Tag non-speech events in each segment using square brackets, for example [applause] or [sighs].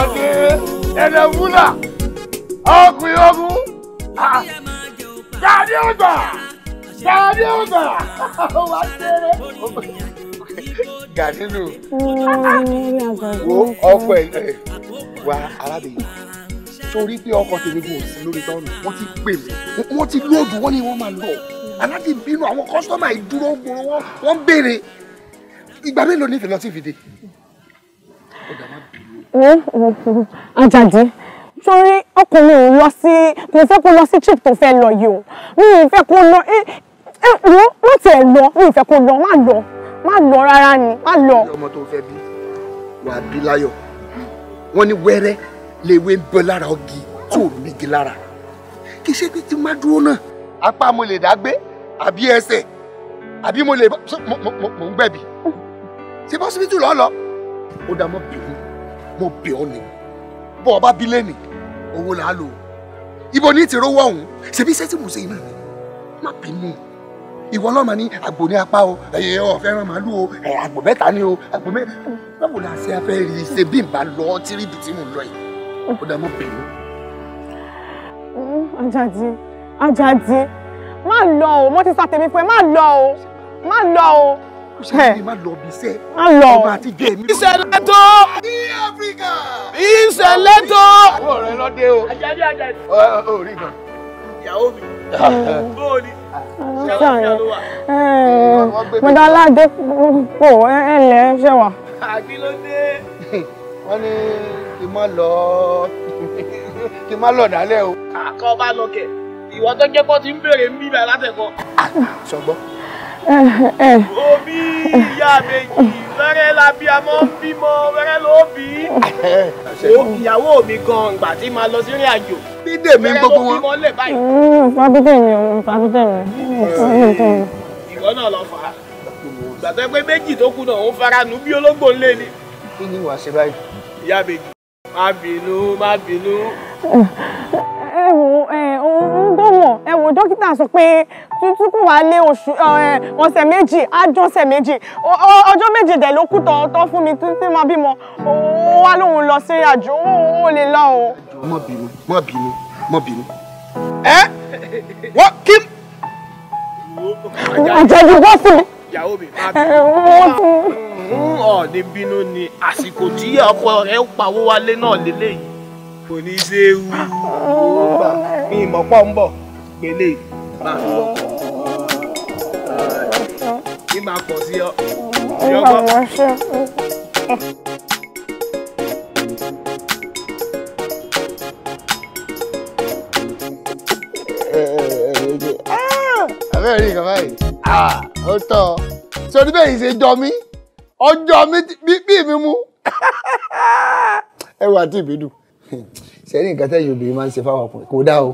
ọdẹ ẹlẹmúlà ọkùnrin ọmú gàdí ọgbà gàdí ọgbà [laughs] wà á tẹrẹ. gàdí nù wo ọkọ ẹ wa arábìnrin torí pé ọkọ tèmi kò sí lórí tọ́nù wọ́n ti pè mí wọ́n ti lóòdù wọ́n ní wọ́n máa lọ aláti bínú àwọn kọ́sọ́mà ìdúró gbòòrò wọn ń béèrè ìgbà mélòó ní ìfẹ́ lọ sí ìfìdí. Àjàdí [laughs] sórí ọkùnrin ò lọ sí kò fẹ́ kó lọ sí trip tó fẹ́ lọ yìí o mi ò fẹ́ kó lọ ẹ ẹ wọ́n wọ́n tẹ̀ lọ mi ò fẹ́ kó lọ má lọ má lọ rárá ni má lọ. ọmọ tó fẹ́ bí wàá bí láyọ̀ wọ́n ní wẹ́rẹ́ lèwe ń bẹ lára ọgì tí ò nígi lára kì í ṣe pé tí má dúró náà apá mo lè dágbé àbí ẹsẹ̀ àbí mo lè mo ń gbẹ̀bí ṣe bọ́sibítù lọ́ọ́ lọ ó dá mọ́ bìrù mo bẹ̀ ọ́ ni bọ́ ọ bá bí lẹ́nì owó là á lò ó ibo ní ti rówó ọ̀hún ṣèbí iṣẹ́ tí iná ni má bínú ìwọ ọlọ́mọ ní àgbò ní apá o ẹ̀yẹ ọ̀fẹ́ràn màálù o àgbò mẹ́ta ni o àgbò mẹ́ta báwo la ṣe afẹ́ rí i ṣe bí n bá lọ tíríbi tí mo lọ yìí ó dá mo bínú. Mm, Àjàdí Àjàdí má lọ o mo ti sa tèmi fún ẹ má lọ o má lọ o ṣe má lọ bí oh. má lọ ọba àti oh, oh. ìṣẹ̀lẹ̀ tó. oh. áfíríkà. ìṣẹ̀lẹ̀ tó. owó rẹ lọ́dẹ o. ajá bí ajá ti. ó rí gan. ìyàwó mi. bóòlì. Mọ̀dáládé pò ẹlẹ̀ ṣe wà. Àgbélódé. Eh, [laughs] Wọ́n ní kí n má lọ [laughs] kí n má lọ dálẹ̀ o. Àkọ́ bá lọ kẹ̀, ìwọ tó jẹ́ kó ti ń béèrè ń bíbẹ̀ látẹ̀kọ́. Sọgbọ́n omi ìyá méjì wẹ́rẹ́ la bí a mọ́ ń bímọ wẹ́rẹ́ ló bí ó ìyàwó mi gan ìgbà tí máa lọ sírìn àjò bídèmí gbogbo wọn. fábítẹ̀mí fábítẹ̀mí mm, mm, ìwọ náà lọ fà á gbàtọ́ pé méjì tó kù náà ó fara nù bí ológbò ń lé ni. kí ni wàá ṣe báyìí. ìyá méjì má bínú má bínú. ẹ ẹ wo ẹ gan wọ̀n ẹ wò dókítà sọ pé tútù kù wá lé oṣù ọ̀sẹ̀ méjì àjọsẹ̀ méjì ọjọ́ méje dẹ̀ ló kù tọ̀ fún mi títí máa bímọ ó wá lóun lọ sí àjò ó lè lọ o. má bínú má bínú má bínú. ẹ wọ́n kí. àjẹjù bọ́ sí mi. ìyàwó mi má bínú mm, ọ̀ ní bínú ni àsìkò tí ọkọ rẹ̀ pawó wálé náà lélẹ́yìí. kò ní í ṣe é wú mi ìmọ̀pọ̀ ń bọ̀ gbélé máa bẹ́ẹ̀ yìí ṣe jọ mí ọjọ́ mi bí mi mú [laughs] ẹwà tí ìbí dùn sẹ́rí nǹkan tẹ́yìn obìnrin máa ń ṣe fáwọn ọkùnrin kò dá o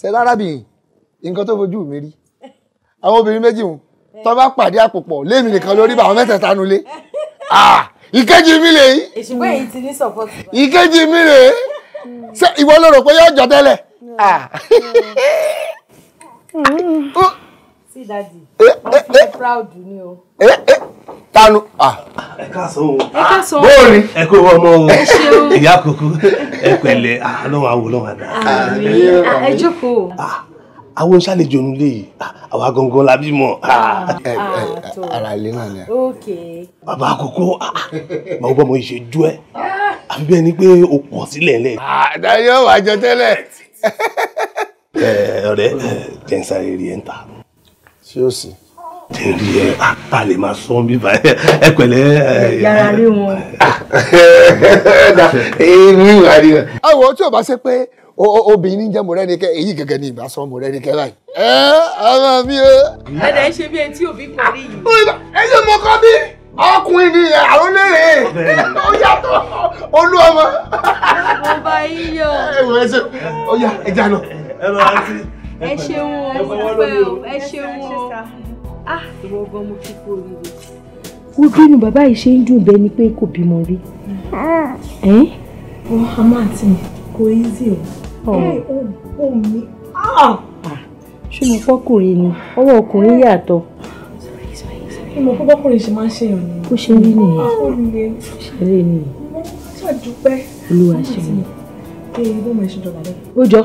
sẹ́rí arábìnrin nǹkan tó fojú mi rí àwọn obìnrin méjì wọn tó bá pàdé àpòpọ̀ lémi nìkan lórí bàwọn mẹ́tẹ̀ẹ̀ta nulẹ̀ ìkejì mi lè yí ìkejì mi lè yí ìwọ ló rò pé yóò jọ tẹ́lẹ̀. [laughs] sí dadi eh, wọn fi eh, eh. proud ni o. tanu ah. ẹ káàsán o ẹ káàsán o bóòlì ẹ kó wọn mọ o ìyá kúkú ẹ pẹ̀lẹ́ lọ́wọ́ àwò lọ́wọ́ àdá. ẹ jókòó. Ah, àwọn ṣàlejò nílé yìí ah, àwa gangan la bímọ. ara ilé náà ni. bàbá àkókò màá bọ́ ọmọ ìṣèjú ẹ àbí bẹ́ẹ̀ ni pé o pọ̀ sílẹ̀ lẹ̀. àdáyọ̀ wàjọ tẹ́lẹ̀. ọ̀rẹ́ jẹ́ ń sáré rí ẹ̀ ń ta ṣé ó sì. tẹ̀lé ẹ a lè máa sọ bí ba ẹ pẹ̀lẹ́. yàrá rí wọn. èmi wà ní. àwọn tí o bá ṣe pé obìnrin jẹ́ mọ̀rẹ́nikẹ́ èyí gẹ́gẹ́ ni ìbá sọ mọ̀rẹ́nikẹ́ láì. ẹ ọmọ mi o. ẹ̀dá ẹ ṣe bí ẹni tí òbí kò yìí. ẹ ṣe mọ kọ́ bí ọkùnrin ni àwọn olóore ó yàtọ̀ olú ọmọ. mo bá yín ẹ wọ ẹ ṣe ó yà ẹ jà lọ. ẹ lọ àǹtí ẹ ṣeun ah. o ẹ ah ìwọ gan mo fi kú oríire. ojú inú bàbá yìí ṣe ń dùn bẹ́ẹ̀ ni pé kò bímọ rí. ọ àmọ́ àti kò easy o ẹ ò bò mí. ṣé mo fọkùnrin ni ọwọ́ ọkùnrin yàtọ̀ ìmọ̀ pé bọ́kùnrin ṣe máa ń ṣe ìrìn bó ṣe rí nìyẹn ah, ó le ṣe rí nìyẹn ṣàdúpẹ́ olúwa ṣe mí. ó jọ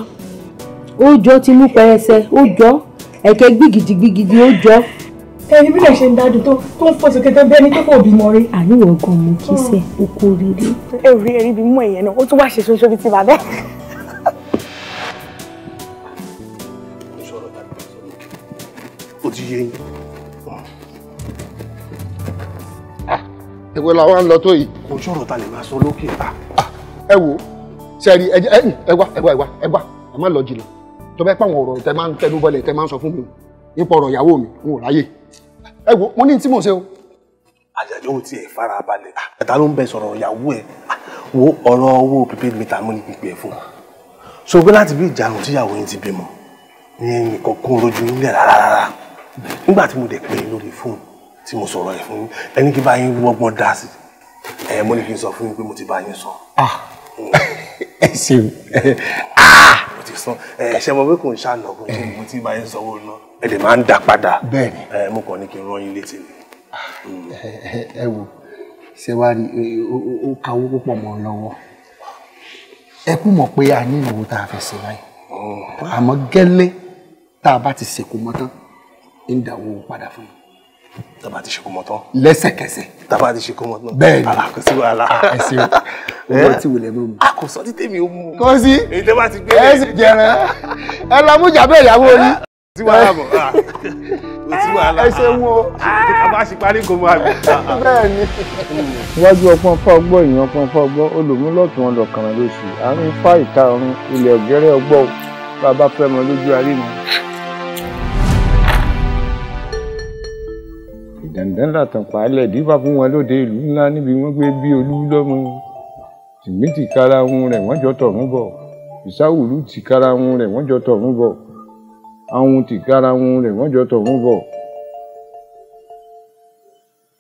ó jọ ti mú pẹrẹsẹ ó jọ ẹ̀kẹ́ gbìgìdì gbìgìdì ó jọ. ẹyin bí lè ṣe ń dájú tó tó ń fòsò kété bẹ́ẹ̀ ni tó kò bímọ rí. àríwọ̀ ọkàn mo kì sẹ́ hmm. o kò rí rí. ẹ rí ẹrí bí mú ẹ̀yẹ náà ó tún wá ṣe ṣoṣo bíi ti bàbá ẹ̀. ó ti yé yín. Ah, èwo la wá ń lọ tó yìí. kò sọ̀rọ̀ ta lè máa sọ lókè. Ah, ah, ẹ wo ṣe rí ẹ wá ẹ wá ẹ wá ẹ wá ẹ má lọ jìnnà tó bẹ́ẹ̀ pàwọn ọ̀rọ̀ tẹ máa ń tẹnu bọlẹ̀ tẹ máa ń sọ fún mi nípa ọ̀rọ̀ ìyàwó mi n ò ráyè ẹ wo mo ní tí mò ń ṣe o. àjàjọ ò tiẹ̀ fara balẹ̀ àtà ah, ló ń bẹ sọ̀rọ̀ ìyàwó ẹ̀ ah, wo ọ̀rọ̀ owó prepaid meter mú ní pípẹ́ fún un so pé láti bí ìjàrùn tíyàwó yín ti bímọ ní nǹkan kún rojú nílẹ̀ rárá rárá nígbà tí mo dẹ̀ pè lórí fóònù tí mo sọ̀rọ̀ ẹ̀ fún ẹni kí bá wọ́gbọ́n dá sí ẹ̀ mo ní kí n sọ fún yín pé mo ti bá sọ. Ah, [laughs] ẹ ṣeun [laughs] ti san ẹ ṣe mọ pé kò ń ṣànàgún tí mo ti máa ń sanwó ná ẹ lè máa ń dá padà bẹ́ẹ̀ni ẹ mo kàn ní kí n rán yín létí ni. ẹ wo ṣé wàá rí ó kawó púpọ̀ mọ́ lọ́wọ́ ẹ kú mọ̀ pé a ní ìnáwó tá a fẹ́ ṣe báyìí mm. àmọ́ gẹ́lẹ́ tá a bá ti ṣèkó mọ́ tán ń dàwó padà fún yín tàbá ti ṣekú mọ tán. lẹ́sẹ̀kẹsẹ̀. tàbá ti ṣekú mọ tán. bẹ́ẹ̀ni ala kò sí wàhálà. Ah, ẹ ṣeun [laughs] eh? owó tí wòlé mọ mi. a ah, kò sọ ní tèmi ó mú. kò sí èyí tẹ́ bá ti gbé. ẹ sì jẹrán ẹ lọ mú jàbẹ́ ìyàwó rí. kò sí wàhálà mọ́ ah, kò sí wàhálà. ẹ ṣeun o. a bá ṣe parí kò máa bẹ. bẹ́ẹ̀ni. iwájú ọpọ́n fá ọgbọ́ ìyẹn ọpọ́n fá ọgbọ́ olùmúlọ́tún wọn lọ̀kànlélóṣù àárín fá ìta ọ̀run ilẹ̀ ọ̀gẹ́rẹ́ ọgbọ́ bàbá fẹ́ mọ lójú arí mi. dandan làtàn pàálẹ̀ dífá fún wọn lóde ìlú ńlá níbi wọ́n gbé bí olú lọ́mọ tìmítì kára wọn rẹ̀ wọ́n jọ tọ̀run bọ̀ ìsáwùlú tì kára wọn rẹ̀ wọ́n jọ tọ̀run bọ̀ àwọn tì kára wọn rẹ̀ wọ́n jọ tọ̀run bọ̀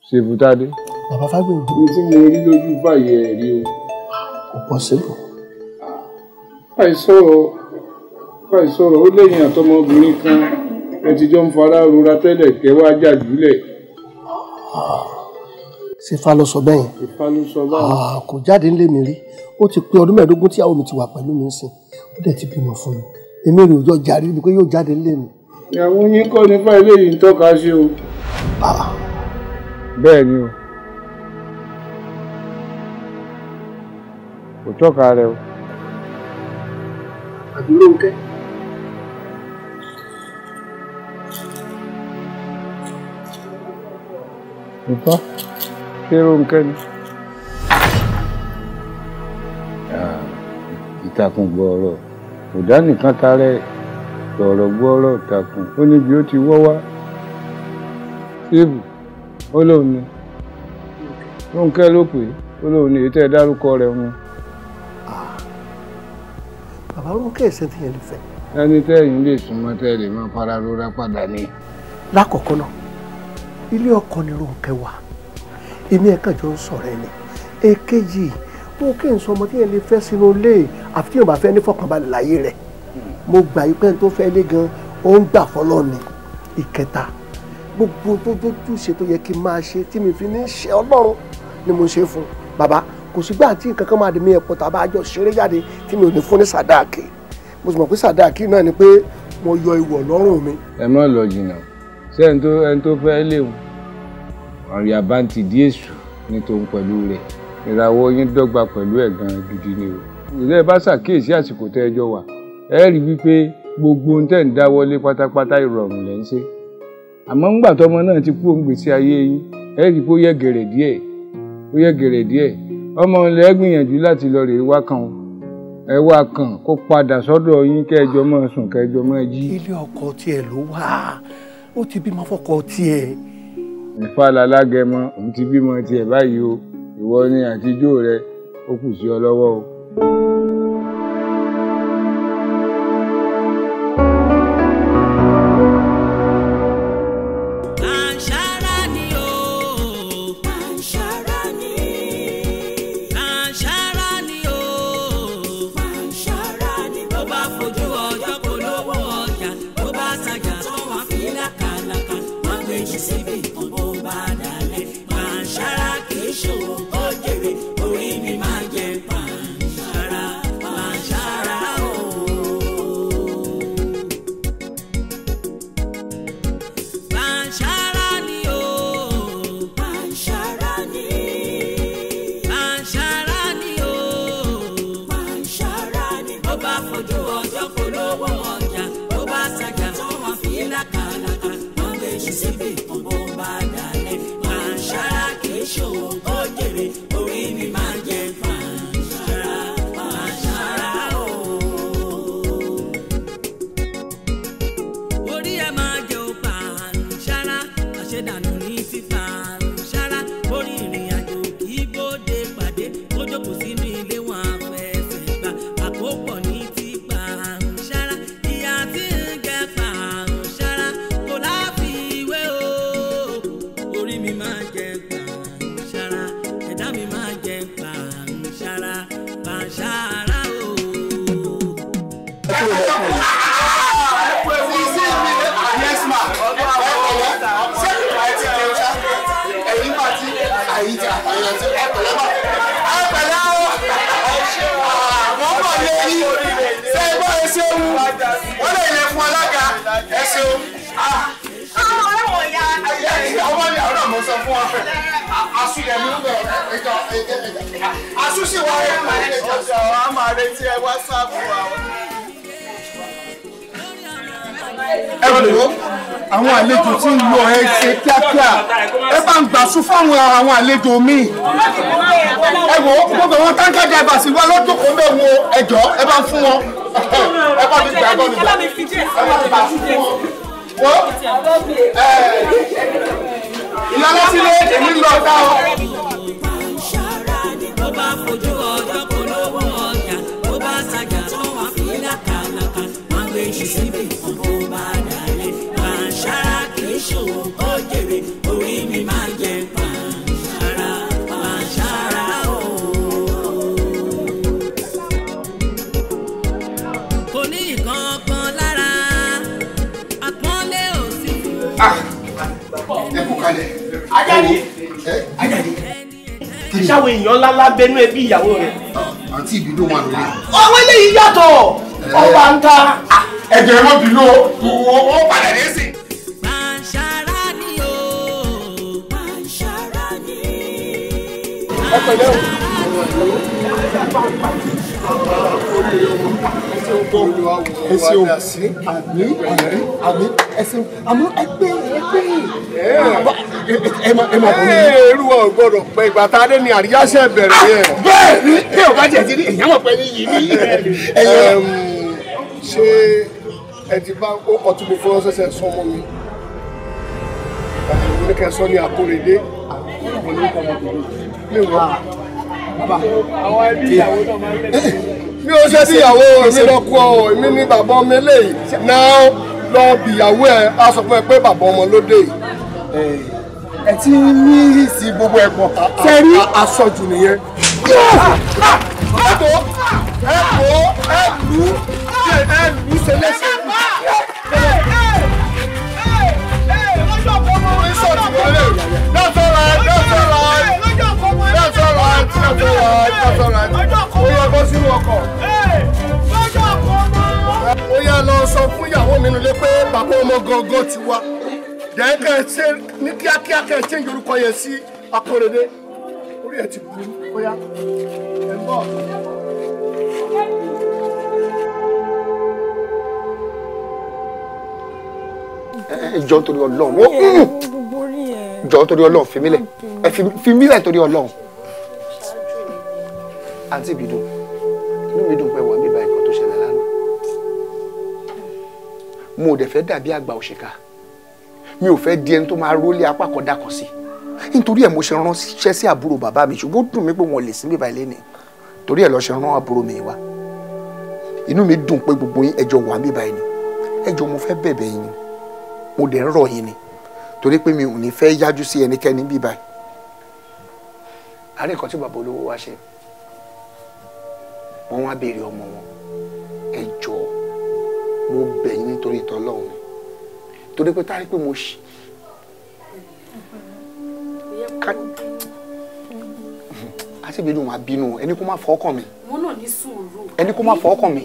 ṣèbútádé. bàbá fágbèmí. ohun tí mo rí lójú báyìí ẹ̀ rí o. kò pọ̀ síbò. fàìsọ̀rọ̀ fàìsọ̀rọ̀ ó léyìn àtọmọbìnrin kan ẹ ti jọ ń fara rora tẹ́lẹ̀ kẹ́ jà jùlẹ̀ ṣe fa ló sọ bẹ́yìn ah, kò jáde nílé mi rí ó ti pé ọdún mẹ́ẹ̀ẹ́dógún tíyàwó mi ti wà pẹ̀lú mi sìn ó dẹ̀ ti bímọ fún mi èmi rè ọjọ́ jàrí ni pé yóò jáde nílé mi. ìyàwó yín kọ́ nípa eléyìí ń tọ́ka sí o. Ah. bẹ́ẹ̀ ni o kò tọ́ka rẹ o. àbí ló ń kẹ́. Ìtọ́ ṣé Rónkẹ́ ni? Ìtàkùn gbọ́ọ̀rọ̀ kò dá nìkan tarẹ́ gbọ́ọ̀rọ̀ gbọ́ọ̀rọ̀ ìtàkùn ó níbi ó ti wọ́ wá. Síbù ó lóun ni Rónkẹ́ ló pè é ó lóun ni èyí tẹ́ ẹ dárúkọ rẹ̀ mu. Bàbá Rónkẹ́ ìṣẹ́ ti yẹn lè fẹ́. Ẹni tẹ́yìn lè súnmọ́ tẹ́ ẹ lè máa fara rora padà ni. Lákọ̀ọ́kọ́ náà ilé ọkọ ni Rónkẹ́ wà èmi ẹ̀kan jọ ń sọ̀rọ̀ ẹni èkejì wọn kì í sọ ọmọ tí yẹn lè fẹ́ sínú ilé àfi tí yẹn bá fẹ́ ní fọkànbalẹ̀ láyé rẹ̀ mo gbà yí pẹ́ẹ́n tó fẹ́ lé gan ó ń gbà fọlọ́ ni ìkẹta gbogbo tó dójú ṣe tó yẹ kí n máa ṣe tí mi fi ní ṣe ọlọ́run ni mo ṣe fún bàbá kò sígbà tí nǹkan kan máa dì mí ẹ̀pọ̀ tàbá àjọ ṣeré jáde tí mi ò ní fún ní sàdáàkì mo sì mọ̀ pé sàdáàkì náà ni pé mo yọ ìwọ̀ lọ́rùn mi. ẹ má lọ jìnnà ṣé ẹni tó ẹni tó fẹ́ léwu ọ̀rẹ́ àbáǹtì dí èṣù ní tòun pẹ̀lú rẹ̀ ìràwọ̀ yín dọ́gba pẹ̀lú ẹ̀gàn gidi ni o ìrẹ́ bá ṣàkíyèsí àsìkò tẹ́ ẹjọ́ wà ẹ rí wípé gbogbo ohun tẹ́ ń dáwọ́lé pátápátá ìrọ̀rùn lẹ́ ń ṣe àmọ́ ńgbà tọmọ náà ti kú òǹgbèsè ayé yín ẹ rí pé ó yẹ gẹ̀rẹ̀ díẹ̀ ó yẹ gẹ̀rẹ̀ díẹ̀ ọmọ ilẹ̀ ẹ gbìyànjú láti lọ rèé wá kan ẹ wá kan kó padà sọ́dọ̀ yín kẹjọ máa sùn kẹjọ máa jí. ilé ọkọ tiẹ̀ ló wà ó ti bímọ fọkọ tiẹ̀. ìfà lalágẹmọ òun ti bímọ tiẹ̀ báyìí o ìwọ ni àtijọ́ rẹ ó kù sí ọ lọ́wọ́ o. ni o. ọmọ rẹ wọ̀ ya. ẹyẹ ti ọmọ ni àwọn ọmọ sọ fún wa fẹ asu yẹ mi bẹ ẹjọ ẹjẹ asu sì wá yẹ mi. ọjà wa máa retí ẹ wásaapù wa. ẹ wò àwọn àlejò tí ń lọ ẹ ṣe kíákíá ẹ bá ń gbàsú fáwọn àwọn àlejò míì ẹ wò gbogbo àwọn táǹkà dàgbà sí wa lọ́dún kò mẹ́wọ́ ẹjọ́ ẹ bá ń fún wọn ẹ bá mi gbà ẹ bá mi gbà wọ́n èmi ń lọ ká ọ. Ajadi Ajadi ìṣàwọn èèyàn ńláńlá bẹnú ẹbí ìyàwó rẹ. àǹtí ìbílò wà lórí. ọwọ́ eléyìí yàtọ̀ ọba ń ta. ẹ̀jẹ̀ ẹ̀rọ bìlò ó padà dé sí. ọ̀pẹ̀lẹ́ o ẹsẹ o àmì àmì ẹsẹ o àmọ́ ẹgbẹ́ ẹ ma ẹ ma bọ mi. eru wa o gbọ́dọ̀ pẹ ìgbà tá a lé ní àríyá ṣe bẹ̀rẹ̀ yẹn. Ah, bẹ́ẹ̀ni ẹ ò bá jẹ ti ní èyí àwọn pẹ yìí ní. Um, ṣé ẹ ti bá ó kọ tí mo fọwọ́ sẹ́sẹ̀ sọ ọmọ mi mo ní kẹ́ ẹ sọ ní mi wà. Eh, eh. mi ò ṣe síyàwó mi lọ́kọ́ ọ̀ mi ní bàbá ọmọ eléyìí náà lọ bìyàwó ẹ̀ á sọ fún ẹ pé bàbá ọmọ ló yìí. Eh, ẹ ti ní ìsì gbogbo ẹ̀ pọ̀ sẹ́rí aṣọ́jú nìyẹn. ẹ bò ẹ bò ẹ lù ú ṣe lẹ́sẹ̀. tó yà kásọ̀rọ̀ àti ó yà bọ́ sínú ọkọ̀. ó yà lọ sọ fún ìyàwó mi nílé pé bàbá ọmọ gangan ti wá jẹ́ kẹ́ ẹ ṣe ní kíákíá kẹ́ ẹ ṣe ìyorúkọ yẹn sí akóredé orí ẹ̀ ti burú ó yá ẹ̀ ń bọ̀. jọ torí Ọlọ́run jọ torí Ọlọ́run fi mí lẹ̀ fi mí lẹ̀ torí àǹtí mi dùn inú mi dùn pé wọ́n mi bá nǹkan tó ṣẹlẹ̀ lánàá mo ò dẹ̀ fẹ́ dàbí àgbà òṣìkà mi ò fẹ́ di ẹni tó máa rólé apá kan dákan sí nítorí ẹ̀ mo ṣe ránṣẹ́ sí àbúrò bàbá mi ṣùgbọ́n ó dùn mí pé wọn ò lè sí mi báyìí lẹ́nìí torí ẹ̀ lọ ṣe rán àbúrò mi wá inú mi dùn pé gbogbo yín ẹjọ́ wà mí báyìí ni ẹjọ́ mo fẹ́ bẹ̀bẹ̀ yín mo dẹ̀ ń rọ̀ yín ni torí pé mi ò ní fẹ́ yájú sí ẹnikẹ́ni bíbáyìí àárẹ̀ kan tí bàbá olówó wá ṣe wọ́n wá béèrè ọmọ wọn ẹ jọ mo bẹ̀ yín nítorí ìtọ́lọ́run ni torí pé táyé pé mo ṣe. [laughs] àti ìbínú máa bínú ẹni kó má fọ ọkàn mi. wọn náà ní sùúrù. ẹni kó má fọ ọkàn mi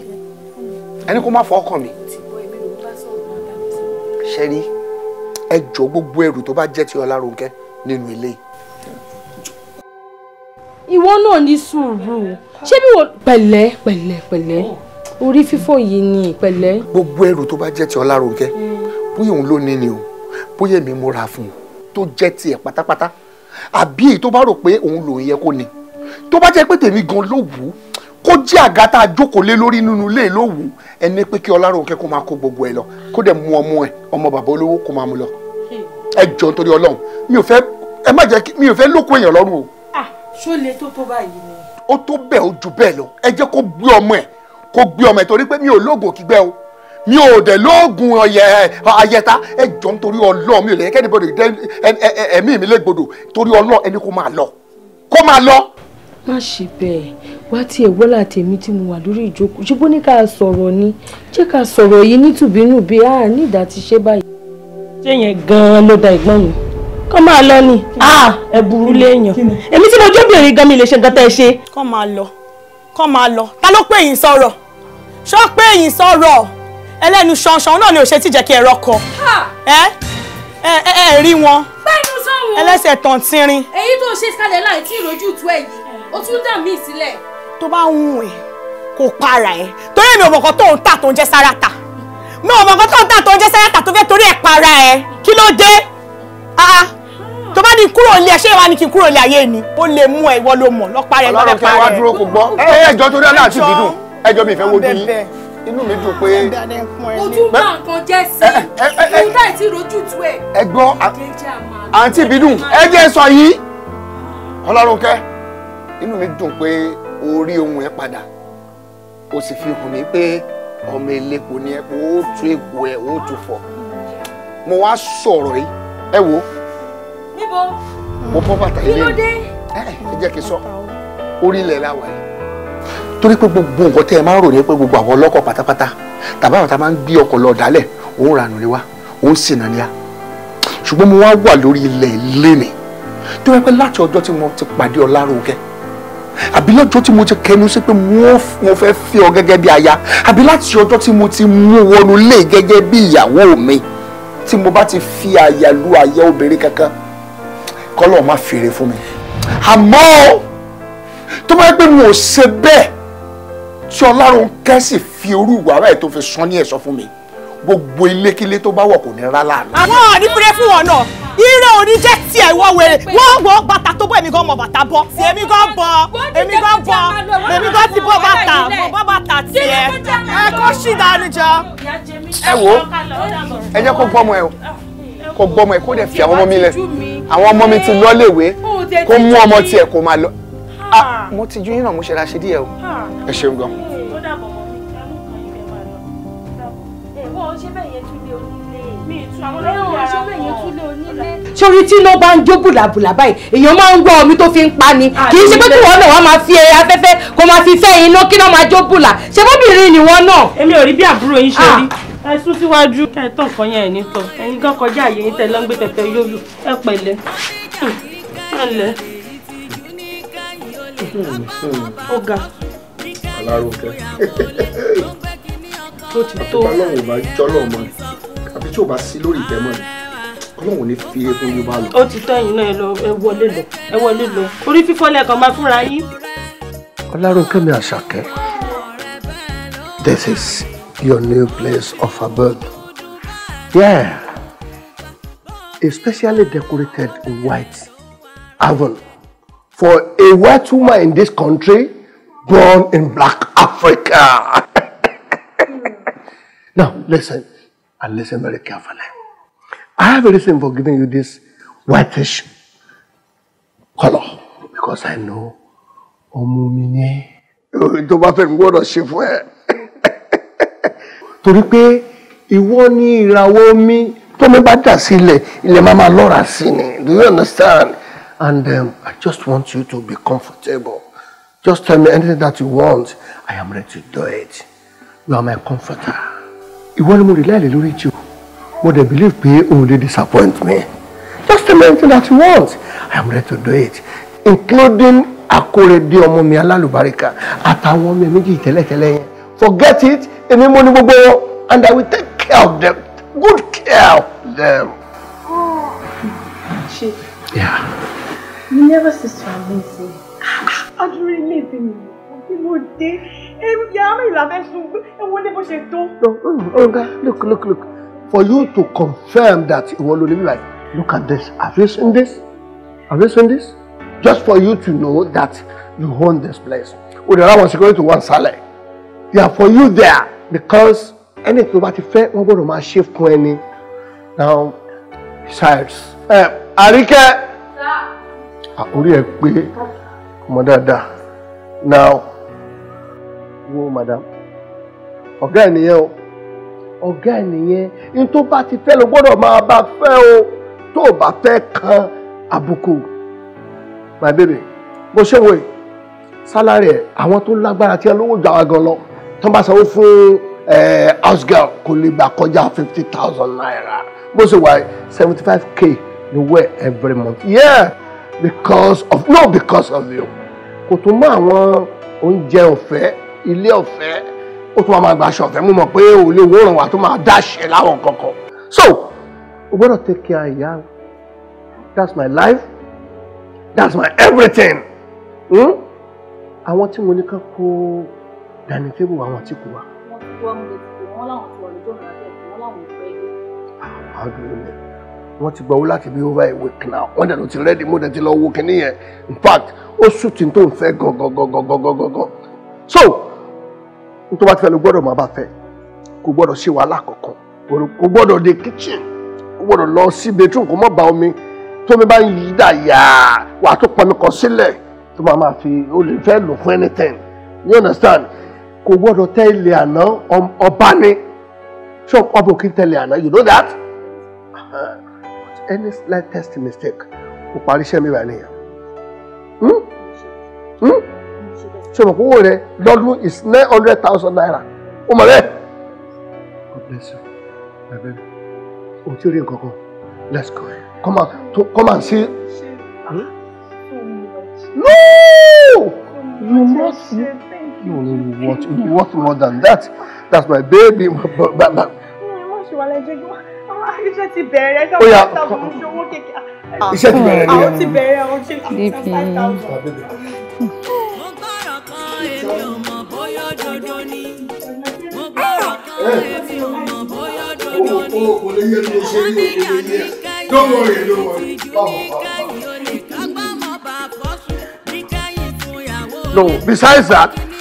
ẹni kó má fọ ọkàn mi. ṣẹ́rí ẹ jọ gbogbo ẹrù tó bá jẹ́ ti Ọlárònkẹ́ nínú ilé yìí ìwọ náà ní sùúrù ṣé bí wo pẹ̀lẹ́ pẹ̀lẹ́ pẹ̀lẹ́ orí fífọ́ yìí ni pẹ̀lẹ́. gbogbo ẹrù tó bá jẹ́ ti Ọlárònkẹ́ bóyá òun ló ní ni o bóyá èmi mo ra fún un tó jẹ́ tiẹ̀ pátápátá àbí èyí tó bá rò pé òun lòun yẹ kó ni tó bá jẹ́ pé tèmi gan ló wù ú kó jẹ́ àga tá a jókòó lé lórí nínú ilé ló wù ú ẹni pé kí Ọlárònkẹ́ kó máa kó gbogbo ẹ lọ kó dẹ̀ mú ọmọ ẹ ọmọ bàbá olówó kó máa mú lọ ẹ jọ nítorí Ọlọ́run mi ò fẹ́ ẹ má jẹ́ mi ò fẹ́ lóko èèyàn lọ́rùn o ṣó le tó tó báyìí ni. ó tó bẹ́ẹ̀ ó ju bẹ́ẹ̀ lọ ẹ jẹ́ kó gbé ọmọ ẹ̀ kó gbé ọmọ ẹ̀ torí pé mi ò lóògùn òkìgbẹ́ o mi ò dẹ̀ lóògùn ayẹta ẹ jọ nítorí ọlọ́ọ̀ mi ò lẹ́yìn kẹ́ni bọ́dọ̀ ẹ̀mí mi légbodò torí ọlọ́ọ̀ ẹni kó máa lọ kó máa lọ. má ṣe bẹ́ẹ̀ wá tí ẹ wọ́lá tèmi tí mo wà lórí ìjókòó ṣé bó ní ká sọ̀rọ̀ ni jẹ́ ká sọ̀rọ̀ yìí nítùbínú bí a ní ìdá kọ́ máa lọ ni ah, ah, ẹ burú léèyàn èmi tí mo jóbìnrin gan mi lè ṣe nǹkan tẹ́ ẹ ṣe. kọ́ máa lọ kọ́ máa lọ ta ló pè yín sọ̀rọ̀ ṣọ́ pé yín sọ̀rọ̀ ẹlẹ́nu ṣanṣan náà ni ò ṣe tíjẹ́ kí ẹ rọ́kọ ẹ ẹ ẹ rí wọn ẹlẹ́sẹ̀ tàn tínrín. èyí tó ṣe kalẹ̀ láì tí ìrojú tu ẹ̀ yìí ó tún dà mí sílẹ̀. tó bá wù ẹ́ kò para ẹ torí èmi ò tó ń tà tó ń jẹ́ sáràtà mi ò mọ̀ nǹkan tó ń tà tó ń jẹ́ sáràtà tó fẹ́ torí ẹ̀ para ẹ kí ló dé? Ah, tó bá ní kúrò ilé ẹṣẹ́ wa ni kí n kúrò ilé ayé ni ó lè mú ẹ ìwọ ló lọ́pàá rẹ lọ́pàá rẹ. ọlọ́run kí wọ́n dúró kó gbọ́ ẹ ẹjọ́ torí ọlá àti ìbídùn ẹjọ́ mi ìfẹ́ wojú yín inú mi dùn pé. ojú bá nǹkan jẹ́ sí i ìlú táì tí rojú tu ẹ̀. ẹ gbọ́ àǹtí ìbídùn ẹ jẹ́ sọ yìí ọlọ́run kẹ́ inú mi dùn pé orí ohun ẹ padà o sì fi hàn mí pé ọmọ elépo ni ẹ kó o tú èkó ẹ o tún fọ mo wá sọ̀rọ̀ yìí ẹ wo níbo. mo bọ́ bàtà ilé mi kí ló dé. ẹ jẹ́ kí n sọ orí ilẹ̀ la wà yìí torí pé gbogbo nǹkan tẹ́ ẹ máa ń rò ní pé gbogbo àwọn ọlọ́kọ̀ pátápátá tàbí àwọn tá a máa ń gbé ọkọ̀ lọ dálẹ̀ òun ranù ni wá òun sì nà ni a ṣùgbọ́n mo wá wà lórí ilẹ̀ ilé mi tó yẹ pé láti ọjọ́ tí mo ti pàdé ọ lárugẹ àbí lọ́jọ́ tí mo ti kẹnu sí pé mo fẹ́ fi ọ gẹ́gẹ́ bí aya àbí láti ọjọ́ tí mo ti mú wọnú lé gẹ́gẹ́ bí ìyàwó mi tí mo bá ti fi àyà lu àyà obìnrin kankan kọ́lọ̀ má fèrè fún mi àmọ́ tó bá yẹ pé mo ò ṣe bẹ́ẹ̀ tí ọlọ́run kẹ́sì fi orú ìwà rẹ̀ tó fi san ní ẹ̀sọ́ fún mi gbogbo ilékílé tó bá wọ̀ kò ní rá láàánú. àwọn ọ̀ọ́ni péré fún wọn náà ire òní jẹ́ ti ẹ̀wọ́ wèrè wọ́n wọ́ bàtà tó bọ́ èmi gan mọ̀ bàtà bọ́ èmi gan bọ́ èmi gan bọ́ èmi gan ti bọ́ bàtà mọ̀ bọ́ bàtà tiẹ̀ ẹ kó ṣì dánú jọ. ẹ wo ẹ jẹ́ kó gbọ́mọ ẹ o kó gbọ́mọ ẹ̀ kó dẹ̀ fi àwọn ọmọ mi lẹ̀ àwọn ọmọ mi ti lọ léwe kó mú ọmọ tiẹ̀ kó máa lọ ah, mo ti ju yín náà mo ṣẹlá ṣe díẹ̀ o ah. ẹ ṣeun gan. sori tí ló bá ń jó bùlàbùlà báyìí èèyàn máa ń gbọ́ omi tó fi ń pa ni ah, kì í ṣe pé kí wọ́n náà wá máa fi afẹ́fẹ́ kó máa fi fẹ́ iná kí náà máa jó bùlà ṣe bóbìnrin ni wọ́n náà. èmi ò rí bí àbúrò yín ṣe rí ẹ sún síwájú ẹ tán kan yẹn ní tọ ẹ̀yin gan kọjá àyè yín tẹ lọ́ngbé tẹtẹ yóyù ẹ pẹ̀lẹ́ pẹ̀lẹ́. ó ga. alárúkẹ. ó ti tó. àtúbà lọ́wọ́ bá jọ́lọ̀ mọ́ àbí tí ò bá sí lórí ìtẹ́ mọ́ ni ọlọ́run ní fi eégún yóò bá lọ. ó ti tọ́ náà ẹ wọlé lọ ẹ wọlé lọ orí fífọ́ lẹ́ẹ̀kan máa fúnra yín. ọlárúkẹ́mi àṣàkẹ́ this is your new place of abode. Yeah, a specially decorated white oven for a white woman in this country born in black Africa. [laughs] now, listen, and listen very carefully. I have a reason for giving you this whitish color because I know Omumine. Tó bá fẹ́ gbọ́dọ̀ ṣe fún ẹ torí pé ìwọ ni ìràwọ̀ omi tómi bá dà sí ilẹ̀ ilẹ̀ máa máa lọ́ra sí ni do you understand and um, I just want you to be comfortable just tell me anything that you want I am ready to do it you are my comforter. ìwọ ni mo rí láìlè lórí jù mo dey believe pé òun lè disappoint me just tell me anything that you want I am ready to do it including akóredé ọmọ mi alálùbáríkà àtàwọn ọmọ mi méjì tẹ́lẹ̀tẹ́lẹ̀ yẹn forget it èmi mo ní gbogbo wọn and I will take care of them good care of them. ṣe you never cease to amaze me. adúrú ilé ìbí mi bí mo dé yàrá mi ìlàfẹ́ sùn ewu ní bó ṣe tó. ọ̀gá mm, look look look for you to confirm that ìwọ ló lè bí báyìí look at this have you seen this have you seen this just for you to know that you own this place. With the Roman security to one side. They are for you there because ẹni tó bá ti fẹ́ wọ́n gbọ́dọ̀ máa ṣe fún ẹni now besides ẹ àríkẹ́ orí ẹ pé ọmọ dáadáa now wo madam ọ̀gá ẹ̀ nìyẹn o ọ̀gá ẹ̀ ní tó bá ti fẹ́ lọ gbọ́dọ̀ máa bá fẹ́ o tó o bá fẹ́ kan àbùkù my baby mo ṣe wo salary ẹ àwọn tó lágbára tí ẹ lówó gbà gan lọ tó bá sanwó fún house girl kò lè gbà kọjá fifty thousand naira bó ṣe wà seventy five k ni wear every month yeah because of no because of you kò tún mọ àwọn oúnjẹ ọ̀fẹ́ ilé ọ̀fẹ́ ó tún wá máa gba aṣọ ọ̀fẹ́ mo mọ̀ pé ò lè wòran wà tó máa dáṣẹ láwọn kankan so o gbọ́dọ̀ take care ìyá that's my life that's my everything hmm? àwọn tí mo ní ká kó dani table àwọn tí kò wá. wọ́n ti wọ́n mi létí pé wọ́n láwọn ti wà lójú ọ̀nà láti ẹ̀kọ́ wọ́n láwọn ò fẹ́ dé. àwọn àdúró lẹ wọ́n ti gbọ́ láti bí over a week now wọ́n dẹ̀ ló ti rẹ́dí mo dẹ̀ ti lọ wo kínní yẹn in fact ó sùn tí n tó ń fẹ́ gangan so n tó bá ti fẹ́ ló gbọ́dọ̀ máa bá fẹ́ kò gbọ́dọ̀ ṣe wàhálà kankan kò gbọ́dọ̀ dé kitchen kò gbọ́dọ̀ lọ sí bedroom kò mọ̀ bá omi tómi bá ń yí dà yá wà á tó pọnmi kan sílẹ̀ tó máa máa fi o lè fẹ́ lò fún anything you understand kò gbọ́dọ̀ tẹ́ ilẹ̀ àná ọba ni ṣọ́ọ̀bù ọba ò kí àná you know that uh-huh. But any slightest mistake kò parí iṣẹ́ mi rà nìyẹn hmm? hmm? ṣọ́ọ̀bù owó rẹ lọ́dún is nine hundred thousand naira O mọ̀ rẹ̀. God bless you my baby o ti rí nǹkan kan let's go come on to, come on, see. Hmm? No! You must. No, no, you want, you want more than that. That's my baby. [laughs] Iṣẹ́ ti bẹ̀rẹ̀ ẹjọ́ five I ṣe owó kékeré. Iṣẹ́ ti bẹ̀rẹ̀ ẹjọ́. Àwọn ti bẹ̀rẹ̀ àwọn ṣe five thousand. I want to. èmi ò mọ̀ bóyá òdodo ni. Mo gbọ́dọ̀ kan èmi ò mọ̀ bóyá òdodo ni. Ó ní No, besides that.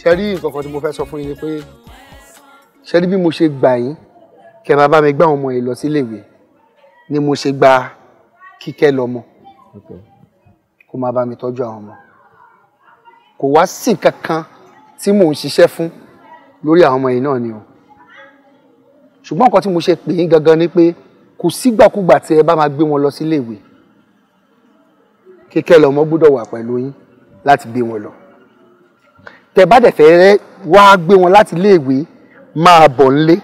ṣe rí nǹkan kan tí mo fẹ́ sọ fún yín ni pé ṣe rí bí mo ṣe gbà yín kẹ́ bá bá mi gbá àwọn ọmọ yìí lọ síléèwé ni mo ṣe gba kíkẹ́ lọ́mọ kó máa bá mi tọ́jú àwọn ọmọ kò wá sí kankan tí mò ń ṣiṣẹ́ fún lórí àwọn ọmọ yìí náà ni o ṣùgbọ́n nǹkan tí mo ṣe pè yín gangan ni pé kò sígbàkúgbà tí ẹ bá máa gbé wọn lọ síléèwé kíkẹ́ lọ́mọ gbọ́dọ̀ wà pẹ̀lú yín láti gbé wọn lọ tẹ bá dẹ̀ fẹ́ wá gbé wọn láti iléèwé máa bọ̀ nílé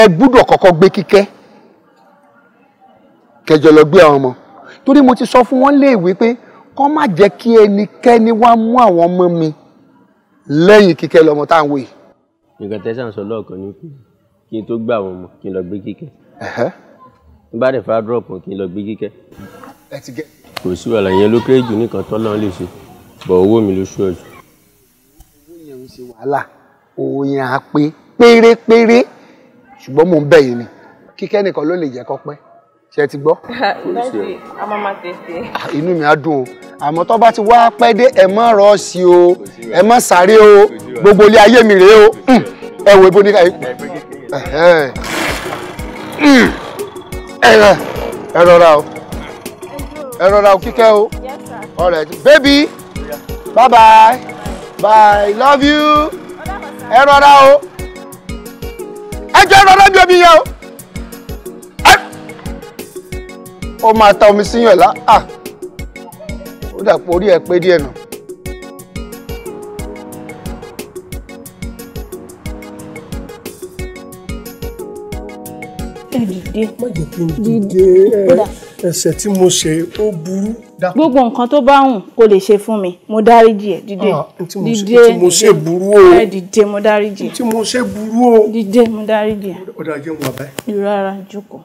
ẹ gbúdọ̀ kọ́kọ́ gbé kíkẹ́ kẹjọ lọ gbé àwọn ọmọ torí mo ti sọ fún wọn léèwé pé kọ́ má jẹ́ kí ẹnikẹ́ni wá mú àwọn ọmọ mi lẹ́yìn kíkẹ́ lọ́mọ tá à ń wò yìí. nǹkan tẹ́sán sọ lọ́ọ̀kan ni kí n tó gbà wọn mọ kí n lọ gbé kíkẹ́ n bá dẹ̀ fà drop kí n lọ gbé kíkẹ́ kò sí wàhálà yẹn ló kéré jù nìkan tọ́lá ń lè ṣe bọ̀ owó mi ló ṣú ọ̀jù ṣe wàhálà oyin á pé pérépéré ṣùgbọ́n mò ń bẹ̀ yín ni kíkẹ́ nìkan ló lè jẹ́ kó pẹ́ ṣe ti gbọ́. dájú a máa máa tètè. Ah, inú mi á dùn o àmọ́ tó bá ti wá pẹ́ dé ẹ má rọ́ọ̀sì o ẹ má sáré o gbogbo ilé ayé mi rèé o hmm. ẹ wo ibo ní ká hmm. ẹ rọra o ẹ rọra o kíkẹ́ o all right baby bye bye bye love you ẹ rọra o ẹ jẹ́ rọra bí omi yẹn o ó máa ta omi síyàn lá ah. ó dà pé orí ẹ pé díẹ̀ náà. dìde. má jẹ́ kí n dìde ẹ̀ṣẹ̀ tí mo ṣe ó burú. gbogbo nǹkan tó bá wùn kó lè ṣe fún mi mo dáríjì ẹ dìde ah, dìde tí mo ṣe burú o dìde mo dáríjì ẹ tí mo ṣe burú o dìde mo dáríjì ẹ. ọ̀dà jẹ́ wọn àbá. ìrora jókòó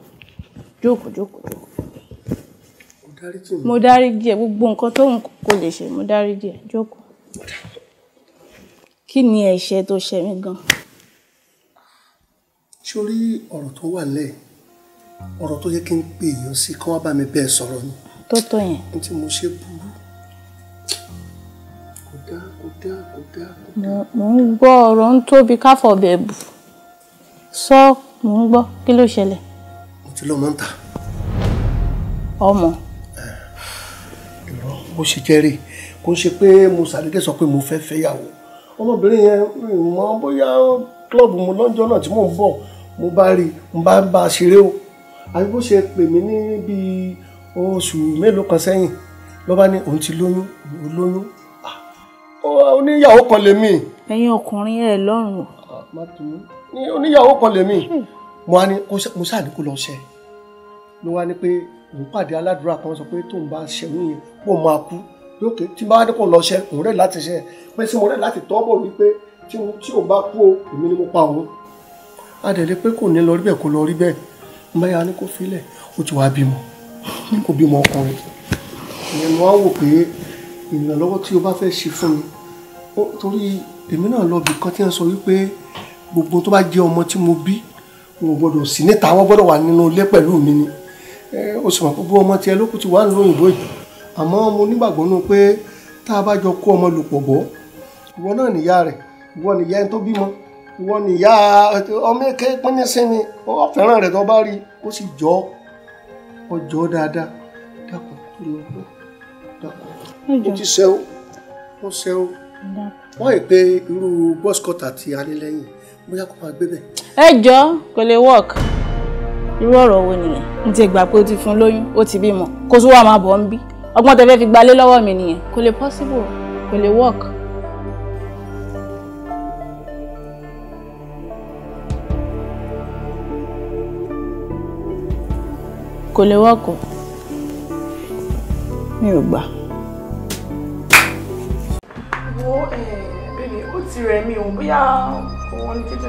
jókòó jókòó mo dáríjì ẹ gbogbo nǹkan tó wùn kó lè ṣe mo dáríjì ẹ jókòó kí ni ẹ̀ṣẹ̀ tó ṣe mí gan. sórí ọ̀rọ̀ tó wà lẹ́yìn ọ̀rọ̀ tó yẹ kí n pè èèyàn sí kí wọ́n bá mi bẹ́ẹ̀ sọ̀rọ̀ ni. tó tó yẹn. n tí mo ṣe burú kò dáa kò dáa kò dáa kò dáa. mo ń gbọ́ ọ̀rọ̀ ń tóbi káfọ̀bẹ̀ bù sọ mo ń gbọ́ kí ló ṣẹlẹ̀. mo ti lọ́mọ ń ta. ọmọ. ìrọ̀ bó ṣe jẹ́ rè kó ṣe pé mo ṣàdédé sọ pé mo fẹ́ fẹ́yàwó ọmọbìnrin yẹn mọ bóyá kílọ̀bù mo lọ́jọ́ náà tí mò ń bọ̀ mo bá rí i mo bá ń bá a ṣeré o àbí bó ṣe pè mí ní bíi oṣù mélòó kan sẹ́yìn ló bá ní òun ti lóyún lóyún ah, oníyàwó kan lèmi. ẹ̀yin ọkùnrin ẹ lọ́rùn. Ah, oníyàwó kan lèmi hmm. mo á ní mo ṣáà ní kó lọ ṣe ló wá ní pé òun pàdé aládùúrà kan sọ pé tóun bá ṣẹ̀wọ̀n yẹn kó máa kú lókè tí bá ní kó lọ ṣe òun rẹ̀ láti ṣe pé sí mo rẹ̀ láti tọ́ wípé tí òun bá kú o ni mo pa òun. a dẹ̀ lè pé kò ní lọ rí bẹ́ẹ̀ kó lọ rí bẹ́ẹ̀ mẹ́ra ní kò filẹ̀ ó ti wá bímọ kò bímọ ọkùnrin ìyẹn ni wọ́n á wò pé ìrànlọ́wọ́ tí o bá fẹ́ ṣe fún mi torí èmi náà lọ bì kan tí wọ́n sọ wípé gbogbo tó bá jẹ́ ọmọ tí mo bí wọn gbọ́dọ̀ sí níta wọn gbọ́dọ̀ wà nínú ilé pẹ̀lú mi ni o sì mọ̀ pé ọmọ tiẹ̀ ló kù ti wà nínú òyìnbó yìí àmọ́ mo nígbàgbọ́ nínú pé tá a bá jọ kó ọmọ lò pọ̀ bọ́ ìwọ náà nìyá rẹ̀ ìwọ nìyá ẹni tó bímọ ìwọ nìyá ọmọ èké pínínsín ni ó fẹ́ràn rẹ̀ tó bá rí ó sì jọ ọ jọ dáadáa dàpọ̀ lórí ọgbọ́n dàpọ̀ ó ti ṣe ó ó ṣe ó wọ́n yìí pé irú bọ́sikọ́tà ti alẹ́lẹ́yìn bóyá kó máa gbé bẹ̀. ẹ jọ kò lè work irú ọ̀rọ̀ wo nìyẹn n ti gbà pé o ti fún lóyún o ti bímọ kó tún wà máa bọ̀ ń bí ọgbọ́n tẹ fi gbalé lọ́wọ́ mi nìyẹn kò lè possible kò lè work. kò lè wọ́ọ̀kù. mi ò gbà. wo eh, bèbè ó ti rẹ̀ mí o bóyá wọn ní kíjọ.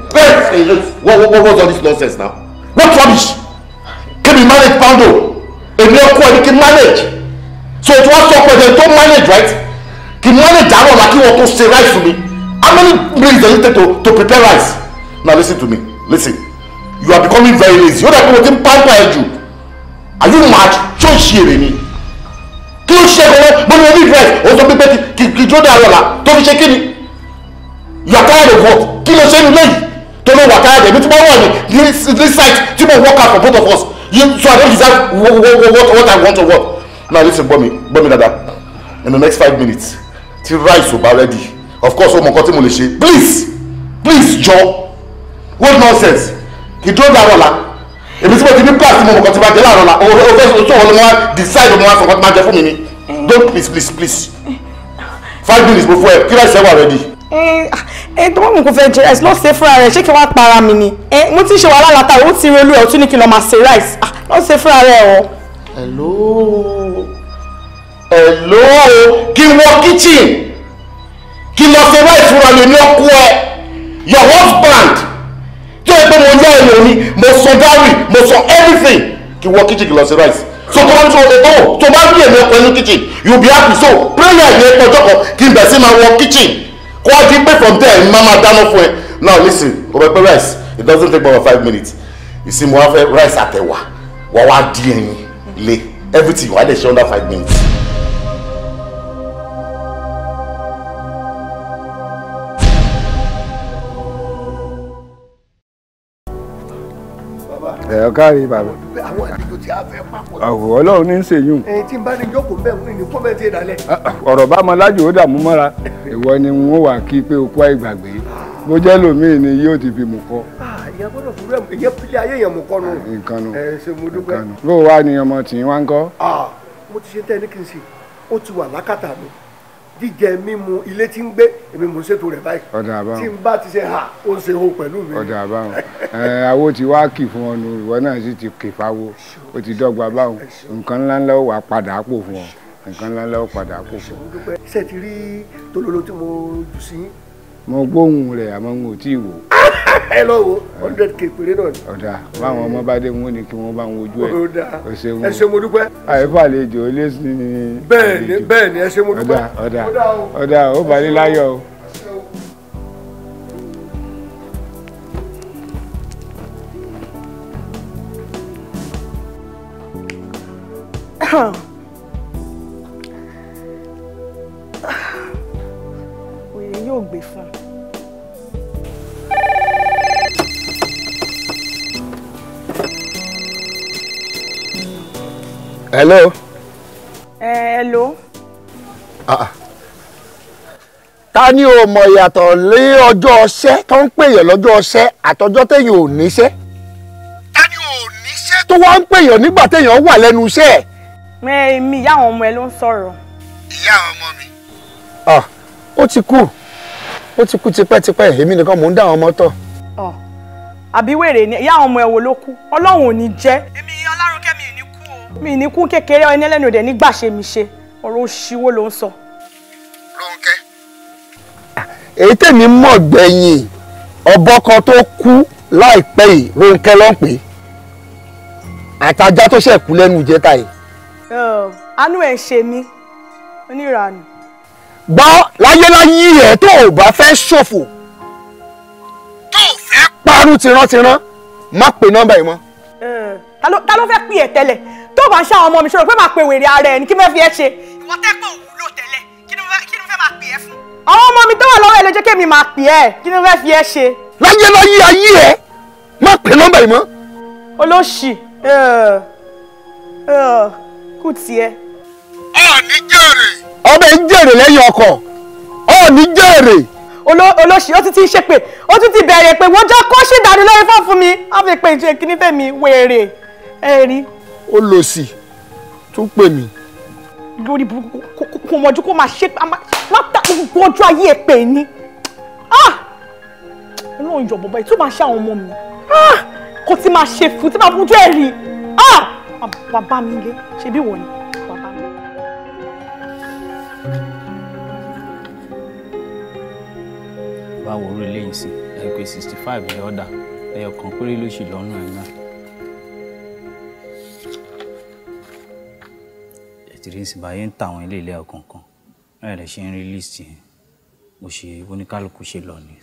hey what what what what's all this nonsense now what rubbish kébì manage pound o èmi ọkọ ẹni kí n manage so tí wọ́n sọ pé ẹni tó manage right kí manage àárọ̀ la kí wọ́n tó ṣe rice fún mi how many minutes does it take to to prepare rice now listen to me listen you are becoming very lazy yóò dàbí mo ti ń pamper ẹ jù are you mad ṣó ń me. Kill ni kí ló ṣiṣẹ́ gbọ́dọ̀ bọ́lú ẹni ìfẹ́ o sọ pípẹ́ kì kì dúró dé àrọ́là tó you are tired of what Kill ló ṣe nu lẹ́yìn tó ló tired ẹ̀mí tí wọ́n wà ní this site tí mo work out for both of us you so I don't deserve what, what, what, what I want or what now listen Bomi, Bomi gbọ́ dada in the next five minutes till rice will be ready of course o mọ nǹkan tí mo please please Joe. what nonsense kì dúró dé èmi tí mo ní plan mọ̀ kàn ti máa jẹ láàárọ̀ la o fẹ́ sọ wọn ni wọ́n decide wọn á sọ kàn ti máa jẹ fún mi ni don't please please please five minutes before, ẹ kí láti ṣẹ́wà rẹ di. ẹ tó wọ́n mú kó fẹ́ jẹ rice lọ́ọ́ ṣe fúnra rẹ̀ ṣé kí wọ́n á para mi ni mo ti ṣe wàhálà látàrí ó ti relú ẹ̀ ó tún ní kí n lọ́ọ́ máa ṣe rice lọ́ọ́ ah, ṣe fúnra rẹ̀ o. hello hello kí n wọ kitchen kí n lọ ṣe rice fúnra mi ní ọkọ ẹ your husband pé mo yá èèyàn ni mo sọ dárì mo sọ everything kí wọ kíchìn kí sí rice so tó ń tó o tó tó bá rí èmi ọkọ inú kíchìn you be happy so prayer yẹn tọjọ́ kan kí n bẹ̀ sí máa wọ kíchìn kó a pé from there ni mama dáná fún ẹ now listen o bẹ pé rice it doesn't take more than five minutes ìsinmi wa fẹ́ rice àtẹ̀wà wà wá dín ẹyin lé everything wà á lè ṣe under five minutes. Eh, ọ̀kárí bàbá. àwọn àlejò tí a fẹ́ papọ̀. àwọ̀ ọlọ́run ní í ṣèyún. ẹyin tí n bá ní jókòó bẹ́ẹ̀ wọ́n ní kọ́mẹ́ ti dálẹ̀. Ah, ah, ọ̀rọ̀ bá mọ lájò ó dààmú mọ́ra ìwọ ni wọn wà kí pé okú àìgbàgbé bó jẹ́ lòmíì ni yóò ti fi mú kọ́. Ah, ìyá gbọ́dọ̀ fúru ẹ̀ ìyẹ́ pílẹ̀ ayé yẹn mú kọ́ nù. nǹkan nù nǹkan nù. bó wàá wá ní kí n jíjẹ mímu ilé tí ń gbé èmi mò ń ṣètò rẹ báyìí tí n bá ti ṣe hà ó ṣe o pẹ̀lú mi. ọ̀dà àbáwọn awo ti wá kì fún ọ nu ìwọ náà sì ti kì fáwo ó ti dọ́gba báwọn nǹkan ńláńlá ó wà padà pò fún ọ nǹkan ńláńlá ó padà pò fún ọ. ṣé ti rí tololo tí mo jù sí yín mo gbóhùn rẹ̀ àmọ́ n ò tí ì wò. [laughs] ẹ lọ wo hundred k péré náà ni. ọ̀dà báwọn ọmọ bá dé wọn ni kí wọ́n bá wọn ojú ẹ̀. ọ̀dà ẹ ṣé mo dúpẹ́. àyífà lè jò ó lé ni. bẹ́ẹ̀ni bẹ́ẹ̀ni ẹ ṣé mo dúpẹ́. ọ̀dà ọ̀dà ọ̀dà ó bá láyọ̀ o. wèrè yóò gbé fún hello. ẹ eh, hello. Ah, ah. ta ni o mọ ìyàtọ̀ lé ọjọ́ ọṣẹ́ tó ń pèèyàn lọ́jọ́ ọṣẹ́ àtọjọ́ téèyàn ò níṣẹ́. ta ni ò níṣẹ́ tó wá ń pèèyàn nígbà téèyàn wà lẹ́nu iṣẹ́ ẹ̀. ẹ mi ìyá àwọn ọmọ ẹ ló ń sọ̀rọ̀. ìyá àwọn ọmọ mi. Ah, ó ti kú ó ti kú tipẹ́tipẹ́ èmi nìkan mò ń dá àwọn ọmọ tọ̀. àbí wèrè ni ìyá àwọn ọmọ ẹ wo ló kú ọlọ́run ò ní jẹ́. èmi ọlárúkẹ́ mi mi ní kún kékeré ẹni ẹlẹ́nu rẹ̀ nígbà ṣe mi ṣe ọ̀rọ̀ òṣìwò ló ń sọ. Rónkẹ́. èyí tèmi mọ̀ gbẹ̀yìn ọ̀bọ kan tó kú láìpẹ́ yìí Rónkẹ́ ló ń pè é àtajá tó ṣẹ̀ kú lẹ́nu ìjẹta yìí. àánú ẹ̀ ń ṣe mí oníranù. gbọ́ láyéláyé ẹ̀ tó o bá fẹ́ ṣòfò tó o fẹ́ parun tìrantìran má pè nọ́mbà yìí mọ́. ta ló fẹ́ pè ẹ́ tẹ́lẹ̀ tó bá ṣá ọmọ mi ṣòro pé máa pe wèrè ara ẹ ní kí mo fẹ́ fi ẹ́ ṣe. ìwọ tẹ́pọ̀ wúlò tẹ́lẹ̀ kí ni mo fẹ́ máa pè é fún. àwọn ọmọ mi tó wà lọ́wọ́ ẹ ló jẹ́ kémi máa pè é kí ni mo fẹ́ fi ẹ́ ṣe. láyé láyé ayé ẹ má pè nọ́mbà yìí mọ́. olóṣì kù tiẹ̀. ọ̀ọ́ni jèrè. ọmọ ẹ ń jèrè lẹ́yìn ọkọ ọ̀ọ́ni jèrè olóṣì ó tún ti ṣépè ó tún ti bẹ̀rẹ̀ pé wọ́n jọ kó ṣèdánilórí fún mi wọ́n fi pè jẹ́ kíní fẹ́mi wèrè ẹ̀rí ó lò sí tún pè mí. lórí burúkú kò mọ̀jú kó máa ṣe látà gbogbo ọjọ́ ayé ẹ̀ pè ní. Ah! ọlọ́run ìjọba ọba ètò máa ṣe àwọn ọmọ mi ah! kò tí máa ṣe fún tí máa fojú ẹ̀ rí ah! bàbá mi lé ṣebí wọ̀ ni. báwo orí eléyìí sí ẹ pé sixty five ní ọ̀dà ẹyọ kan péré ló ṣì lọ́rùn ẹ̀ náà. ẹtìrìsì báyé ń tàwọn ilé ilé ọ̀kọ̀ọ̀kan náà lè ṣe ń rí list yẹn bó ṣe oníkálukú ṣe lọ ni.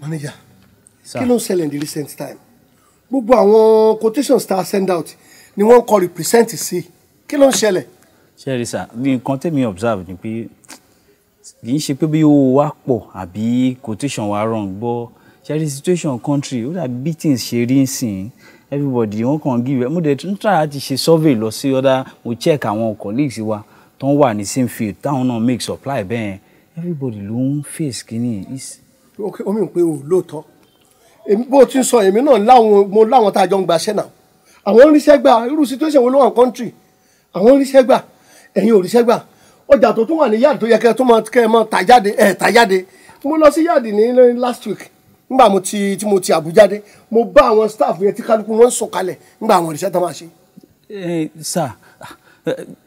manager kí ló ń ṣẹlẹ̀ in the recent time gbogbo àwọn quotations tá a send out ni wọ́n kọ represent sí kí ló ń ṣẹlẹ̀. ṣe rí sá nǹkan tèmi observe ni pé kì í ṣe pé bí owó wa pọ̀ àbí quotation wa wrong bọ́ ṣe rí situation country ó dàbí bí things ṣe rí ń sìn everybody wọ́n kàn give ẹ mo dẹ̀ tún try to ṣe survey lọ sí ọ̀dà mo check àwọn colleagues wa tó ń wà ní same field táwọn náà make supply bẹ́ẹ̀ everybody ló ń face kínní. ok omi ń pe o lóòótọ́ èmi bó o ti ń sọ èmi náà láwọn mo láwọn tá a jọ ń gbaṣẹ́ náà àwọn oríṣẹ́ gbà irú situation wo ló wà ní country àwọn oríṣẹ́ gbà ẹ̀yin oríṣẹ́ gbà ọjà tó tún wà ní yáàdì tó yẹ kẹ́ ẹ tó máa kẹ́ ẹ máa tà jáde ẹ̀ tà jáde mo lọ sí yáàdì ní last week nígbà mo ti tí mo ti Àbújá dé mo bá àwọn staff yẹn tí kálukú wọn ń sọ̀kalẹ̀ nígbà àwọn ìṣẹ́ tó máa ṣe. ẹ sà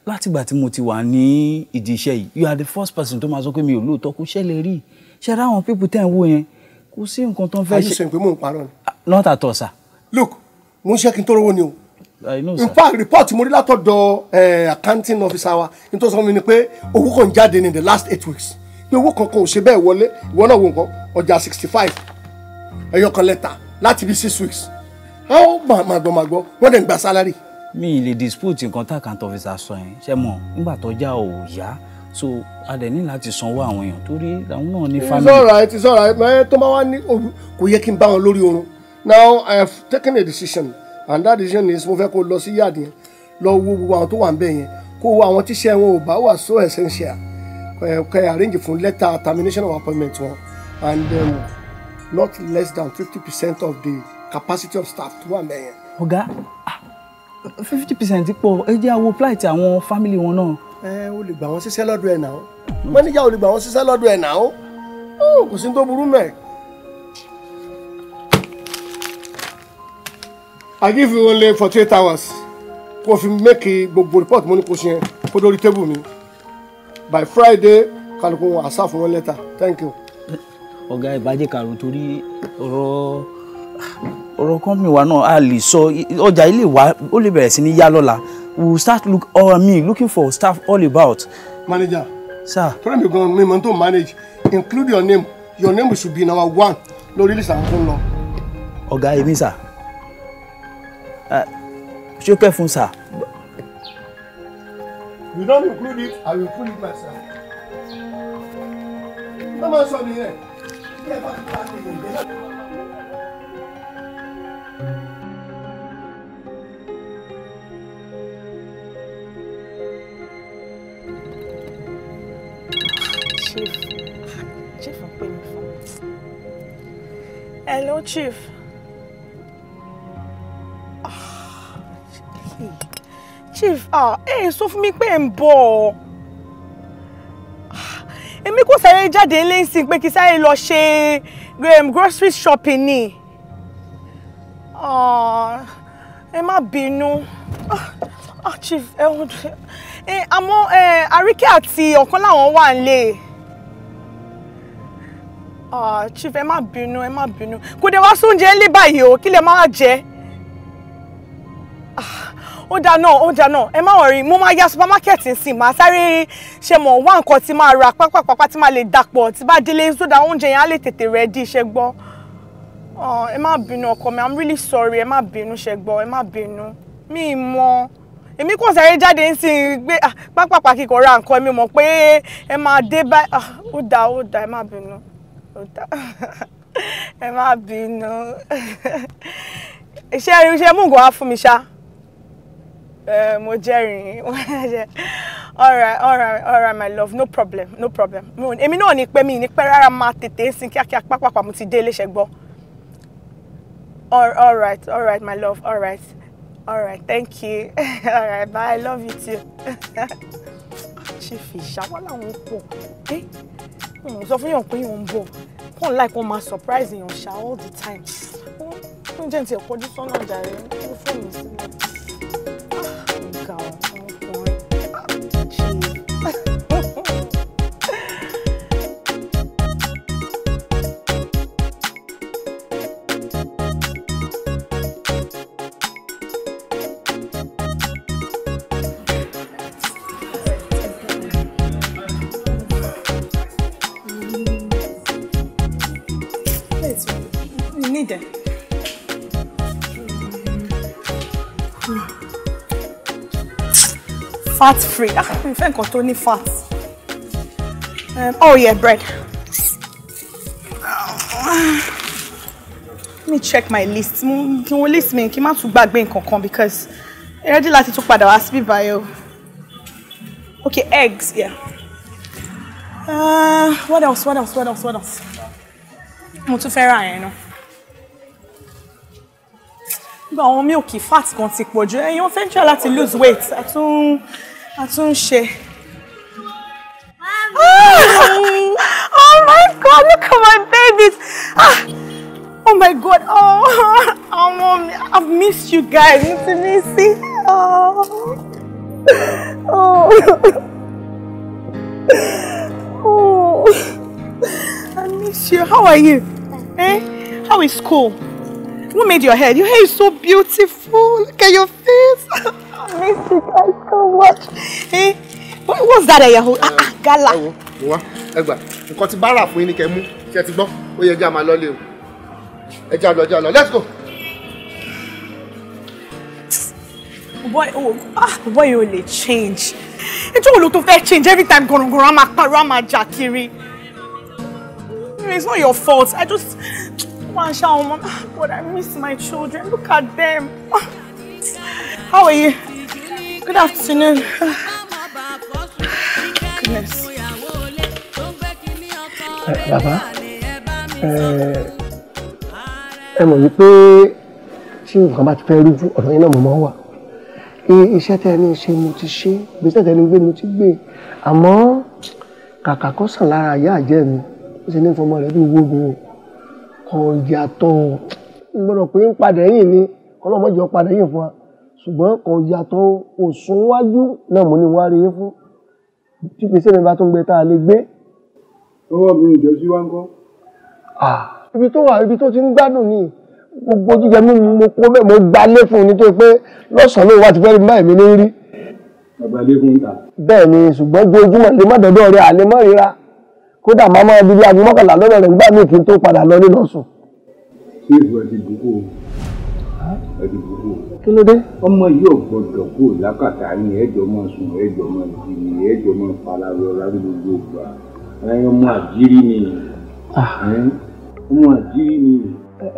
látìgbà tí mo ti wà ní ìdí iṣẹ́ yìí you are the first person tó máa sọ pé mi ò lóòótọ́ kó ṣẹlẹ̀ rí ṣe ra àwọn pípù tẹ́ ń wò yẹn kò sí nǹkan tó ń fẹ́ ṣe. àyè sọ pé mò ń parọ́ ni. Ah, not at all sir. look mo ń ṣe kí n tó rówó ni o. I know sir. in fact report mo rí látọ̀dọ̀ accounting officer wa n tó sọ mi ni pé owó kan jáde ní the last eight weeks pé owó kankan ò ṣe bẹ́ẹ̀ wọlé ìwọ náà wo nǹkan ọjà sixty five ẹyọkan lẹ́tà láti bí six weeks àwọn màá gbọ́ màá gbọ́ wọ́n dẹ̀ ń gba salary. mi lè dispute nǹkan tá account officer sọ yẹn ṣe mọ nígbà tọ́jà ò yá so a dẹ̀ ní láti sanwó àwọn èèyàn torí àwọn náà ní family. sọ̀rọ̀ ẹ ti sọ̀rọ̀ ẹ tó bá wá ní kò yẹ kí n bá wọn lórí oorun now i have taken a decision and that decision is mo fẹ́ kó lọ sí yàdí yẹn lọ wo gbogbo àwọn tó wà ń bẹ̀ yẹn kó wo àwọn tíṣẹ́ wọn ò bá wà so essential kẹ́ arrange fún letter termination of appointment wọn and. Um, not less than fifty percent of the capacity of staff to wà man. ọ̀gá ah, fifty percent pọ̀ ẹ jẹ́ apply? plight àwọn family wọn náà. ẹ o lè gbà wọn ṣiṣẹ́ lọ́dọ̀ ẹ̀ náà mọ́níjà o lè gbà wọn ṣiṣẹ́ lọ́dọ̀ ẹ̀ náà kò sí tó burú mẹ́. I give you only forty eight hours kó fi make gbogbo report mo ní kó ṣe yẹn kó dórí tébù mi by Friday kálukú àṣà fún wọn lẹ́tà thank you ọ̀gá ìbàjẹ́ kàrò torí ọ̀rọ̀ ọ̀rọ̀ kọ́mpìnì wa náà a lè sọ ọjà ilé wa ó lè bẹ̀rẹ̀ sí ní yá lọ́la we will start look all uh, me looking for staff all about. manager sir tọ́lá mi gan mi mọ̀ tó manage include your name your name should be number one lórí list àwọn tó ń lọ. ọ̀gá èmi sà uh, ṣé ó pẹ́ fún sà. you don't include it i will include it myself. Come on, sonny. nìyẹn. Chief. Chief I'm pè mí fún. Hello, ah, Chief. Chief, ah, hey, eh, sọ fún mi pé ẹ ń èmi kò sáré jáde ńlé ń sìn pé kí sáré lọ ṣe um, grocery shopping ni ẹ má bínú ah, ah, chief àmọ́ àríkẹ́ àti ọ̀kan láwọn wà nílé chief ẹ má bínú ẹ má bínú kò dé wá sóúnjẹ ńlé báyìí o kí lè má wá jẹ ó dáa náà ó dáa náà ẹ má wọrí mo máa ya supermarket nsìn máa sáré ṣe mọ̀ wá nǹkan tí máa ra pápápápá tí máa lè dàpọ̀ tí bá délé sódà oúnjẹ yẹn á lè tètè rẹ̀ dí iṣẹ́ gbọ́ oh, ẹ má bínú ọkọ mi i'm really sorry ẹ má bínú ṣe gbọ́ ẹ má bínú mi mọ̀ èmi kò sáré jáde ń sìn gbé ah, pápápá kíkọ ra nǹkan mi mọ̀ pé ẹ máa dé bá ah, ó dáa ó dáa ẹ má bínú ó dáa [laughs] ẹ má bínú [laughs] ṣé ẹ mú nǹkan wá fún mi ṣá. [laughs] Eh, mo jẹ́rìí alright, [laughs] alright, all my love no problem no problem èmi náà ní pẹ́ mi ní pẹ́ rárá máa tètè ń sin kíákíá pápápá mo ti dé iléeṣẹ́ gbọ́ all alright, all my love Alright, alright. thank you [laughs] Alright, bye i love you too ṣe fi ìṣàwọ́ làwọn pọ̀ ẹ́ mo sọ fún yàn pé yàn ń bọ̀ kàn láì kàn máa surprise yàn ṣá all the time ó ń jẹ́ ní ti ẹ̀kọ́ ojú jàre ó fún mi sílẹ̀. What? fat free ah, mi fẹ́ nǹkan tó ní fat um, oh yeah bread let me check my list kí wọ́n list mi kí n má tún gbàgbé nǹkan kan because ready láti tún padà wá sí bíbá yẹn o okay eggs yeah uh, what else what else what else what else mo tún fẹ́ ra yẹn náà gbogbo àwọn mílkì fat kan ti pọ̀ jù ẹ̀yin wọ́n fẹ́ ń try láti lose weight àtún a tún ah! [laughs] oh my god look at my babies ah, oh my god oh ọmọ [laughs] oh, I've missed you guys mo ti mi Oh. [laughs] oh. I miss you. How are you? Eh? How is school? Who made your hair? Your hair is so beautiful. Look at your face. I miss you guys so much. Hey, eh? What was that at your Ah, ah, gala. Ẹ wo, wá, ẹ gbà, nǹkan ti bára fún yín ni kẹ́ mú, it ti gbọ́, ó yẹ kí a máa lọ́lé o. Ẹ let's go. Boy, oh, ah, boy, you only change. Ẹjọ́ wo ló tó fẹ́ change every time gọ̀rọ̀gọ̀rọ̀ á máa pariwo á It's not your fault. I just want to shout, God, I miss my children. Look at them. Ah. How are you? Good afternoon. Goodness. Eh, Bàbá, eh, ẹ mọ̀ wípé tí nǹkan bá ti fẹ́ rújú ọ̀dọ̀ yín náà mo máa wà. Iṣẹ́ tẹ́ ẹ ní ṣe mo ti ṣe, gbèsè tẹ́ ẹ ní gbé mo ti gbé. Àmọ́ kàkà kó sàn lára ìyá àjẹ́ mi, ó ṣe ní fọmọ rẹ̀ bí wógun kọ̀ yàtọ̀. Mo gbọ́dọ̀ pé ń padà ẹ̀yìn ni, ọlọ́mọ jọ padà ẹ̀yìn fún wa ṣùgbọ́n kò yàtọ̀ òsúnwájú náà mo ní wá rí fún tí gbèsè mi bá tún gbé tá a lè gbé. ọwọ́ mi ìjọ sí wá ń kọ́. ibi tó wà ibi tó ti ń gbádùn ni gbogbo jíjẹ mímu mo kó bẹ́ẹ̀ mo gba lé fún un nítorí pé lọ́sàn-án ló wà ti fẹ́ẹ́ rí báyìí mi ní rí. bàbá lé fún ta. bẹ́ẹ̀ ni ṣùgbọ́n ojoojúmọ́ lè má dọ́dọ́ rẹ àlè mọ́ ríra kódà máa máa aago mọ́kànlá lọ́dọ̀ rẹ̀ gbá mi kí n tó padà lọ nílọ́sùn. ṣé ìbú ẹ ti dùn kí ló dé. ọmọ yìí ò gbọdọ̀ kó lákàtà ni ẹ̀jọ̀ máa sùn ẹ̀jọ̀ máa jì ní ẹ̀jọ̀ máa fara rọra gbogbo gbà ọmọ àjírí ni ah. ọmọ àjírí ni.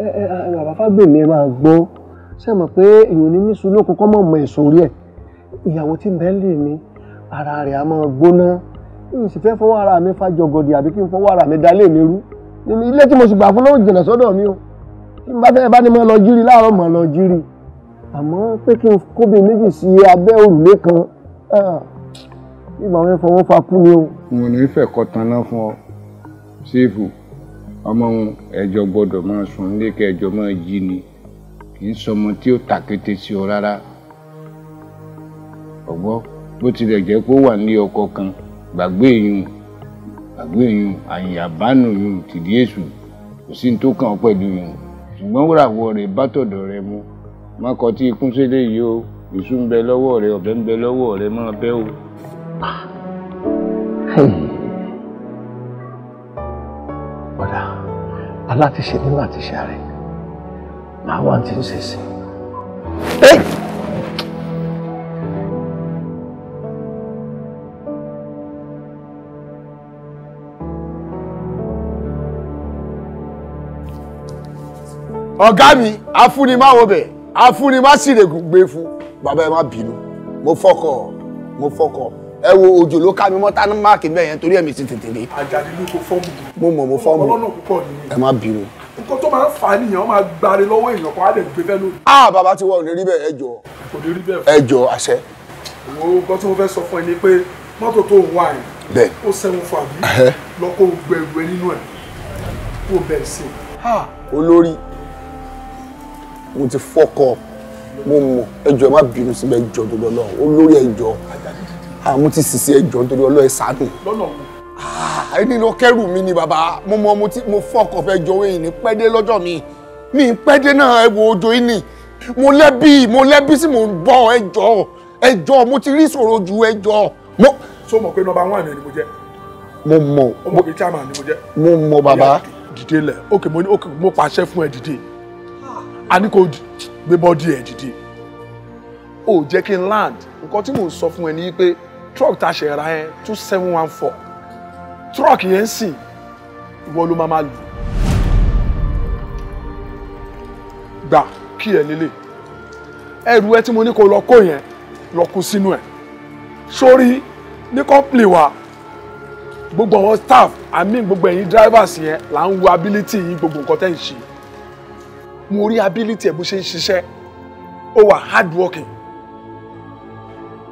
ẹ ẹ bàbá fábíyèmí ẹ máa gbọ́ ṣé ẹ mọ̀ pé èèyàn ní ní sùúrù kọ́kọ́ mọ̀ mọ̀ èso rí ẹ̀ ìyàwó tí bẹ́ẹ̀ lè ní ara rẹ̀ á máa gbóná n sì fẹ́ fọwọ́ ara mi fa jọgọdì àbí kí n fọwọ́ ara mi dalé mi rú ilé tí mo sì gbà fún lóun jìnnà sọ́dọ̀ mi o tí n bá fẹ́ bá ní mo lọ jírí láàárọ̀ mo lọ jírí àmọ́ pé kí n kóbi méjì sí abẹ́ òrùlé kan nígbà wọn fọwọ́ fa kú ni o. mo ní fẹ́ kọ́ taná fún ọ ṣéèfù ọmọ wọn ẹjọ gbọ́dọ̀ máa sùn nílé kẹjọ máa jí ni kì í sọmọ tí ó tàkété sí ọ rárá ọgbọ bó tilẹ̀ jẹ́ pé ó wà ní ọkọ kan gbàgbé èèyàn gbàgbé èèyàn àyàbánu èèyàn tìdí èṣù kò sí ní tó kàn ọ́ pẹ̀lú èèyàn ṣùgbọ́n wúràwọ̀ rẹ̀ bá tọ̀dọ̀ rẹ̀ mu má kọtí ikún sílé yìí o ìṣú ń bẹ lọ́wọ́ rẹ ọ̀bẹ ń bẹ lọ́wọ́ rẹ máa bẹ́ o. [sighs] ọ̀dà alátiṣe ní láti ṣàrẹ̀ máa wá ti ń ṣèṣe. ọ̀gá mi afúnimáwo bẹ̀ afúnni má sì lè gbé fún bàbá ẹ má bínú mo fọkọ mo fọkọ ẹ wo òjò ló ká mi mọ́ tá máàkì bẹ́ẹ̀ yẹn torí ẹ̀mí ti tètè dé. àjàdí ló kó fọ́ọ̀mù. mo mọ̀ mo fọ́ọ̀mù ọlọ́nà púpọ̀ ni. ẹ má bínú. nǹkan tó máa ń fà á nìyẹn wọ́n máa gbáre lọ́wọ́ èèyàn kan á lè gbé fẹ́ lórí. a ah, bàbá ti wọ òní rí bẹ́ẹ̀ ẹ jọ. ẹ jọ àṣẹ. wo nǹkan tí mo fẹ́ sọ fún ẹ ni pé mọ́tò tó ń wá yìí. bẹ́ẹ̀ ó sẹ́wọ̀n fún àbí lọ́kọ̀ gbẹ̀gbẹ̀ nínú ẹ̀ kó bẹ̀ sí. olórí mo ti fọkọ mo mọ ẹjọ ẹ má bínú síbẹ̀ ẹjọ tó lọ́lọ́ olórí ẹjọ àmú ti sisi ẹjọ tó lọ́lọ́ ẹ sàánù. ẹni lọ kẹrù mi ni bàbá mo mọ mo fọkọ fẹ jọ wẹ̀yìn ní pẹ́dé lọ́jọ́ mi ní pẹ́dé náà ẹ wo ojo yìí ni mo lẹ́bi mo lẹ́bi sí mo ń bọ̀ ẹjọ ẹjọ mo ti rí ìṣòro ju ẹjọ. so mọ̀ pé nọ́mbà one ni mo jẹ́. mo mọ̀ ọmọ kìí chairman ni mo jẹ́. mo mọ̀ bàbá. dìde lẹ̀ ok mo pàṣẹ fún ẹ dìde a ní kò gbé bọ́dí ẹ̀ dìde ò jẹ́ kí n land nǹkan tí mò ń sọ fún ẹ ní pé truck tá a ṣe ra yẹn two seven one four truck yẹn ń sìn ìwọ ló máa máa lù gbà kí ẹ lélẹ̀ ẹrù ẹ tí mo ní kó lọ kó yẹn lọ kó sínú ẹ sórí ní company wa gbogbo àwọn staff àmì gbogbo ẹ̀yin drivers yẹn là ń wo ability yín gbogbo nǹkan tẹ́ ń ṣe mo rí ability ẹ̀ bó ṣe ń ṣiṣẹ́ ó wà hard working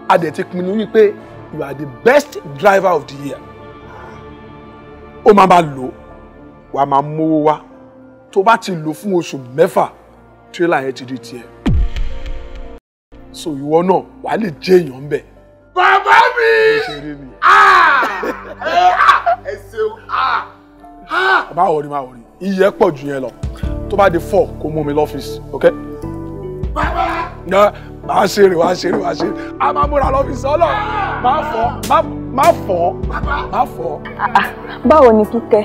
a dẹ̀ ti pinnu wípé you are the best driver of the year ó máa máa lò wàá máa mówó wá tó bá ti lò fún oṣù mẹ́fà tírélà yẹn ti di tiẹ̀ so ìwọ náà wàá lè jẹ́ èèyàn ń bẹ̀. bàbá mi ah! [laughs] ẹ ṣeun. báwo ni máa wọ̀ ni iyẹ̀ pọ̀ jù yẹn lọ tó bá di four kó mú mi lọ́fíìsì ok. bàbá. ǹjẹ́ màá ṣeré wàá ṣeré wàá ṣeré a máa múra lọ́fíìsì ọlọ́ máa fọ́ máa fọ́ máa fọ́. Ah, ah, báwo ni kíkẹ́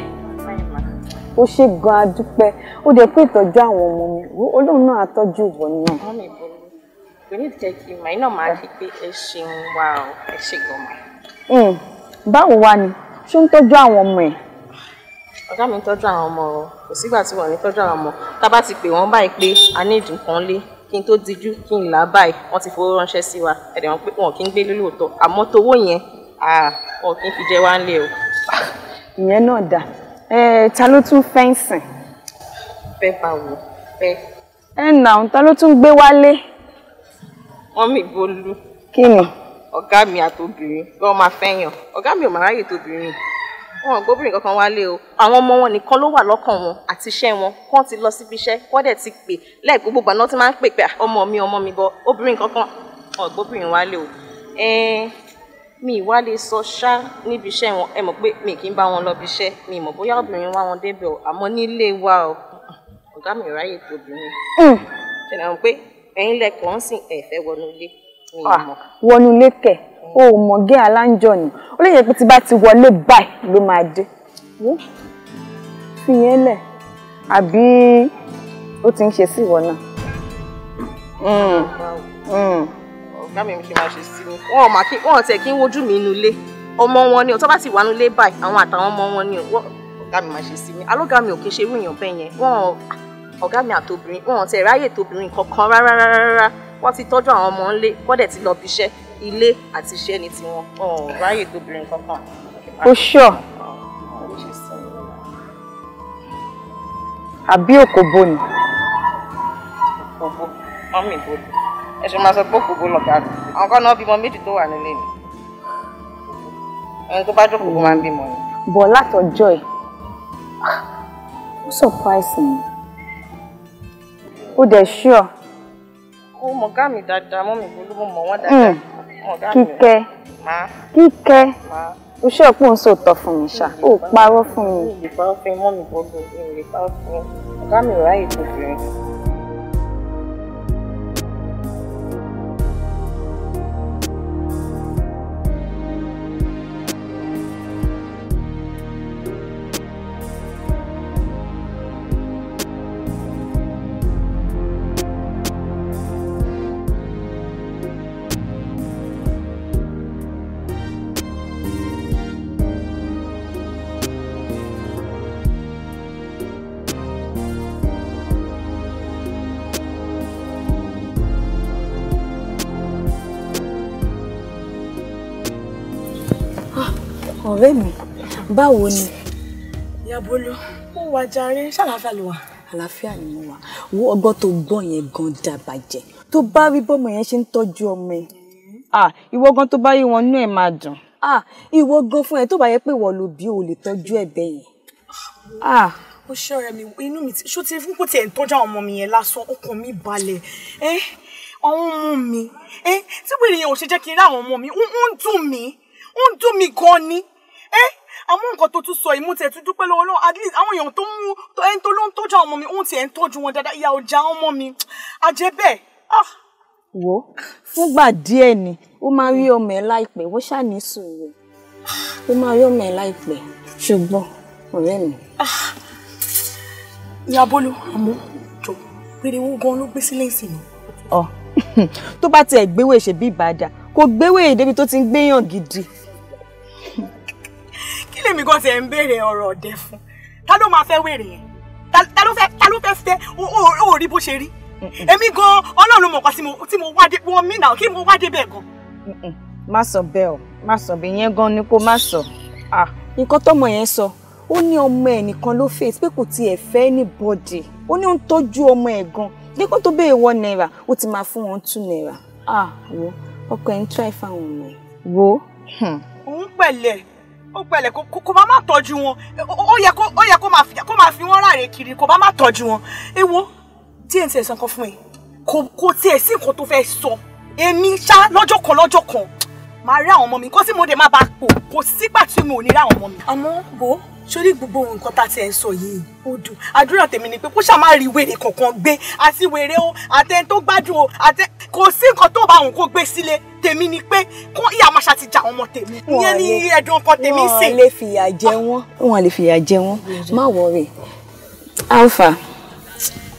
ó ṣe gan adúpẹ́ ó dẹ̀ pé ìtọ́jú àwọn ọmọ mi olóhùn náà àtọ́jú ìwọ náà. mọ́mí bọ́lú kò ní jẹ́ kí màá iná máa fi pé ẹ ṣeun wa ọ ẹ ṣe gan-an. Hmm, báwo wá ni ṣé ń tọ́jú àwọn ọmọ ẹ̀ ọ̀gá mi ń tọ́jú àwọn ọmọ o kò sígbà tí wọ́n ní tọ́jú àwọn ọmọ tá a bá ti pè wọ́n báyìí pé a ní ìdùnkan lé kí n tó dijú kí n là á báyìí wọ́n ti fowó ránṣẹ́ sí wa ẹ̀dẹ̀ wọn pé wọn kì í gbé lólóòótọ́ àmọ́ towó yẹn wọn kì í fi jẹ wá ń lé o. ìyẹn náà dà ta ló tún fẹ́ǹsìn. fẹ́ bá wò fẹ́. ẹ nà ń ta ló tún gbé wálé. wọ́n mi bolú. kí ni. ọ̀gá mi àtobìnrin lọ́ọ́ máa fẹ́yàn ọ̀gá mi ò máa ráyè tobìnrin wọn ò gbóbìnrin kankan wálé o àwọn ọmọ wọn nìkan ló wà lọ́kàn wọn àti iṣẹ́ wọn kán ti lọ síbi iṣẹ́ wọ́n dẹ̀ ti pè lẹ́ẹ̀kú gbogbo àná tí máa ń pè pé ọmọ mi ọmọ mi bọ obìnrin kankan wọn ò gbóbìnrin wálé o mi ìwá lè sọ ṣá níbi iṣẹ́ wọn ẹ mọ̀ pé mi kì í bá wọn lọ bí iṣẹ́ mi mọ̀ bóyá obìnrin wá wọn débẹ̀ o àmọ́ nílé wa o ọ̀gá mi ráyè tó obìnrin hmm. ṣe náà pé ẹ̀yin lẹ́kọ̀ọ́ ń sìn ẹ̀fẹ́ wọnú ilé mi ah, mọ̀. wọnú ilé kẹ̀ o ò mọ̀ gé aláǹjọ ni ó lè yẹ pé tí bá ti wọlé báyìí ló máa dé fi yẹn lẹ̀ àbí ó ti ń ṣe sí ìwọ náà. Hmm, hmm. ọ̀gá mi ṣe máa ṣe sí mi wọn ò mà kí wọn ò tẹ̀ kí ń wojú mi inú ilé ọmọ wọn ni tó bá sì wà nínú ilé báyìí àwọn àtàwọn ọmọ wọn ni ọ̀gá mi máa ṣe sí mi alóga mi ò kí ń ṣe irú èèyàn bẹ́ẹ̀ yẹn wọn ò ọ̀gá mi àtobìnrin wọn ò tẹ̀ ráyè tobìnrin kankan rárá rárá wọ́n ti tọ́jú àwọn ọmọ ńlé wọ́n dẹ̀ ti lọ bíṣẹ́ ilé àti iṣẹ́ ní tiwọn ọ̀ ráyè tó bìnrin kankan. o sure. àbí òkòbó ni. òkòbó mọ́mì ìbòdò ẹ ṣe máa sọ pé òkòbó lọ̀gá rẹ̀ àwọn kan náà bímọ méjì tó wà nílé ni ẹni tó bá jókòó kó máa ń bímọ ni. bọ̀ látọjọ́ ẹ̀ ó surprise mi ó dẹ̀ sure. ó mọ̀ gá mi dáadáa mọ́ mi pẹ̀lú mo mọ̀ wọ́n dáadáa. Hmm kíkẹ́ kíkẹ́ o ṣe òpó ń sòótọ́ fún mi ṣá o parọ́ fún mi. ìlú ìpàrọ̀ fún mọ́mì gbogbo ìlú ìpàrọ̀ fún ọ̀gá mi ráyè tó bẹ̀rẹ̀. ọ̀rẹ́ mi báwo ni. yabolo ó wà jàre ṣàlàáfíà ló wà. àlàáfíà ni mo wà wo ọgbọ́n tó gbọ́ yẹn gan dàbàjẹ́ tó bá rí bọ́mọ yẹn ṣe ń tọ́jú ọmọ ẹ̀. ìwọ gan tó bá yí wọn inú ẹ̀ máa dùn. ìwọ gan fún ẹ tó bá yẹ pé ìwọ ló bí o lè tọ́jú ẹ̀ bẹ́ẹ̀ yẹn ó ṣọ́rẹ́ mi inú mi ṣó ti fún kó tiẹ̀ ń tọ́jú àwọn ọmọ mi yẹn lásán ọkàn mi balẹ̀ ọ̀hún mú mi tí wèrè yẹn ò ṣe jẹ́ kí n rí àwọn ọmọ mi ń dùn mí ń dùn mí gan ni ẹ́ eh, àmọ́ nǹkan tó tún sọ yìí mo tiẹ̀ tún dúpẹ́ lọ́wọ́ lọ́wọ́ at least àwọn èèyàn tó ń mú ẹni tó ló ń tọ́jú àwọn ọmọ mi òun tiẹ̀ ń tọ́jú wọn dáadáa ìyá ọjà ọmọ mi àjẹ́ bẹ́ẹ̀. Ah! wo fúngbà díẹ̀ ni ó máa rí ọmọ ẹ láìpẹ́ wọ́n ṣàní sùúrù ó máa rí ọmọ ẹ láìpẹ́ ṣùgbọ́n ọ̀rẹ́ mi. Ah! ìyá bólú àmọ́ jọ péré owó gan ló gbé sílẹ̀ sí mi. ọ [laughs] tó bá tiẹ̀ gbéwèé ṣe bí ìbàdàn kò gbéwèé kí lèmi gan tẹ̀ ń béèrè ọ̀rọ̀ ọ̀dẹ fún ta ló máa fẹ́ wèrè yẹn ta ló fẹ́ ta ló fẹ́ fẹ́ ó rí bó ṣe rí èmi gan ọlọ́run mọ̀ọ́kọ́ tí mo wá dé wọ́n mí náà kí mo wá dé bẹ́ẹ̀ gan. má sọ bẹ́ẹ̀ o má sọ bẹ́ẹ̀ yẹn gan ni kó má sọ nǹkan tọmọ yẹn sọ ó ní ọmọ ẹ nìkan ló fèsì pé kò tiẹ̀ fẹ́ anybody ó ní ó ń tọ́jú ọmọ ẹ gan dípò tó béèrè one naira ó ti máa fún wọn two naira ah wo ọkọ ẹ ń try fáwọn ọmọ ẹ wo. Hmm. òun pẹ̀lẹ́ ó gbẹlẹ kó bá má tọ́jú wọn ó yẹ ó yẹ kó máa fi wọn ráre kiri kó bá má tọ́jú wọn ewo díẹ̀ ń tiẹ̀ sàn kan fún ẹ kò tiẹ̀ sí nǹkan tó fẹ́ sọ èmi ṣá lọ́jọ́ kan lọ́jọ́ kan màá rí àwọn ọmọ mi kó sì mo dé má bàa pò kò sígbà tí mo ò ní rí àwọn ọmọ mi. àmọ́ bò ó sórí gbogbo nǹkan tá a ti ẹ̀ ń sọ yìí ó dùn àdúrà tèmi ni pé kó ṣáà má rí wèrè kankan gbé àti wèrè o àtẹ tó gbádùn o àtẹ kò sí nǹkan tó bá òun kó gbé sílé tèmi ni pé kó ìyá máa ṣàtìjà àwọn ọmọ tèmi ìyẹn ni ẹ̀dùn ọkọ tèmi ń sè. wọn lè fìyà jẹ wọn wọn lè fìyà jẹ wọn má wọrẹ alpha.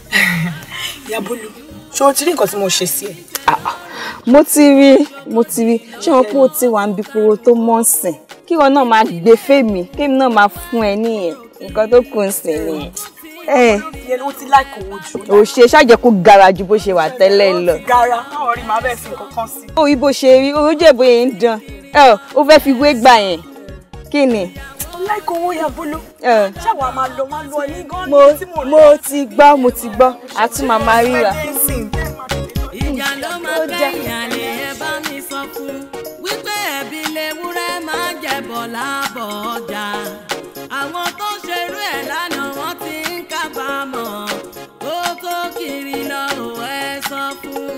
[laughs] yabolu ṣé o ti rí nǹkan tí mo ṣe sí ẹ. Ah, ah. mo ti rí mo ti rí ṣé wọn kó o ti wà ń kúrò tó mọ́ sìn kí wọn náà máa gbé fèmí kémi náà máa fún ẹ nìyẹn nǹkan tó kù ń sìn nìyẹn. ẹ ẹ ò ṣe ṣáàjẹ kó gara ju bó ṣe wà tẹ́lẹ̀ lọ. gara náà rí màá bẹ́ẹ̀ fi nǹkan kan sí. ó rí bó ṣe rí ó jẹ́ bó yẹn ń dán ó fẹ́ fi wé gbà yẹn kí ni láìkó owó ya bolo. ṣáwa máa lọ máa lọ ní gan-an tí mo lọ. mo ti gbọ́ mo ti gbọ́ a tún máa máa ríra. ìjà ló máa bẹ̀yàn bọ̀ lábọ̀ ọjà àwọn tó ṣerú ẹ̀ lánàá wọ́n ti ń kábàámọ̀ ó tó kiri lọ ò sọ fún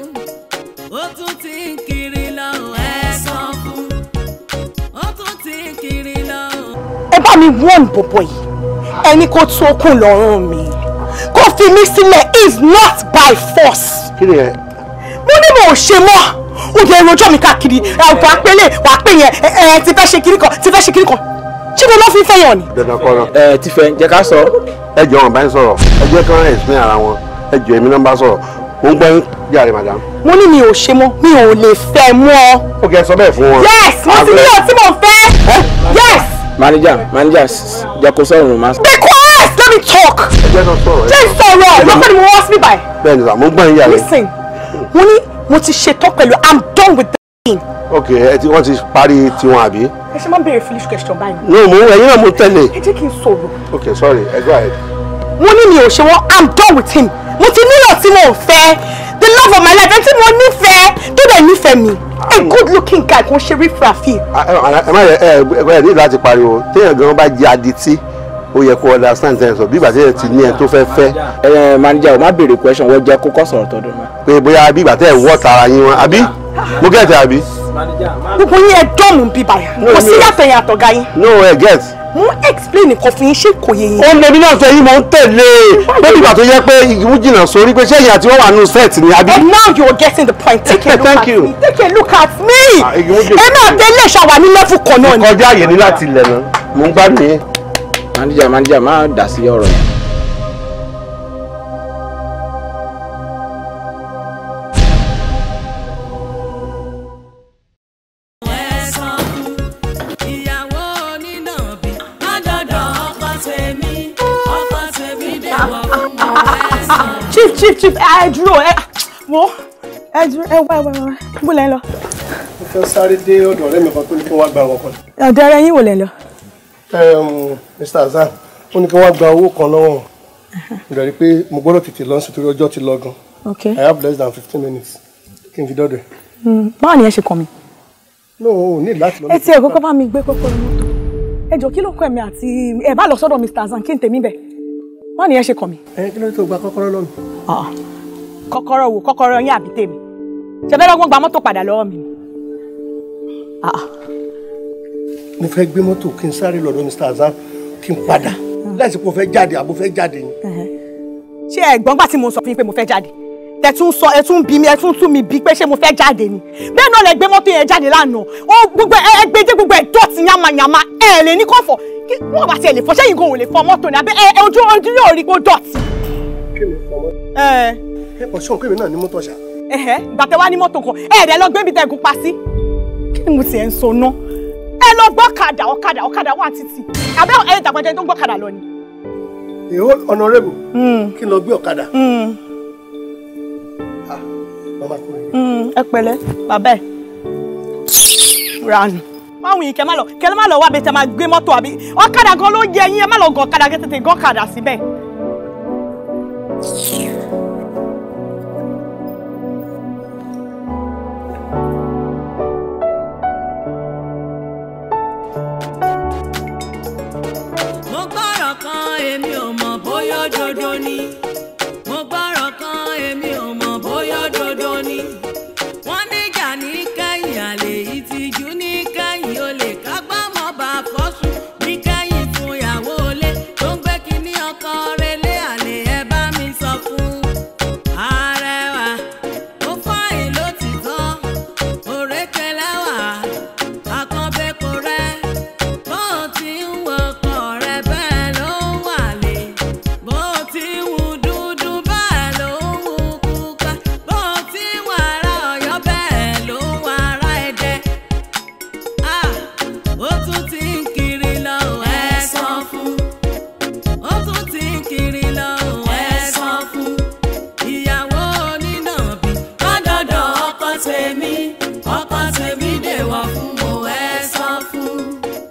ó tún ti ń kiri lọ ò sọ fún ó tún ti ń kiri lọ. ẹ bá mi wọ́n bọ̀bọ̀ yìí ẹni kó tún okùn lọ́rùn mi kó fi mí sílẹ̀ is not by force. kí ni ẹ. mo ní mo ò ṣe mọ́ o dé rojọ́ mi káàkiri wàá pélé wàá pé yẹn ẹ ti fẹ́ ṣe kiri kan ti fẹ́ ṣe kiri kan ṣé mo lọ fi fẹ́ yàn ni. dandan kọ́ lọ. ẹ ti fẹ́ jẹ́ ká sọ. ẹ jọ wọn bá ń sọ̀rọ̀ ẹ jẹ́ kí wọ́n explain ara wọn ẹ jọ èmi náà bá sọ̀rọ̀ mo ń gbọ́ madam. mo ní mi ò ṣe mọ mi ò lè fẹ́ mọ́. ó kẹ́ ẹ sọ bẹ́ẹ̀ fún wọn. yes mo ti ní ọtí mo fẹ́. yes. manager manager jẹ́ kó sọ̀rọ̀ ma. bẹ́ẹ̀ let me talk. ẹ jẹ́ sọ̀rọ̀ ẹ jẹ́ sọ̀rọ̀ lọ́sẹ̀ ni mo wá sí bíbáyìí. bẹ́ẹ̀ ni listen mo ní mo ti ṣetán pẹ̀lú i'm done with that thing. ok ẹ ti wọ́n ti parí tiwọn àbí. ẹ ṣe máa ń béèrè foolish question báyìí. no mo ẹyin náà mo tẹ̀lé. ẹ jẹ́ kí n sọ̀rọ̀. ok sorry ẹ go ahead. mo ní mi ò ṣe wọn i'm done with him mo ti nílò tí mo fẹ́ the love of my life ẹni tí mo nífẹ̀ẹ́ tó dẹ̀ nífẹ̀ẹ́ mi a good looking guy kò ń ṣe rí fàáfì. ẹ má yẹ ẹ ẹ ní láti pariwo téèyàn gan bá jẹ adití ó yẹ kó understand ten so bí ìgbà tí ẹ ti ní ẹ tó fẹ́ fẹ́. ẹ manager o má béèrè question wọ́n jẹ́ kókó sọ̀rọ̀ tọdún. pé bóyá bí ìgbà tí ẹ wọ́ tara yín wọn àbí mo gẹ̀ẹ́tì àbí. gbogbo yín ẹ dọ́ọ̀mù bíbá yà kò sí yàtọ̀ àtọ̀gá yín. no ẹ get. mo explain nǹkan fún yín ṣé kò yé yín. ó lè mí náà sọ yín mo ń tẹ̀lé pé ìgbà tó yẹ pé ìwú jìnnà sórí pé ṣé ìyá wọ́n wà nù set now you are getting the point take a take a look at me. Ah, ẹ máa tẹ́lẹ̀ ṣàwà ní lẹ́fù kan náà ni. ìkọjá àyè ni láti lẹ̀ náà mo ń gbádùn yín manager manager má dá sí ọ̀rọ̀ yẹn. chief chief chief ẹ dúró ẹ wo ẹ dúró ẹ wá ẹ wá ẹ wá bó lẹ lọ. mo fẹ́ sáré dé ọ̀dọ̀ ọ̀rẹ́ mi kan tó ní kí wọ́n wá gba ọkọ̀. ọ̀dọ̀ ọ̀rẹ́ yín wò lẹ lọ. Mr. Azan o ní kí wọ́n gba owó kan lọ́wọ́ wọn ìgbà uh-huh. rí pé mo gbọ́dọ̀ tètè lọ sí torí ọjọ́ ti lọ gan okay I have less than fifteen minutes kí n fi dọ́dọ̀ ẹ̀. Hmm, báwo ni ẹ ṣe kàn mí. no o ní láti lọ. ẹ ti ẹ̀ kọ́kọ́ bá mi gbé kọ́kọ́ inú tó ẹ jọ kí ló kọ ẹ̀mí àti ẹ̀ bá lọ sọ́dọ̀ Mr. Azan kí n tèmi bẹ̀ báwo ni ẹ ṣe kàn mí. ẹ kí ló tó gba kọ́kọ́rọ́ lọ́nu. Ah, ah. kọ́kọ́rọ́ wo kọ́kọ́rọ́ yín àbí tèmi ṣe fẹ́ lọ́gbọ́n gba mọ́tò padà lọ́wọ́ mi mo fẹ́ gbé mọ́tò kí n sáré lọ́dọ̀ Mr. Azam kí n padà láti pò fẹ́ jáde àbò fẹ́ jáde ni. ṣé ẹ̀gbọ́n gbà tí mo sọ fún yín pé mo fẹ́ jáde tẹ tún sọ ẹ tún bí mi ẹ tún tún mi bí pé ṣé mo fẹ́ jáde ni bẹ́ẹ̀ náà lẹ gbé mọ́tò yẹn jáde lánàá ó gbogbo ẹ gbé dé gbogbo ẹ dọ̀tí yamayama ẹ lè ní kọ́fọ̀ kí wọ́n bá tiẹ̀ lè fọ sẹ́yìn kò lè fọ mọ́tò ni àbẹ́ ẹ ojú ojú yóò rí pé ó dọ̀tí. kí ni fọmọ. ẹ ẹ ọ̀ṣun pé mi náà ní mọ́tò ṣá. ẹ̀hẹ́ gbàtẹ́ wá ní mọ́tò kan ẹ̀ẹ́dẹ́ lọ gbé mi tẹ̀ gún pa sí. kí ni mo tiẹ̀ ń sọ náà ẹ lọ gbọ́kadà ọ̀kadà ọ̀kadà wà títì àbẹ́ ẹ̀yin tàgbàjẹ́ tó ń gbọ́kadà lọ ni. èèwọ̀ honorable hmm. kí n lọ gbé ọ̀kadà. Hmm. Ah, hmm, ẹ pẹ̀lẹ́ bàbá ẹ̀ ranu máwùn yìí kẹ má lọ kẹ má lọ wá bẹ tẹ má gbé mọ́tò àbí ọ̀kadà gan ló yẹ yín ẹ má lọ gọ̀kadà kẹ tètè gọ̀kadà síbẹ̀.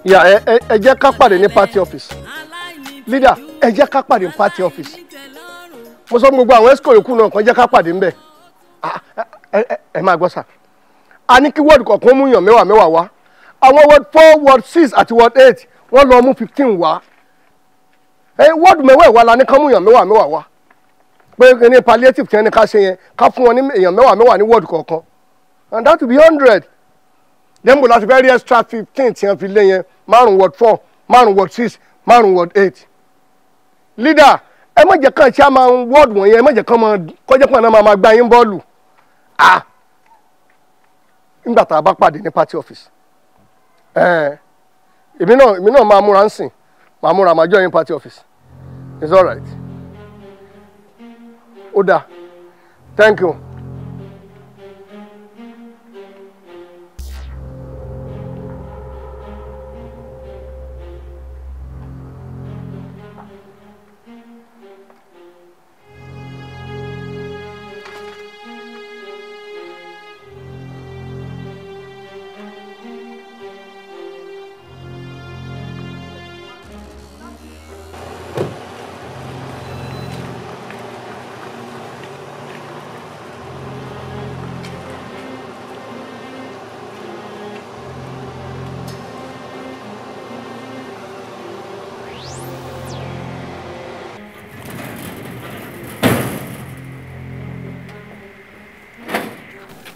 ìyá ẹ jẹ́ ká party office leader ẹ jẹ́ party office mo so gbogbo awon esco yòókù náà kàn jẹ́ ká pàdé a ní kí word kọ̀ọ̀kan mú yàn mẹ́wàá mẹ́wàá wá àwọn word wọd word six àti word eight wọ́n lọ mú fifteen wá word la palliative ken wọ́n dem láti fẹ́ various extra fifteen tí fi lé word four márùn word six márùn word leader ẹ má jẹ́ ma ṣe àmà word wọ̀nyẹn ẹ má jẹ́ kàn máa kọjá pọ̀ ah a bá party office èmi náà èmi náà máa múra ń ma ma join party office it's alright ó thank you.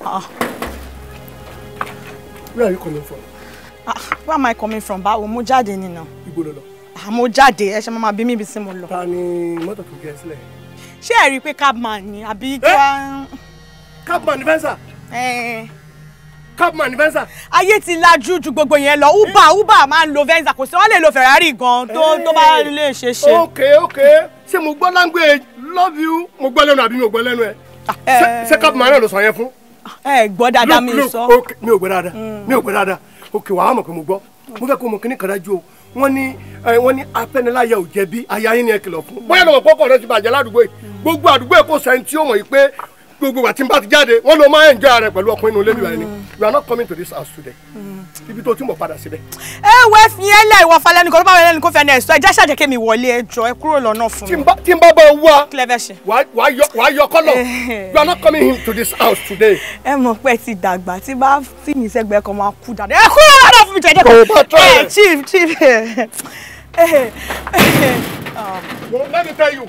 Ah. Where are you coming from? Ah, where am I coming from? Báwo mo jáde ni náà. Ibo lọ lọ. Ah, mo jáde, ẹ ṣe máa bí mi ibi tí mo lọ. Ta ni mọ́tò tó gẹ cabman ni àbí eh? Cabman ni Venza. Eh. Cabman Venza. Ayé ti lajú ju gbogbo go lọ. Uber eh? uba máa ń lo Venza kò sí wọ́n lè lo Ferrari gan tó tó bá lè ṣe ṣe. Okay, okay. Ṣé mo language love you mo gbọ́ lẹ́nu àbí mi ò gbọ́ lẹ́nu ẹ? Ah, ṣé cabman náà ló sọ yẹn ẹ gbọ́ dáadáa mi sọ. mi ò gbọ́ dáadáa mm. mi ò gbọ́ dáadáa òkè wàá mọ̀ pé mo gbọ́ mo fẹ́ kó mọ̀ kíní kàdájú o wọ́n ní wọ́n ní apẹ́niláyà ò jẹ̀bi aya yín ni ẹ kìlọ̀ fún. bóyá lọ́wọ́ kọ́kọ́ rẹ ti bàjẹ́ ládùúgbò yìí mm. gbogbo àdúgbò yìí kò sẹ́ni tí ó mọ̀ yìí pé gbogbo wa tí n ti jáde wọn ló máa ń jẹ ara rẹ ọkùnrin inú ilé ẹni you are not coming to this house today hmm. ibi tó ti mọ̀ padà síbẹ̀. ẹ wo ẹ fi yẹn lẹ ìwọ falẹ nìkan ló bá wọlé ẹnì kó fi ẹni ẹ sọ ẹ já ṣàjẹkẹ mi wọlé ẹ jọ ẹ kúrò lọ́nà fún mi. tí n bá bá wá wàá yọ kọ́lọ̀ [laughs] you are not coming to this house today. ẹ mọ̀ pé ti dàgbà tí bá tí mi sẹ́gbẹ̀ẹ́ kan máa kú dáadáa ẹ kúrò lọ́nà fún mi jẹ́jẹ́ kan ẹ chief chief. [laughs] Well, let me tell you.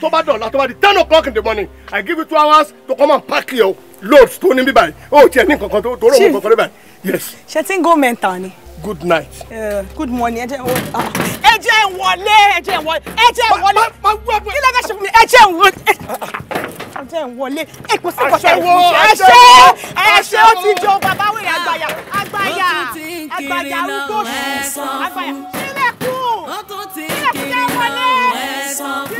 Tó bá dọ̀la about the di ten o'clock in the morning, I give you two hours to come and pack your loads to ní bí Oh, O tiẹ̀ ní nǹkankan tó rọ̀ wọ́n kankan báyìí. Yes. Ṣé tí ń go mental ni? Good night. Uh, good morning. Ẹ jẹ́ ah, wọlé. Ẹ jẹ́ wọlé. Ẹ jẹ́ wọlé. Ẹ jẹ́ wọlé. Kí lẹ́gẹ̀ ṣe fún mi? Ẹ jẹ́ wọlé. Ẹ jẹ́ wọlé. Èkó sí kọ́tà ìfúnṣẹ́. Àṣẹ àṣẹ ó ti jọ bàbá wèrè àgbàyà. Àgbàyà àgbàyà arúgbó ṣù. Àgbàyà sílẹ̀kùn ẹ̀sán kù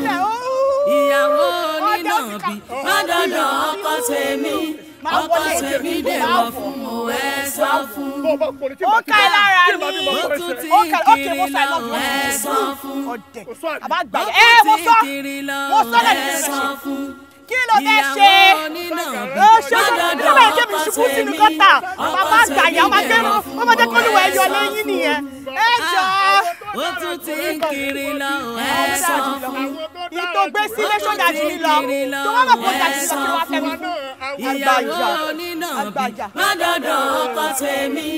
ìyàwó onínàbí má dandan ọkọ tèmi ọkọ tèmi dèwọ̀ fún mo ẹ̀sán fún ó ká ẹ lára ni ó tún ti kiri lọ ẹ̀sán fún ó tún ti kiri lọ ẹ̀sán fún kí ló fẹ́ ṣe ó ṣọ́kọ̀ tó bẹ̀rẹ̀ kébì ṣubú sínú gọ́tà bàbá àgbàyà ọmọ akẹ́rù ọmọdé kọ́lùwẹ̀ ẹ̀yọ lẹ́yìn nìyẹn ẹ ah, jọ. ó tún ti ń kiri lọ ẹ fún. ìtò gbé sílé sódà jù lọ tó wọ́n bọ̀ kó dàjú lọ fẹ́ mi. ìyàwó onínà bí má dọ̀dọ̀ ọkọ tèmi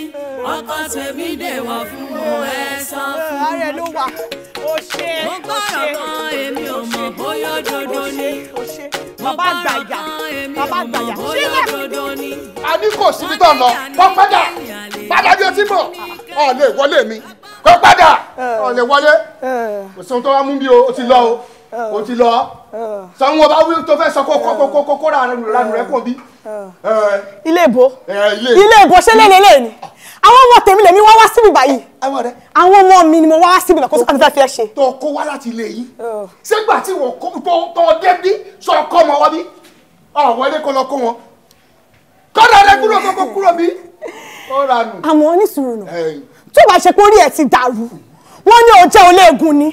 ọkọ tèmi dèwọ̀ fún mo ẹ fún. mo gbọ́dọ̀ kan èmi ò mọ̀ bóyá òdodo ni bàbá àgbàyà bàbá àgbàyà sílẹ̀. a ní kò síbi tó lọ kó padà padà bí o ti mọ̀ ọ lè wọlé mi kó padà ọ lè wọlé kò sóhun tó wá mú bí o o ti lọ o o ti lọ sanwó bá wí tó fẹ́ sọ kó kó kó kó kó rà rẹ kó bí. ilé ìbò eh, ilé ìbò ṣẹlẹ̀ lélẹ̀ ni àwọn ọmọ tèmi lèmi wá wá síbi báyìí. àwọn ọmọ mi ni mo wá wá síbi náà kó sọ́kàn tó fẹ́ fi ẹ ṣe. tó o kó wá láti ilé yìí. Oh. sígbà tí wọ́n tó tó dé bí sọ ọkọ ọmọ wa bí ọ̀wọ́ ilé kọ́ lọ kó wọn. kọ́dà rẹ kúrò kókó kúrò bí. àmọ́ ní sùúrù nù tó bá ṣe pé orí ẹ̀ ti dàrú wọ́n ní o jẹ́ olóògùn ni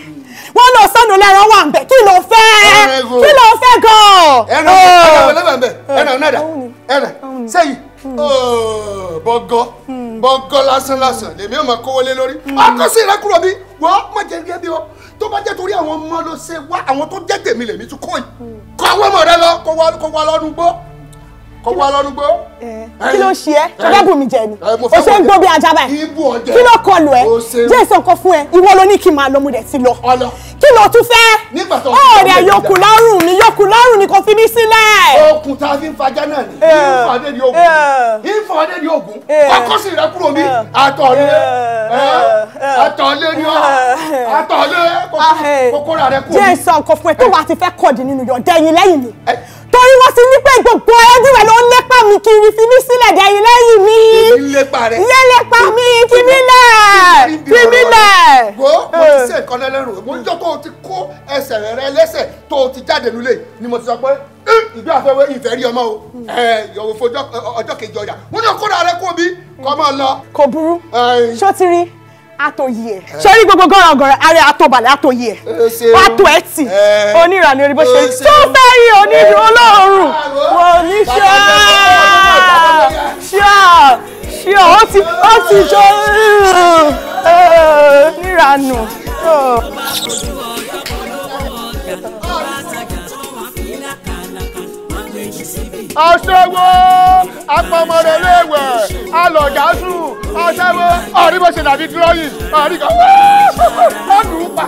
wọ́n lọ sọ́nù lẹ́ran wà ń bẹ̀ kí ló fẹ́ kí ló fẹ́ gan-an. ẹran oh. ẹran ẹran eh, ẹran ẹran sẹ́yìn bọ́gọ́ hmm. oh, bọ́gọ́ hmm. lásán lásán lèmi ò máa kówó lé lórí ọkọ hmm. sí ìrẹ́kúrò mi wọ́n má jẹ́ gẹ́gẹ́ bí ọ tó bá jẹ́ torí àwọn ọmọ ló ṣe wá àwọn tó jẹ́ tèmi lèmi tún kọ́ yìí kọ́ àwọn ọmọ rẹ lọ kó wá lọ́nu gbọ́ kó wá lọ́nu gbọ́. Eh, eh. kí ló ṣe ẹ́ ọgá bùnmi jẹ ni eh, o ṣe ń gbó bí ajá báyìí kí ló kọlù ẹ jẹ́ ìsọ̀kan fún ẹ ìwọ ló ní kí n máa lọ mo dẹ̀ ti lọ kí ló tún fẹ́ ọ̀rẹ́ yòókù lọ́rùn ni yòókù lọ́rùn ni kò fi mí sílẹ̀. okùn tá a fi ń fajá náà ni ìfọ̀dé ni ogun ìfọ̀dé ni ogun ọkọ sì rẹ kúrò mi àtọ̀lé àtọ̀lé ni ọ àtọ̀lé kókó ah, rà rẹ kúrò mi. jẹ́ ìsọ̀ nǹkan fún ẹ tó wàá ti fẹ́ kọ̀dí nínú yọ̀dẹ́yìn lẹ́yìn mi torí wọ́n ti ní pé gbogbo ẹdínwẹ̀ ló ń lépa mi kiri fi mí sílẹ̀ dẹ̀yìn lẹ́yìn mi lélépa mi fi mí lẹ̀ fi mí lẹ̀. wo mo ti ṣe nǹkan lẹ́lẹ́rù mo ń jọ tó o ti kó ẹsẹ̀ rẹ lẹ́sẹ̀ tó o ti jáde lulẹ̀ ni mo ti sọ pé ìgbé àfẹ́wé ìfẹ́ rí ọmọ o yọ̀wò fojú ọjọ́ kejì ọjà mo ní kó rà rẹ kó bí kọ́ máa lọ. kò burú ṣó ti rí àtòyè ẹ sọrí gbogbo gọrọ gọrọ ààrẹ àtòbalẹ àtòyè ẹ wàtò ẹ tì onírà ni oníbó ṣe eh, tó fẹ́ yí oníbi olóòórùn wò ní ṣíà ṣíà ṣíà ó ti ó ti jọ eh, nírànù. Oh. aṣẹ́wó apamọ́rẹ́ léwẹ̀ alọ̀dásù aṣẹ́wó ọ̀rí bó ṣe dàbí dúrọ́yìn ọ̀rí kan ọ̀dùn pa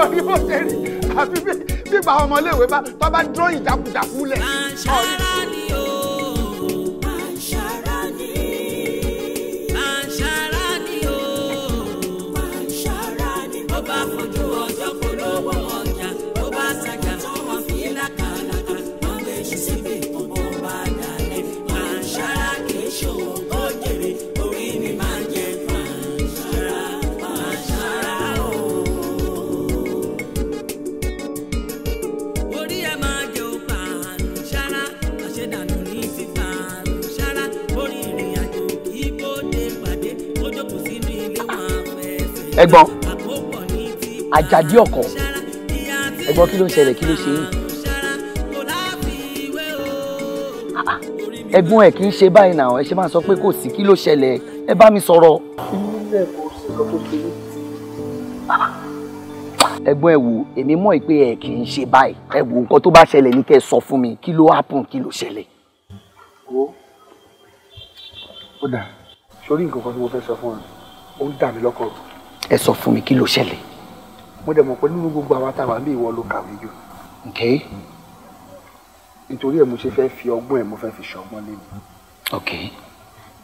ọ̀rí bó ṣe rí àbí bíbá ọmọléwé bá tọ́ bá dúrọ́yìn jákujàkulẹ̀ ọ̀rí. ẹ̀gbọ́n àjàdí ọkọ ẹ̀gbọ́n kí ló ń ṣẹlẹ̀ kí ló ṣe yìí ah, ah. ẹ̀gbọ́n ẹ kì í ṣe báyìí náà ẹ ṣe máa sọ pé kò sí kí ló ṣẹlẹ̀ ẹ bá mi sọ̀rọ̀. Ah, ẹ̀gbọ́n ẹ wò èmi mọ̀ pé ẹ kì í ṣe báyìí ẹ wò nǹkan tó bá ṣẹlẹ̀ ní kẹ́ ẹ sọ fún mi kí ló happen kí ló ṣẹlẹ̀. ó dà sórí nǹkan kan tí mo fẹ́ sọ fún ọ ó ń dà mí lọ́kàn ẹ sọ fún mi kí ló ṣẹlẹ̀. mo dẹ̀ mọ̀ pé nínú gbogbo àwọn àtàwọn àmì ìwọ ló kàwé jù. okay. nítorí ẹ̀ mo ṣe fẹ́ fi ọgbọ́n ẹ̀ mo fẹ́ fi ṣọgbọ́n lé mi. okay.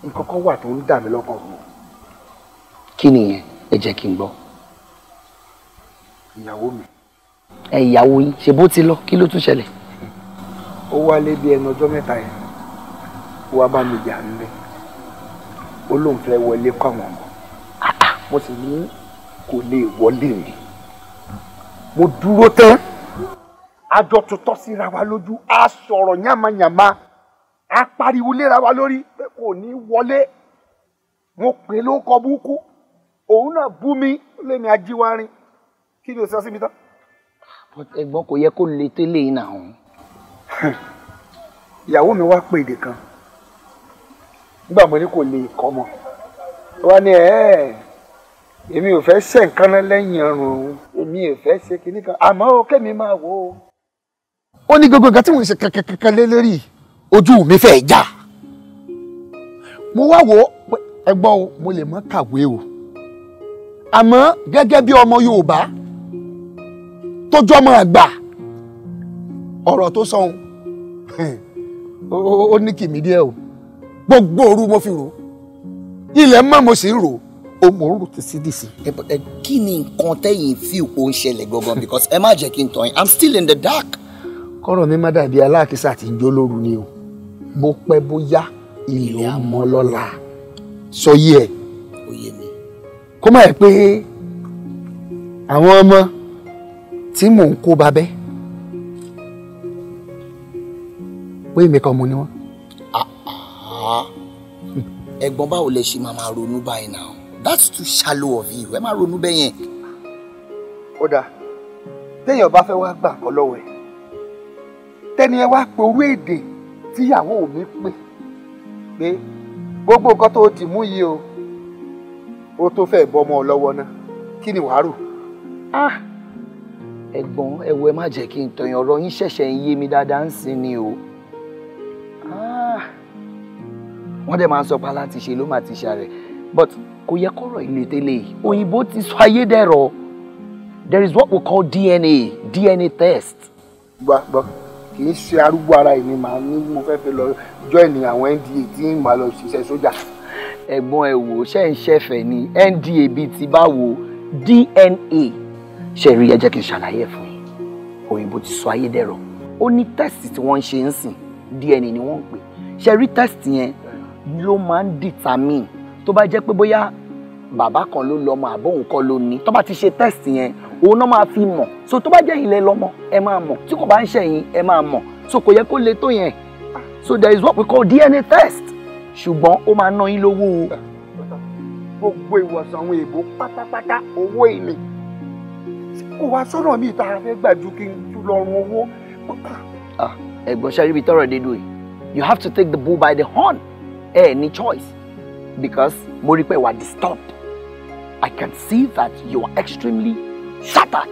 nǹkan kan wà tó ń dà mí lọ́kàn rò. kí nìyẹn ẹ jẹ́ kí n gbọ́. ìyàwó mi. ẹ ìyàwó yín ṣe bó ti lọ kí ló tún ṣẹlẹ̀. ó wálé bí ẹnu ọjọ́ mẹ́ta yẹn wàá bá mi jà ń bẹ́ ó lóun fẹ́ wọlé kọ́ àwọn ọmọ mo sì ní kò lè wọlé mi mo dúró tán àjọ tuntun síra wa lójú a sọ̀rọ̀ yàmàyàmà a pariwo léra wa lórí pé kò ní wọlé mo pè ló kọ búkú òun náà bú mi lèmi ajíwárin kí ni o sọ síbi tán. ẹ̀gbọ́n kò yẹ kó le tẹ́lẹ̀ yìí nà ìyàwó mi wá pè èdè kan nígbà mo ní kò lè kọ́ mọ́ wọ́n ní ẹ̀ẹ́ èmi ò fẹ́ ṣe nǹkan náà lẹ́yìn ọrùn òun èmi ò fẹ́ ṣe kinní kan àmọ́ o kẹ́mi máa wò ó. ó ní gbogbo nǹkan tí mo ń ṣe kankankan lé lórí ojú mi fẹ́ já mo wá wò ó ẹgbọ́n o mo lè mọ́ kàwé o àmọ́ gẹ́gẹ́ bí ọmọ Yorùbá tó jọmọ àgbà ọ̀rọ̀ tó sọ ohun [laughs] ó ní kìmí díẹ̀ o gbogbo òru mo fi rò ilẹ̀ mọ́ mo sì rò ó ó mòrò ti CDC. kí ni nǹkan tẹ́yìn fi òpó ń ṣẹlẹ̀ gangan because ẹ má jẹ́ kí n tàn yín i'm still in the dark. kọ́rọ̀ mi má dàbí aláàkísà tí ń jó lóru ni o bó pẹ́ bóyá ilé àmọ́ lọ́la sọ yí ẹ̀ kó má yẹ pé àwọn ọmọ tí mò ń kó babẹ́ pé èmi kan mo ni wọ́n. Ah, ah, ah. ẹ̀gbọ́n báwo lẹ ṣe máa máa ronú báyìí náà that's too shallow of you ẹ má ronú bẹ́ẹ̀ yẹn. ó dáa téèyàn bá fẹ́ wá gbà kọ́ lọ́wọ́ ẹ̀ tẹ́ni ẹ wá pe orú èdè tíyàwó mi pè pé gbogbo nǹkan tó ti mú yìí o ó tó fẹ́ bọ́mọ lọ́wọ́ náà kí ni wàá rò. Ah! ẹ̀gbọ́n ẹ̀wọ̀ ẹ má jẹ́ kí n tọyàn ọ̀rọ̀ yín ṣẹ̀ṣẹ̀ ń yé mi dáadáa ń sin ni o. Ah! wọ́n dẹ̀ máa ń sọ pa láti ṣe ló máa ti ṣàrẹ̀ but kò yẹ kọ́rọ̀ ilé tẹ́lẹ̀ òyìnbó ti sọ ayé there is what we call DNA DNA test. gbà gbà kì í ṣe arúgbó ara yìí ni màá ní mo fẹ́ fẹ́ lọ join àwọn NDA tí ń máa lọ ṣiṣẹ́ sójà. ẹ̀gbọ́n ẹ̀ wò ṣe ń ṣẹ̀fẹ̀ ni NDA bíi ti báwo DNA ṣe rí ẹ jẹ́ kí n ṣàlàyé ẹ̀ fún yín òyìnbó ti sọ ayé ó ní test tí wọ́n ń ṣe ń sìn DNA ni wọ́n ń pè ṣe rí test yẹn ló máa ń determine tó bá jẹ́ pé bóyá bàbá kan ló lọ́mọ àbóhùn kan ló ní tó bá ti ṣe test yẹn òun náà máa fi mọ̀ so tó bá jẹ́ ilẹ̀ lọ́mọ ẹ máa mọ̀ tí kò bá ń ṣẹ̀yìn ẹ máa mọ̀ so kò yẹ kó le tó yẹn so there is what we call DNA test ṣùgbọ́n ó máa ná yín lówó o. gbogbo ìwòsàn àwọn èèbó pátápátá owó ìní kò wá sọ́nà mi ìtara fẹ́ gbà kí n lọ́rùn owó. Ah, ẹ̀gbọ́n ṣe rí dédú yìí you have to take the bull by the horn ẹ ní choice because Moripe rí disturbed I can see that you are extremely shattered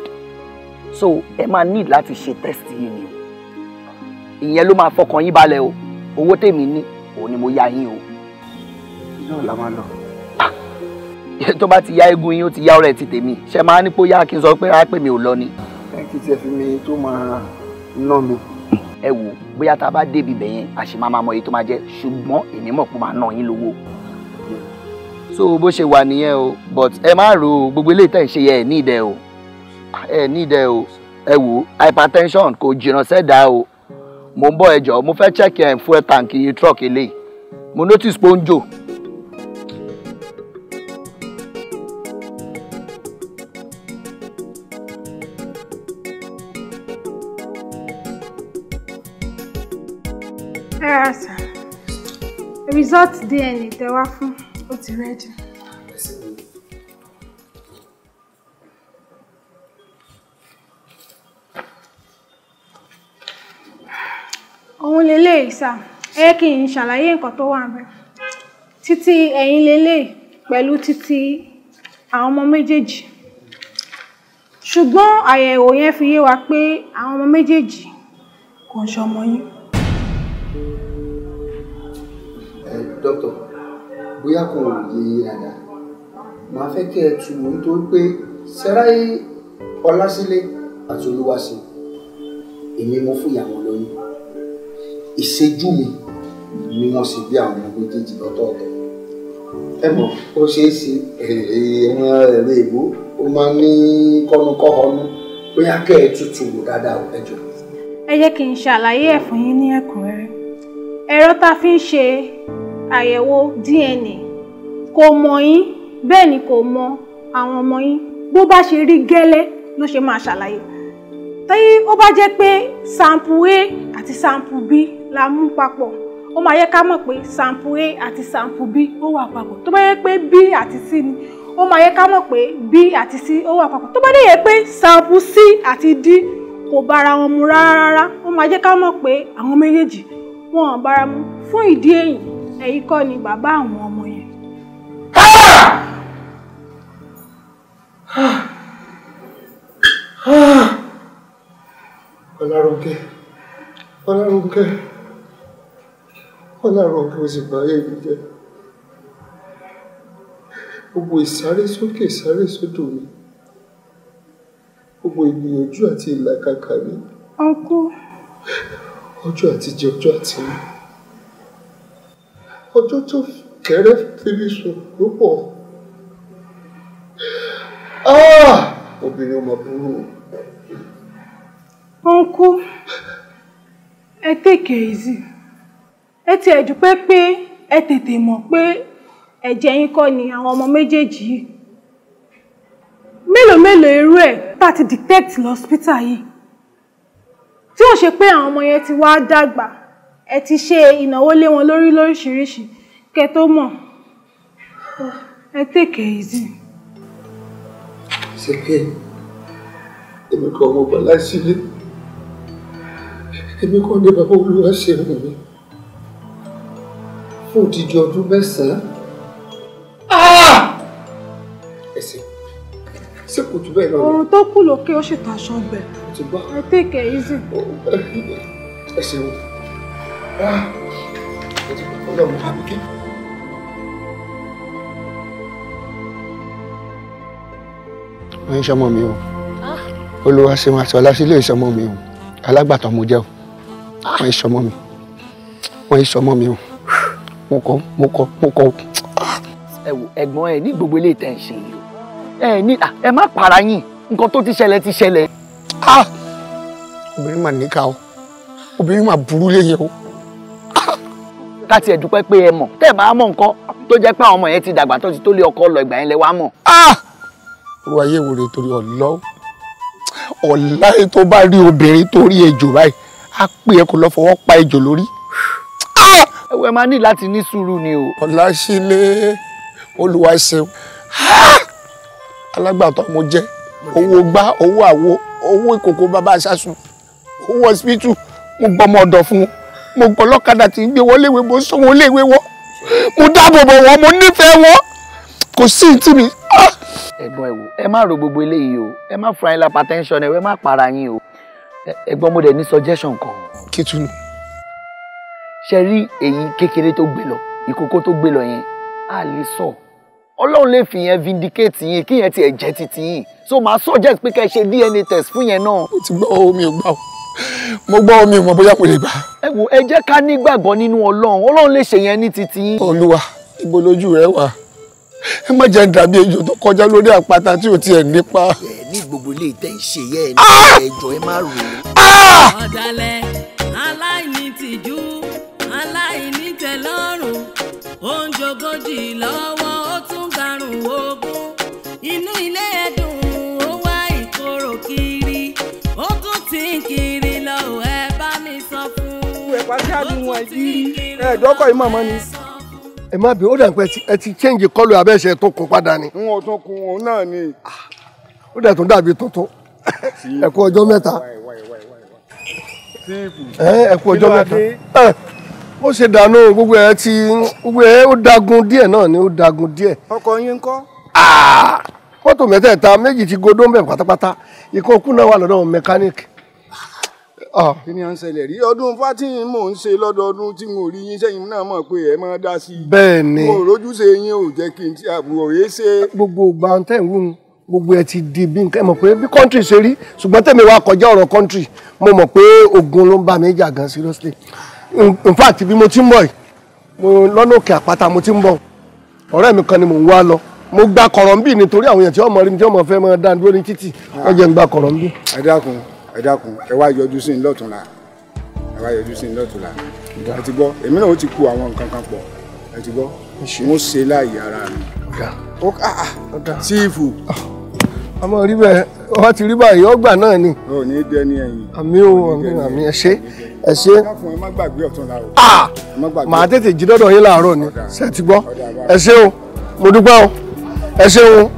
so Emma máa need láti ṣe test In ni o ìyẹn ló máa fọkàn yín balẹ̀ o owó tèmi ní òun ni mo yá yín o. yóò la máa lọ. [laughs] tó bá ti ya eegun yín ó ti ya ọ̀rẹ́ ti tèmi ṣe máa ní pé ó yá kí n sọ pé á pè mí ni. ẹ kì í tiẹ̀ fi mi tó máa ná mi. ẹ wò bóyá tá a bá débi bẹ̀yẹn àṣìmáàmá mọ èyí tó máa jẹ ṣùgbọ́n èmi mọ̀ pé ó máa so bó ṣe wà nìyẹn o but ẹ má ro gbogbo eléyìí tẹ̀ ń ṣe yẹ ẹ̀ ní o ẹ̀ ní o ẹ wò hypertension kò jìnnà sẹ́dá o mo ń bọ̀ ẹjọ́ mo fẹ́ check ẹ̀ fuel tank iye truck eléyìí mo notice pé ó ń jò. Yes. Result DNA tẹ wá fún ó ti rẹ́dì. òun leléyìí sà ẹ kí n ṣàlàyé nǹkan tó wà ńbẹ̀ títí ẹ̀yin leléyìí pẹ̀lú títí àwọn ọmọ méjèèjì ṣùgbọ́n àyẹ̀wò yẹn fi yé wa pé àwọn ọmọ méjèèjì kò ń ṣọmọ yín. ẹ bóyá kò yé e dáadáa màá fẹ́ kí ẹ tù ú nítorí pé Sẹ́ráì Ọlásílé àti Olúwaṣe èmi mo fún ìyàwó lóyún ìṣẹ́jú mi ni wọ́n sì bí àwọn ọmọ méjèèjì lọ́tọ̀ọ̀tọ̀ ẹ mọ̀ ó ṣeé ṣe eh, ẹ̀rọ ẹ̀rọ èbó ó máa ń ní kọ́nukọ́họnú bóyá kẹ́ ẹ tutù wò dáadáa ẹ jọ. ẹ jẹ́ kí n ṣàlàyé ẹ̀ fún yín ní ẹ̀kúnrẹ́rẹ́ ẹ̀rọ tá a fi ń ṣe àyẹ̀wò DNA kò mọ̀ yín bẹ́ẹ̀ ni kò mọ àwọn ọmọ yín bó bá ṣe rí gẹ́lẹ́ ló ṣe máa ṣàlàyé tí ó bá jẹ́ pé sample A àti sample B la mú papọ̀ ó máa yẹ ká mọ̀ pé sample A àti sample B ó wà papọ̀ tó bá yẹ pé B àti C ni ó máa yẹ ká mọ̀ pé B àti C ó wà papọ̀ tó bá dẹ̀ yẹ pé sample C àti D kò bára wọn mu rárá rárá ó máa jẹ́ ká mọ̀ pé àwọn méjèèjì wọn bára mu fún ìdí èyí ẹ̀yin kọ́ ni bàbá àwọn ọmọ yẹn. Ọlárọ̀nkẹ́ ah! Ọlárọ̀nkẹ́ Ọlárọ̀nkẹ́ ó sì bá ayé mi jẹ́ gbogbo ìsáré sókè ìsáré sódò mi gbogbo ìgbìyànjú àti ìlàkàkà mi. ọkú. ọjọ́ àti jẹ ọjọ́ àti ọjọ́ tó kẹrẹ́ tẹ̀lé sùn ló pọ̀ ah! obìnrin ọmọ burú. ọ̀nkú ẹ tèkẹ̀ ìzì ẹ ti ẹ̀ dúpẹ́ pé ẹ tètè mọ̀ pé ẹ̀jẹ̀ yín kọ́ ni àwọn ọmọ méjèèjì yìí mélòó mélòó irú ẹ̀ tá a ti detect lọ́spítà yìí tí ó ṣe pé àwọn ọmọ yẹn ti wá dàgbà ẹ ti ṣe ìnáwó lé wọn lórí lóríṣiríṣi kẹ tó mọ̀ ẹ tèkè ìzì. ṣèké èmi kan mo gbà láìsílé èmi kan ní bàbá olúwa ṣèrànwọ́ mi fún òdìdí ọdún mẹ́sàn-án. Ah! ẹsẹ̀ ṣé kò jù bẹ́ẹ̀ lọ. ọrùn tó kù lókè ó ṣètò aṣọ ọgbẹ ẹ tèkè ìzì. ẹsẹ̀ wọn ọlọ́run àbíké. mo ń ṣọmọ mi o ah. olúwa ṣe máa sọ aláṣílẹ̀ ìṣọmọ mi o alágbàtọ́ mo jẹ́ o wọ́n ah. ń ṣọmọ mi wọ́n ń ṣọmọ mi o mo kọ́ mo kọ́ mo kọ́ o. ẹ wo ẹ̀gbọ́n ẹ ní gbogbo ilé ìtẹ̀ ń ṣe yìí o ẹ ní ẹ má para yín nǹkan tó ti ṣẹlẹ̀ ti ṣẹlẹ̀. Ah! obìnrin mà níkà o obìnrin mà burú léyìn o ká tiẹ̀ dúpẹ́ pé ẹ mọ̀ tẹ́ ẹ bá mọ̀ nǹkan tó jẹ́ pé àwọn ọmọ yẹn ti dàgbà tó ti tó lé ọkọ lọ ìgbà yẹn lẹ wá mọ̀. olú ah! ayé wo lè torí ọ̀lọ́ ọ̀la tó bá rí obìnrin tó rí ejò báyìí á pè é kó lọ fọwọ́ pa ejò lórí. Ah! ẹwẹ́ máa ní láti ní sùúrù ni o. ọ̀la sílé olúwa ṣeun ah! alágbàtọ́ mo jẹ́ owó gbá owó àwo owó ìkòkò bàbá àṣàṣù owó hospital mo gbọ́mọ ọ̀dọ̀ fún un mo gbọ́ lọ́kadà tí ń gbé wọn léwe mo sọ wọn léwe wọn mo dáàbò bò wọn mo nífẹ̀ẹ́ wọn kò sí ìtì mi. Ah. ẹ̀gbọ́n ẹ wò ẹ má ro gbogbo eléyìí o ẹ má fura yín lápá tẹ́ńsọ̀n ẹ má para yín o ẹ̀gbọ́n mo dẹ̀ ní suggestion kan. kí tunu. ṣe rí èyí kékeré tó gbé lọ ìkókó tó gbé lọ yẹn á lè sọ ọlọ́run lè fi yẹn vindicate yín kí yẹn tiẹ̀ jẹ́ titi yín so màá suggest pé kẹ́ ẹ ṣe DNA test fún yẹn náà. mo ti gbọ́ omi ò gbà o mo gbọ́ omi ìmọ̀ bóyá kò lè gbà. ẹ wo ẹ jẹ́ ká nígbàgbọ́ nínú ọlọ́run ọlọ́run lè ṣèyẹn ní títí. olúwa ibo lójú rẹ wà ẹ má jẹ́ dàbí ejò tó kọjá lórí àpáta tí ò tiẹ̀ nípa. ẹ ní gbogbo ilé ìtẹ́ ìṣe yẹ ah! ẹ ní ẹjọ ẹ má rò ah! ọ̀dàlẹ̀ aláìní tìjú aláìní tẹ́lọ́rùn ó ń jogójì lọ́wọ́. àdùn ẹ̀yí ẹ̀ẹ́dọ́kọ̀ yìí màmá ni. ẹ má bi ó dà pé ẹ ti change kọlu abẹ́sẹ̀ tó kún padà ni. n ò tún ni. ó dà tún dàbí tuntun ẹ ọjọ́ mẹ́ta ẹ ọjọ́ mẹ́ta ó ṣe dànù gbogbo ẹ ti gbogbo ẹ ó dagun díẹ̀ ni ó dagun díẹ̀. ọkọ yín ah! méjì ti godó ń pátápátá ìkókù náà lọ́dọ̀ mẹkáníìkì. Ah. Ah. kí ni à ń ṣẹlẹ̀ rí ọdún fatin mò ń ṣe lọ́dọọdún tí mo rí yín sẹ́yìn náà mọ̀ pé ẹ máa dá sí i. bẹ́ẹ̀ ni mo rojúṣe yín ò jẹ́ kí n ti àbúrò yé ṣe. gbogbo gbàǹtẹ̀ ń wù gbogbo ẹ ti di bí nǹkan mọ̀ pé bí country ṣe rí ṣùgbọ́n tèmi wá kọjá ọ̀rọ̀ country mo mọ̀ pé ogun ló ń bá mi jà gan seriously in fact bí mo ti ń bọ̀ yìí lọ́nà òkè àpáta mo ti ń bọ̀ ọ̀rẹ́ mi kan ni mò ń wá lọ mo gba kọ̀rọ̀ ń bì nítorí àwọn èèyàn tí wọ́n mọ̀ rí mi tí wọ́n mọ̀ fẹ́ mọ̀ dáadúró ní títì ah. wọ́n jẹ́ ń gba kọ̀rọ̀ ń bì. ẹ dákun ẹ ẹ wá yọjú sí ní lọ́túnla ẹ wá yọjú sí ní lọ́túnla ẹ ti gbọ́ èmi náà ó ti ku àwọn nǹkan kan pọ̀ ẹ ti gbọ́ mo ṣe láàyè ara mi. sífù. Ah, ọmọ rí bẹ́ẹ̀ wọ́n ti rí báyìí ọgbà náà ni. o ò ní dẹni àmì o àmì àmì ẹ ṣé ẹ ṣé. Ah! màá tètè jí dọ́dọ̀ yín láàárọ̀ ni ṣe ti gbọ́ ẹ ṣé o mo dúpẹ́ o ẹ ṣé o.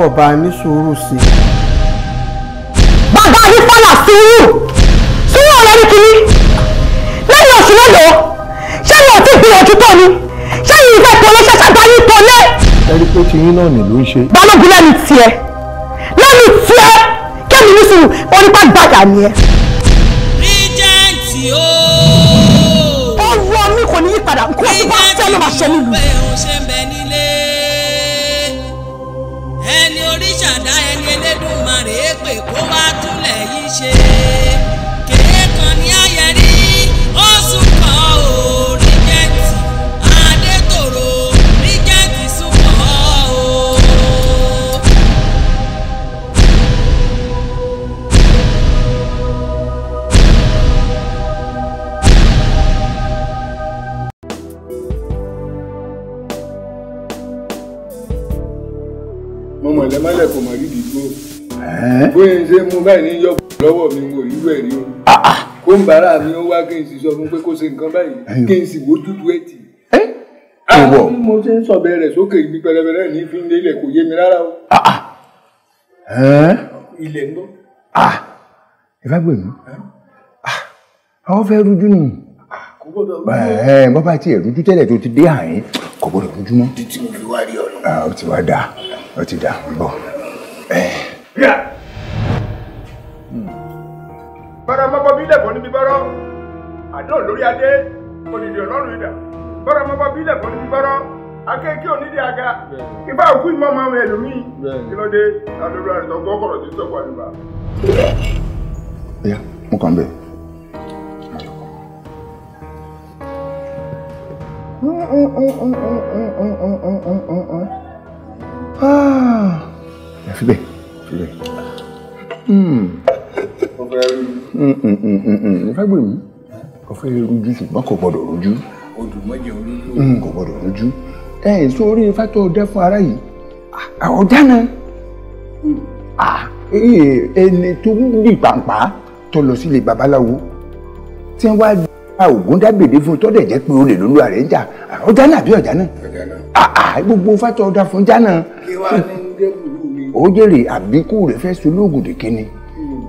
túbọ̀ bá a ní sùúrù sí i. bàbá mi fọlá sùúrù sùúrù ọlọ́rí kìíní lẹ́yìn oṣù mélòó ṣé mi ò tí ì gbìyànjú tó ni ṣé yìí fẹ́ tọ́lé ṣẹ̀ṣẹ̀ bá yín tọ́lé. ẹ rí i pé tiyín náà nì ló ń ṣe. balógun lẹ́nu tiẹ̀ lẹ́nu tiẹ̀ kẹ́mi ní sùúrù onípa gbàgà ni ẹ. ríjẹ́ǹtì ó. ó wọ mi kò ní yípadà nǹkan tó bá fẹ́ ló máa ṣe nílùú. lọ́wọ́ mi mo rí rẹ̀ rí o ah, ah. kó ń bára mi ó wá kí n sì sọ fún pé kó ṣe nǹkan báyìí kí n sì wo tútù ẹ̀ tì. àwọn eh? ah, mo ṣe ń sọ̀bẹ rẹ̀ sókè ibi pẹrẹpẹrẹ ní fi ń lé ilẹ̀ kò yé mi rárá o. ilẹ̀ ń bọ̀. ìfagbèmí àwọn fẹ́ rújú nù bọ́bá tí ìrújú tẹ́lẹ̀ tó ti dé àyín kò gbọ́dọ̀ rújú mọ́. títí mo fi wá rí ọ̀rọ̀. ó ti wá dà ó ti dà ń bọ̀ bára mọ́bọ́ bí lẹ̀kọ́ níbi bọ́rọ́ àdó lórí adé olùdí ọlọ́run ìdà bára mọ́bọ́ bí lẹ̀kọ́ níbi bọ́rọ́ akéèké onídé aga ìbá òkú ìmọ̀ ọmọ àwọn ẹlòmíì kí ló dé adúlọ àrètọ́ tí sọ̀kọ̀ àdúrà. ẹ̀yà mo kàn bẹ́ẹ̀. Ah, fi bẹ́ẹ̀, fi bẹ́ẹ̀. Hmm fẹ́ rí. ẹ mm, mm, mm, fẹ́ gbè mí kò fẹ́ rújú ṣùgbọ́n kò gbọ́dọ̀ rújú. odò mọ́jẹ̀ olójú. kò gbọ́dọ̀ rújú. ẹ ẹ sórí ifá tó dẹ́ fún ara yìí ọjà náà ẹni tó ní pàǹpá tó lọ sílé babaláwo tí wọ́n wá a ògùn dágbèdé fún un tọ́dẹ̀ jẹ́ pé olè lólu àrẹ̀ ń jà ọjà náà àbí ọjà náà àà gbogbo fátọ̀ ọ̀dà fún jánà. kí wàá ní dẹ́kun mi. ó jèrè àbíkú rẹ̀ fẹ́ solóògùn dèké ni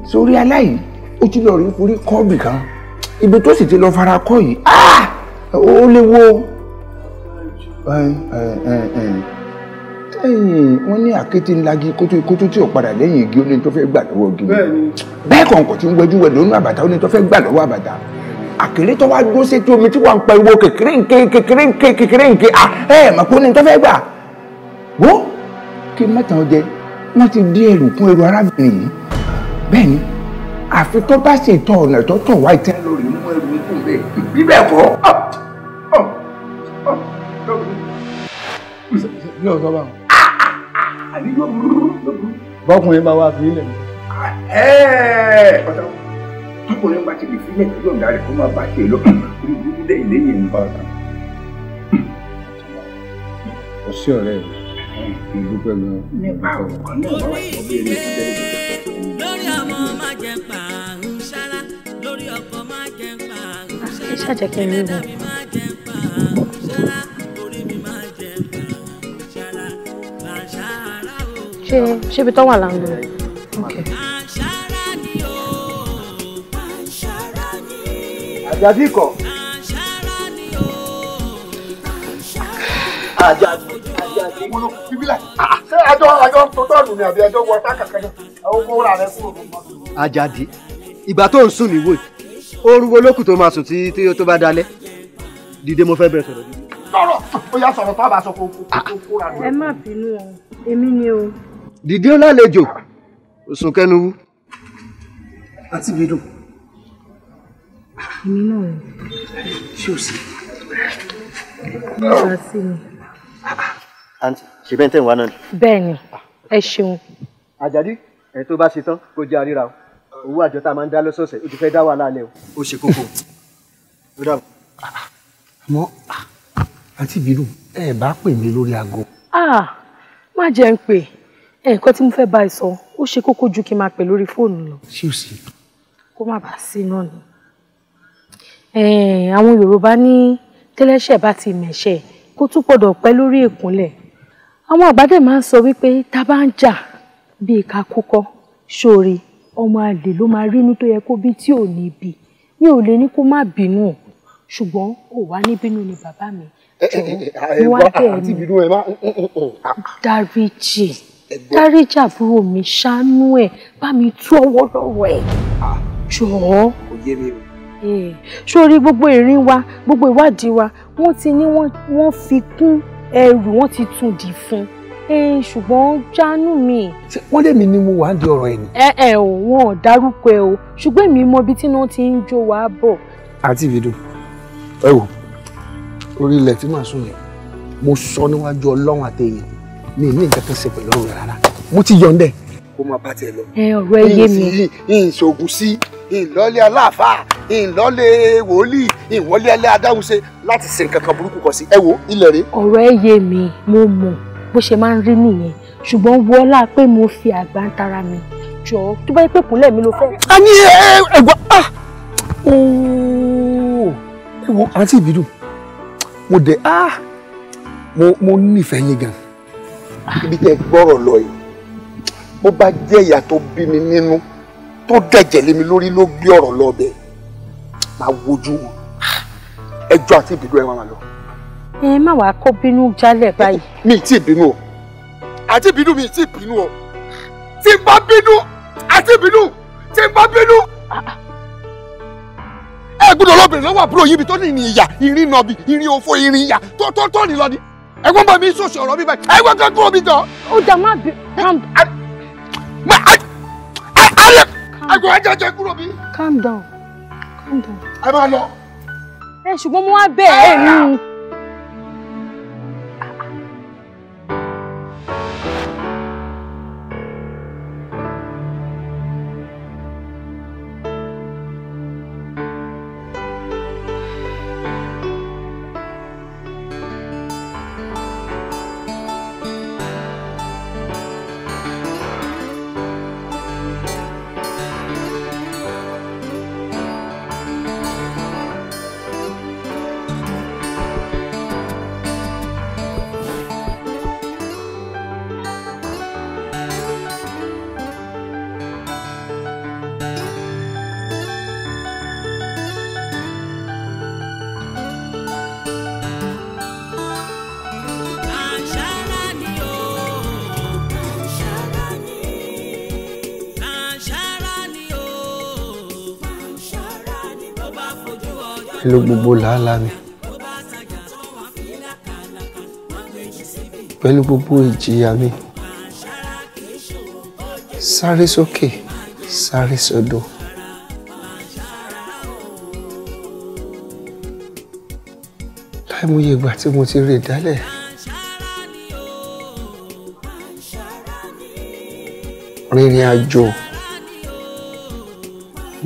sórí aláì ó ti lọ rí forí kọ́ọ̀bì kan ibi tó sì ti lọ fara kọ́ yìí ah! ó léwu ẹyìn wọn ní àkété ńlági kótókótó tí ò padà lẹ́yìn igi ó ní tó fẹ́ gbà lọ́wọ́ igi bẹ́ẹ̀ kọ̀ọ̀kan tí ń gbẹ́jú wẹ̀ lónú àbàtà ó ní tó fẹ́ gbà lọ́wọ́ àbàtà àkèré tó wá dúró sétí omi tí wọ́n ń pa iwo kékeré nké kékeré nké kékeré nké ah, à ẹ mà kó ní tó fẹ́ gbà wó kí mẹ́ta ọjẹ wọ́n ti dí ẹrù kún ẹrù arábìnrin yìí bẹ́ẹ̀ ni àfi tó bá ṣètò ọ̀nà tó tọ̀ wá ìtẹ́ lórí mú ẹrù ikú bẹ́ẹ̀ bí bẹ́ẹ̀ kọ́. Ah, ah, ah, yóò sọ báwọn. bọ́kùnrin bá wá fi ilẹ̀ mi. ọkùnrin bá ti lè fi ilẹ̀ tó yọ̀ǹda rẹ̀ kó má bàa ṣe lọ́kùnrin ìdílé ilé lẹ́yìn ń bá ọ̀tá. ọ̀sẹ̀ ọ̀rẹ́ mi ìdúpẹ́ gan-an. nípa àwọn kan náà wọ́n wá sí ọ̀gbìn ẹni tó lórí ọmọ má jẹ pààrùn sára lórí ọkọ má jẹ pààrùn sára ah, ẹlẹ́dà mi má má jẹ pààrùn sára bàṣà ṣé ibi tó wà láńgbó àjàdí kọ. àjàdí owó ló fi bílẹ̀. ṣé àjọ àjọ tó tọ̀nù ni àbí àjọ wọ tákàkẹ́ náà àwọn owó rà rẹ kúrò. Àjàdí ìgbà tó ń sùn níwò oorun wo lókù tó máa sùn tí tó bá dalẹ̀ dìde mo fẹ́ bẹ̀rẹ̀ sọ̀rọ̀ dìde. sọ̀rọ̀ ó yà sọ̀rọ̀ tó a bá sọ kó kó rà rẹ. ẹ má bínú o èmi ni o. dìde ó lálejò sùn kẹnu wú. àti mi dùn. èmi náà ṣé o sì. mo rà àǹtí ṣe bẹ́ẹ̀ tẹ̀ wá náà. bẹ́ẹ̀ni ẹ ṣeun. àjàdí ẹ tó bá ṣe tán kó jẹ àríra o owó àjọ tá a máa ń dá lọ́sọ̀ọ̀sẹ̀ o ti fẹ́ dá wàhálà alẹ́ o ó ṣe kókó o dà. àmọ́ àǹtí bínú ẹ bá pè mí lórí aago. má jẹ́ ń pè nǹkan tí mo fẹ́ bá ẹ sọ ó ṣe kókó ju kí n máa pè lórí fóònù lọ. ṣé o sì. kó má bàa sí náà ni. àwọn Yorùbá ní tẹ́lẹ́ṣẹ̀ bá ti mẹ̀ṣẹ̀ kó tún gbọ́dọ̀ pẹ́ lórí ìkúnlẹ̀ àwọn àgbàdẹ máa ń sọ wípé tá a bá ń jà bíi ká kókọ sórí ọmọ àlè ló máa rínú tó yẹ kó bí tí ò ní bí mi ò lè ní kó má bínú ṣùgbọ́n ò wá ní bínú ni bàbá mi eh, eh, jọ̀ọ́ eh, wá bẹ́ẹ̀ ni mm, mm, mm, ah. dáríjì dáríjì àbúrò mi ṣàánú ẹ̀ bá mi tú ọwọ́ lọ́wọ́ ẹ̀ jọ̀ọ́ sórí gbogbo ìrìn wa gbogbo ìwádìí wa wọ́n ti ní wọ́n fi kún ẹrù wọn ti tún di fún un ṣùgbọ́n jánu mi. wọ́n lèmi ni mo wà á di ọ̀rọ̀ ẹ̀ ni. ẹ ẹ ò wọn ò dárúkọ ẹ o ṣùgbọ́n èmi mọ ibi tí náà ti ń jó wa bọ̀. àti ìbídùn ẹ wò orí ilẹ̀ tí màá sùn yẹn mo sọ níwájú ọlọ́run àtẹ̀yìn mi ní nǹkan kan ṣe pẹ̀lú ọ̀rọ̀ rárá mo ti yọ̀ǹdẹ̀ kó máa bá tiẹ̀ lọ. ẹ ọ̀rọ̀ ẹ yé mi. ìṣògùn sí ìlọ́lé aláàfáà ìlọ́lé wòlíì ìwọlé alẹ́ adáhunṣe láti ṣe nǹkan kan burúkú kan sí ẹ wo ilẹ̀ rẹ. ọ̀rọ̀ ẹ yé mi mo mọ̀ bó ṣe máa ń rí nìyẹn ṣùgbọ́n wọ́lá pé mo fi àgbá ń tara mi jọ tó bá yẹ pé kúnlẹ̀ mi ló fẹ́. a ní ẹgbà ẹ wo àǹtí ìbídùn mo dẹ̀ mo nífẹ̀ẹ́ yín gan. ibi tẹ gbọ́rọ̀ lọ yìí bó bá jẹ́ ìyá tó bí mi nínú tó dẹ̀jẹ̀ lé mi lórí ló gbé ọ̀rọ̀ lọ bẹ́ẹ̀ máa wojú wọn ẹjọ́ àti ìbínú ẹ máa lọ. ẹ má wàá kó bínú jálẹ̀ báyìí. mi ì tí ì bínú o àti ìbínú mi ì tí ì bínú o tí n bá bínú àti ìbínú tí n bá bínú. ẹ gbọ́dọ̀ lọ́bìnrin lọ́wọ́ àbúrò yìí mi tó ní ìrìn ìyà ìrìn nọ̀bì ìrìn òfò ìrìn ìyà tó tó tó ní lọ ni ẹ̀gbọ́n bá mi sọ̀sọ̀ ọ̀rọ̀ mi báyìí ẹ̀gbọ́n kan kúrò mi ó dà má bí àgọ́ ajẹ́jẹ́ kúrò bí. calm down calm down. ẹ máa lọ. ẹ ṣùgbọ́n mo wá bẹ́ẹ̀ ẹ̀ ní. lo gbogbo làálàá mi pẹ̀lú gbogbo ìjìyà mi sáré sókè sáré sódò. láìmọye ìgbà tí mo ti rè dálẹ̀. rìnrìn àjò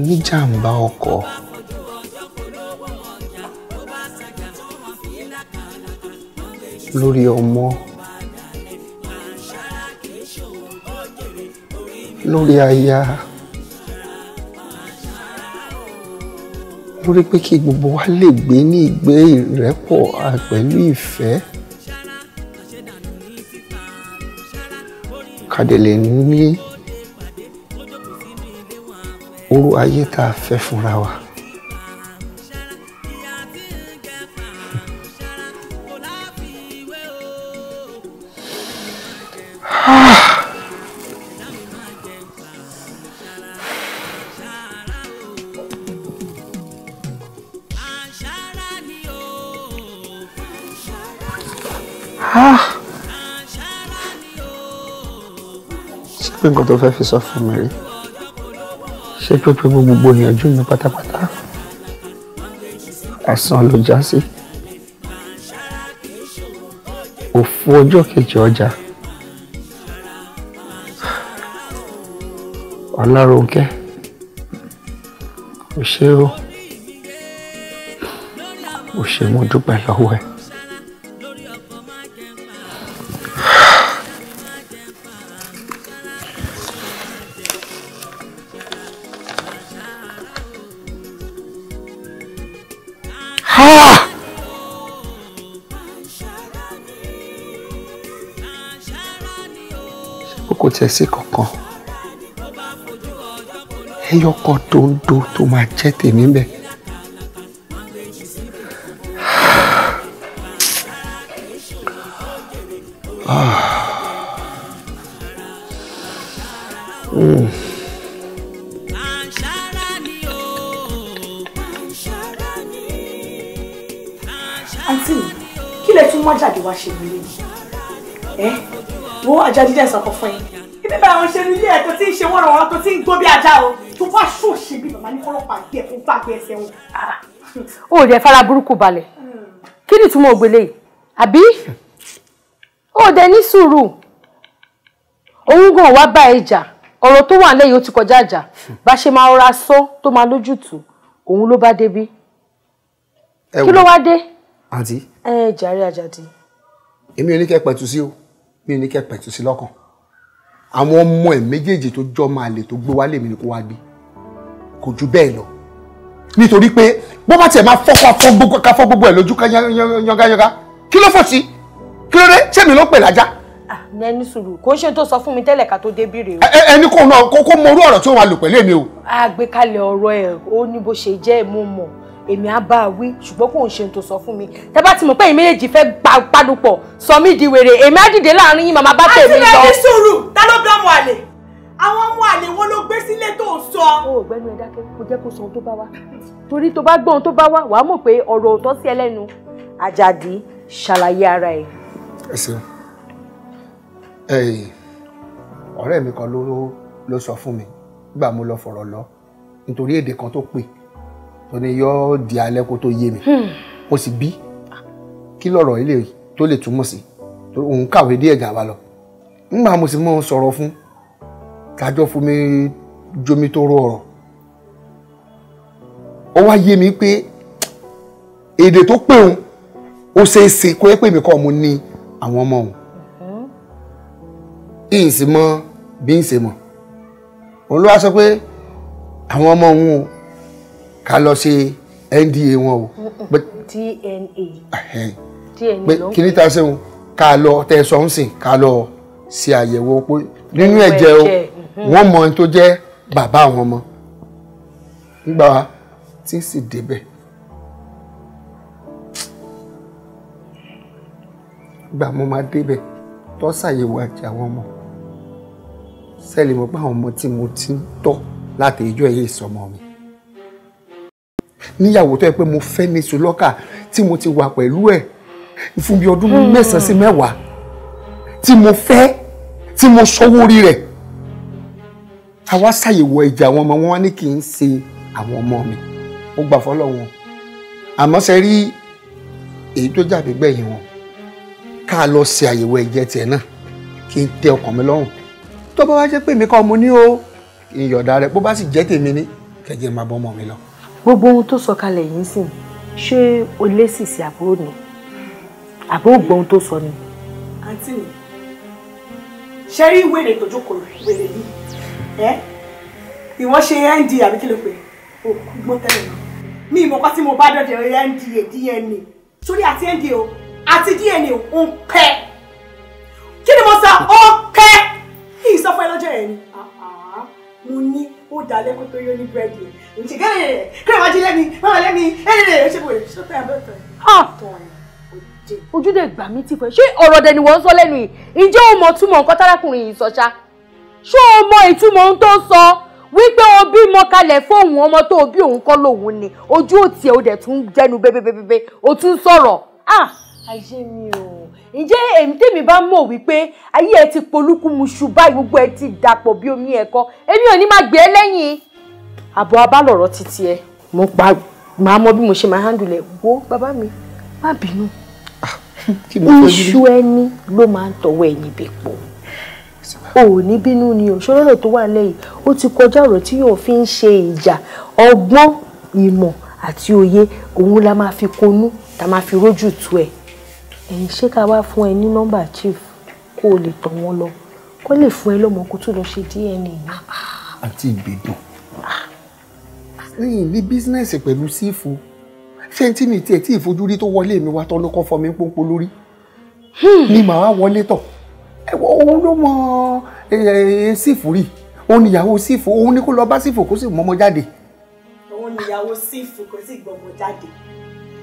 níjàmbá ọkọ̀. lórí ọmọ lórí aya lórí pé kí gbogbo wa lè gbé ní ìgbé ìrẹ́pọ̀ pẹ̀lú ìfẹ́ kàdélé ní orú ayé tá a fẹ́ fúnra wa. nǹkan tó fẹ́ fi sọ fún mi rí ṣé pípé gbogbo ìyànjú mi pátápátá àsán ló já sí òfò ọjọ́ kejì ọjà ọláròǹkẹ́ òṣèrò òṣèmọ̀dúpẹ́ lọ́wọ́ ẹ̀. ṣé kò tiẹ̀ sí kankan ẹyọ kan tó ń do tó máa jẹ́ tèmi bẹ́ẹ̀. fi ẹsẹ̀ wọn. ó jẹ́ fara burúkú balẹ̀ hmm. kí ni ìtumọ̀ ògbélé yìí àbí ó dẹ ní sùúrù òun gan wá bá ẹ jà ọ̀rọ̀ tó wà ti kọjá àjà bá ṣe máa rọra sọ tó máa lójútùú òun ló bá débí kí ló wá dé. àǹtí. ẹ jàre àjàdí. èmi ò ní kẹ́ pẹ̀tù sí o mi ò ní kẹ́ pẹ̀tù sí lọ́kàn àwọn ọmọ ẹ̀ méjèèjì tó jọ máa lè tó gbé wálé mi ni kó wá gbé kò ju bẹ́ẹ̀ lọ nítorí pé bó bá tiẹ̀ máa fọ́kọ́ fọ́ gbogbo ká fọ́ gbogbo ẹ̀ lójú ká yángayánga kí ló fọ́ sí kí ló dé ṣé mi ló pè lájà. Ah, ẹni sùúrù kò ń ṣe tó sọ fún mi tẹ́lẹ̀ ká tó débí rèé o. ẹni kò náà kó mọ orú ọ̀rọ̀ tí wọ́n máa lò pẹ̀lú èmi o. àgbékalẹ̀ ọ̀rọ̀ ẹ̀ ó ní bó ṣe jẹ́ mo mọ̀ èmi á bá a wí ṣùgbọ́n kò ń ṣe tó sọ fún mi tẹ bá ti mọ̀ pé èmi méjèèjì fẹ́ gbàdúpọ̀ sọ mí di wèrè èmi á dìde láàrin yín màmá bá tèmi lọ. àti ẹni sùúrù ta ló bá mọ àlè àwọn ọmọ àlè wo ló gbé sílé tó ń sọ. o ò gbẹnu ẹ dákẹ́ kó jẹ́ kó sọ ohun tó bá wá torí tó bá gbọ́ tó bá wá wàá mọ̀ pé ọ̀rọ̀ òótọ́ sí ẹlẹ́nu Àjàdí ṣàlàyé ara ẹ̀. ẹ ṣeun ọ̀rẹ́ mi kan ló sọ fún mi nígbà mo lọ fọ̀rọ̀ lọ nítorí èdè kan tó pè tó ní yọ di alẹ́ kó tó yé mi hmm. mo sì bí kí lọ̀rọ̀ ilé tó lè túmọ̀ sí òun kàwé díẹ̀ gàba lọ nígbà mo sì mọ̀ sọ̀rọ̀ fún kájọ fomi jomi tó rọ ọ̀rọ̀ ó wá yé mi pé èdè tó pé òun ó ṣeé ṣe kó ẹ pè mí kọ́ mo ní àwọn ọmọ òun ìyìn sì mọ bí ń ṣe mọ òun sọ pé àwọn ọmọ òun o ká lọ ṣe NDA wọn o. DNA pé kí ni ta ṣe wọn ká lọ tẹ sọ ń sìn ká lọ ṣe àyẹ̀wò pé nínú ẹ̀jẹ̀ o wọ́n mọ ohun tó jẹ́ bàbá àwọn ọmọ nígbà tí sì débẹ̀ gbà mo máa débẹ̀ tó ṣàyẹ̀wò àti àwọn ọmọ sẹ́ẹ̀lì mo pa àwọn ọmọ tí mo ti ń tọ́ láti ìjọ ẹ̀yẹ ìsọmọ mi níyàwó tó yẹ pé mo fẹ́ ní sùlọ́kà tí mo ti wà pẹ̀lú ẹ̀ fún bí ọdún mẹ́sàn-án sí mẹ́wàá tí mo fẹ́ tí mo sọ wórí rẹ̀ àwa ṣàyẹ̀wò ẹ̀jẹ̀ àwọn ọmọ wọn ní kí n ṣe àwọn ọmọ mi ó gbà fọ́lọ́ wọn àmọ́ ṣe rí èyí tó jáde gbẹ̀yìn wọn ká lọ ṣe àyẹ̀wò ẹ̀jẹ̀ tiẹ̀ náà kí n tẹ ọkàn mi lọ́rùn tó bá wá jẹ́ pé mi kọ́ mo ní o ìyọ̀dà rẹ̀ bó bá sì jẹ́ tèmi ní kẹ̀jẹ̀ máa bọ́ ọmọ mi lọ. gbogbo ohun tó sọ kalẹ̀ yìí sìn ṣé o lé sìsì àbúrò ni àbúrò gbọ́ ohun tó sọ ni. àǹtí mi ṣe rí wèrè tó jókòó wèrè yìí ẹ ìwọ́n ṣe nd àbí kí ló pè ó gbọ́ náà mi ìmọ̀ pa tí mo bá dọ̀dẹ̀ nda dna sórí àti nda o àti dna o ń pẹ́ kí ni mo sọ ó pẹ́ kí n sọ fún ẹ lọ́jọ́ yẹn ni mo ní ó dà lẹ́kọ̀ọ́ tó yọ ní búrẹ́dì ẹ̀ ǹjẹ́ kí ẹ̀ kí ẹ̀ máa jí lẹ́mi máa lẹ́mi ẹ̀ ẹ̀ ẹ̀ ṣe bò ṣe tẹ̀ abẹ́ tẹ̀. ojúde gbà mí ti fẹ́ ṣé ọ̀rọ̀ dẹ̀ ni wọ́n ń sọ lẹ́nu yìí ǹjẹ́ o mọ̀ túmọ̀ nǹkan tárákùnrin yìí sọ ṣáá ṣó o mọ ìtumọ̀ ohun tó sọ wípé o bímọ kalẹ̀ fóun ọmọ tó o bí òun kọ́ lòun ni ojú òtí ẹ̀ o dẹ̀ tún jẹ́nu bébébébé o tún sọ̀rọ̀ ah ayé mi o ǹjẹ́ èmi tèmi bá mọ̀ wípé ayé ẹ ti polúkúmuṣu báyìí gbogbo ẹ ti dàpọ̀ bí omi ẹ̀kọ èmi ò ní máa gbé lẹ́yìn àbọ̀ abálọ̀rọ̀ títí ẹ mo pa màá mọ bí mo ṣe máa handle ẹ wo bàbá mi má bínú ah, iṣu ẹni ló máa ń tọwọ́ ẹ̀yìn bèpò o ò ní bínú ni o ṣòro náà tó wà lẹ́yìn ó ti kọjá ọ̀rọ̀ tí yóò fi ń ṣe ìjà ọgbọ́n ìmọ̀ àti òye òun la máa fi konú ta máa fi rójú tu ẹ̀ ẹ̀yin ṣé ká wá fún ẹ ní nọ́mbà chief kó o lè tọ̀ wọ́n lọ kó lè fún ẹ lọ́mọ kó tó lọ ṣe DNA. àti ìgbèdùn lẹ́yìn ní bísínẹ́sì pẹ̀lú sífù ṣé tí mi tiẹ̀ tí ìfojú tó wọlé mi wá tọ́ ló pọ́npọ́ lórí hmm. ni màá wọlé tọ̀ ẹwọ òun ló mọ sífù rí òun níyàwó sífù òun ní kó lọ bá sífù kó sì mọmọ jáde. òun níyàwó sífù kò sì gbọmọ jáde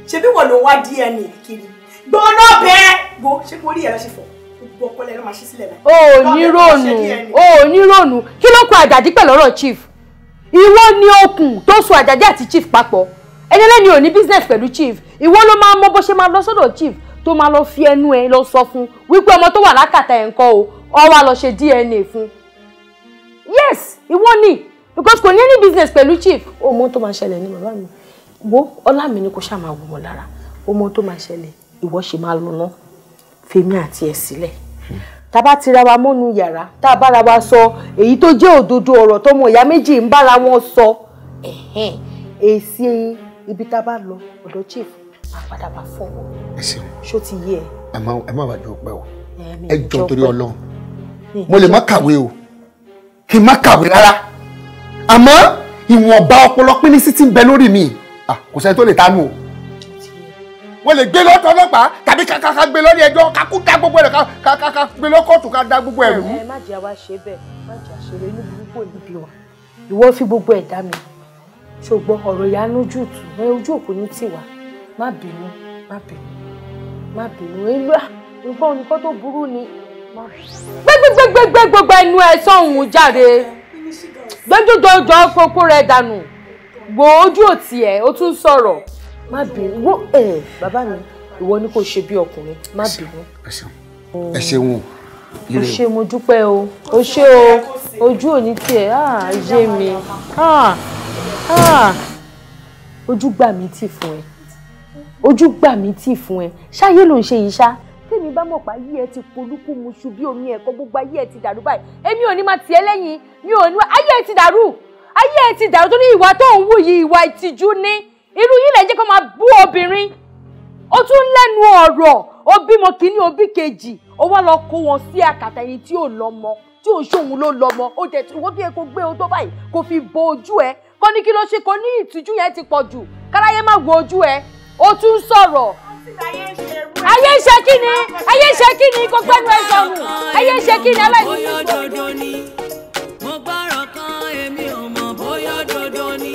ṣebí wọn ló wá DNA kiri gbọ́nà bẹ́ẹ̀ gbo ṣé kò rí ẹ̀rọ ṣe fọ gbogbo ọpọlẹ ló máa ṣí sílẹ̀ báyìí. o ò ní rònú o ò ní rònú kí ló kó àjàdí pẹ̀lú ọ̀rọ̀ chief ìwọ ni okùn tó so àjàdí àti chief papọ̀ ẹni lẹ́ni ò ní business pẹ̀lú chief ìwọ ló máa mọ bó ṣe máa lọ sọ́dọ̀ chief tó máa lọ fi ẹnu ẹ lọ sọ fún wípé ọmọ tó wà lákàtà ẹ̀ ń kọ́ o ọ wá lọ ṣe DNA fún yes ìwọ ni because kò ní any business pẹ̀lú chief ọmọ tó máa ṣẹlẹ̀ ní bàbá mi wo ọlá mi ni kò ṣáà máa wò wọ́n lára ọmọ tó máa ṣẹlẹ̀ ìwọ ṣe máa lọ ná fèmí àti ẹ̀ sílẹ̀ tá a bá tira wa mọ́nu yàrá tá a bára wa sọ èyí tó jẹ́ òdodo ọ̀rọ̀ tọmọ ìyá méjì ń bára wọn sọ èsì ibi tá bá lọ ọ̀dọ̀ chief àpàdà bá fọwọ́. ẹ ṣeun ṣó ti yé ẹ. ẹ má ẹ má bàjẹ́ o ẹ jọ torí ọlọ́run mo lè má kàwé o kí n má kàwé rárá àmọ́ ìwọ̀nba ọpọlọ pínín sí ti ń bẹ lórí mi kò sẹ́ni tó lè tánú o wọ́n lè gbé lọ́tọ̀ ọlọ́pàá tàbí kàkàkà gbé lórí ẹjọ́ kakú da gbogbo ẹ̀rọ kàkàkà gbé lọ́kọ̀tù ká da gbogbo ẹ̀rù. ẹ má jẹ́ àwa ṣe bẹ́ẹ̀ má jẹ́ àṣẹrẹ inú burúkú òní wa ìwọ fi gbogbo ẹ̀dá mi ṣùgbọ́n ọ̀rọ̀ ìyá ojú òkú ní tiwa má bínú má bínú má bínú ìlú ìgbọ́n nǹkan tó burú ni gbẹgbẹgbẹgbẹ gbogbo ẹnu ẹ sọ̀hún jáde gbẹdúdọjọ kókó rẹ dànù wo ojú òtí ẹ ó tún sọ̀rọ̀ má bínú wo ẹ bàbá mi ìwọ ni kò ṣe bí ọkùnrin má bínú. ẹ ṣeun o ṣe mo dúpẹ́ o o ṣe o ojú òní tiẹ̀ á yé mi ojú gbà mí tì fún ẹ ojú gbà mí tì fún ẹ ṣáyé ló ń ṣe yìí ṣá. tèmi bá mọ̀ pa ayé ẹ ti polúkú mu ṣu bí omi ẹ̀kọ́ gbogbo ayé ẹ ti dàrú báyìí èmi ò ní máa tiẹ̀ lẹ́yìn mi ò ní máa ayé ẹ ti dàrú ayé ẹ ti dàrú torí ìwà tó ń wù yìí ìwà ìtìjú ni irú yìí lè jẹ́ kó máa bú obìnrin ó tún lẹ́nu ọ̀rọ̀ ó bímọ kínní ó bí kejì ó wá lọ kó wọn sí àkàtà ẹni tí ò lọ́mọ tí ò ṣóhun ló lọ́mọ ó jẹ ìwọ tó yẹ kó gbé ohun tó báyìí kó fi bo ojú ẹ kó ní kí ló ṣe kó ní ìtìjú yẹn ti pọ̀ jù káráyé má wo ojú ẹ o tún sọ̀rọ̀ ayé ń ṣe kí ni ayé ń ṣe kí ni kó gbẹ́nu ẹ sọnù ayé ń ṣe kí ni aláìní sísọ. mo gbọ́rọ̀ kan èmi ò mọ̀ bóyá òdodo ni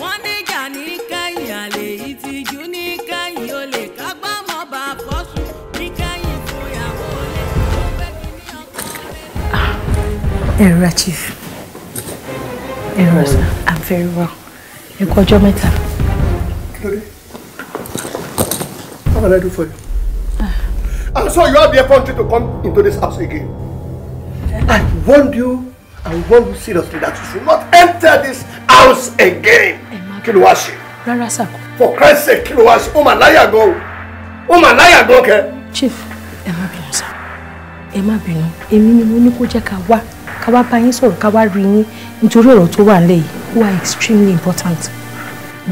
wọ́n níjà ní kẹ́yìn àlè yìí ní kẹ́yìn ó lè kágbá mọ́ bá a fọ́ sùn ní kẹ́yìn fòyàwó lè tó fẹ́ kí ní ọkọ rẹ̀. ẹ̀rọ chief ẹ̀rọ sir i'm very well ẹ̀kọ́ ọjọ́ mẹ́ta. kí What can I do for you? And so you have the effrontery to come into this house again. I warned you, I warned you seriously that you should not enter this house again. Kí ló wá For Christ's sake, kí ló wá ṣe? Ó mà láyà gan o. Ó Chief, Emma má bínú sà. Ẹ má bínú. Èmi ni mo ní kó jẹ́ ká wá. Ká wá bá yín sọ̀rọ̀ extremely important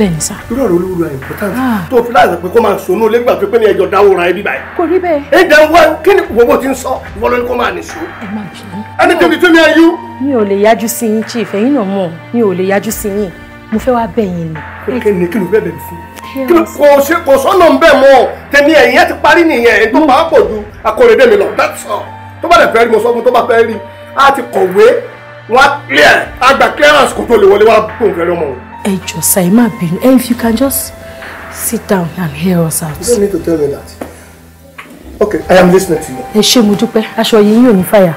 bẹ́ẹ̀ni sá. irú ọ̀rọ̀ olúwo ra important tó fi láàrín pé kó máa sọ náà lẹ́gbàá pé ẹjọ́ dáwó ra ẹbí báyìí. kò rí bẹ́ẹ̀. ẹ jẹun wá kí ni gbogbo ti ń sọ ìwọ lórí kó máa nìṣó. ẹ má bì í. ẹni tó fi tún mi ayú. mi ò lè yájú sí yín chief ẹ̀yin náà mọ̀ mi ò lè yájú sí yín mo fẹ́ wá bẹ̀ yín ni. kí ni kí ni bẹ́ẹ̀ bẹ̀ fún kò ṣe kò sọ́nà ń bẹ̀ mọ́ tẹ̀mí ẹ̀yìn ẹ ti parí nìyẹn ẹ̀ tó pàápò ju akọ̀rẹ́dẹ́ mi that's all tó bá lè fẹ́ rí mo sọ fún tó bá a ti kọ̀wé wọn á clear àgbà clearance kò tó lè wọlé wá bóun fẹ́ ọmọ òun ẹ jọ̀ọ́ sir ẹ má bínú and if you can just sit down and hear us out. you don't need to tell me that. okay i am listening to you. ẹ ṣé mo dúpẹ́ aṣọ yìí yóò ní fàyà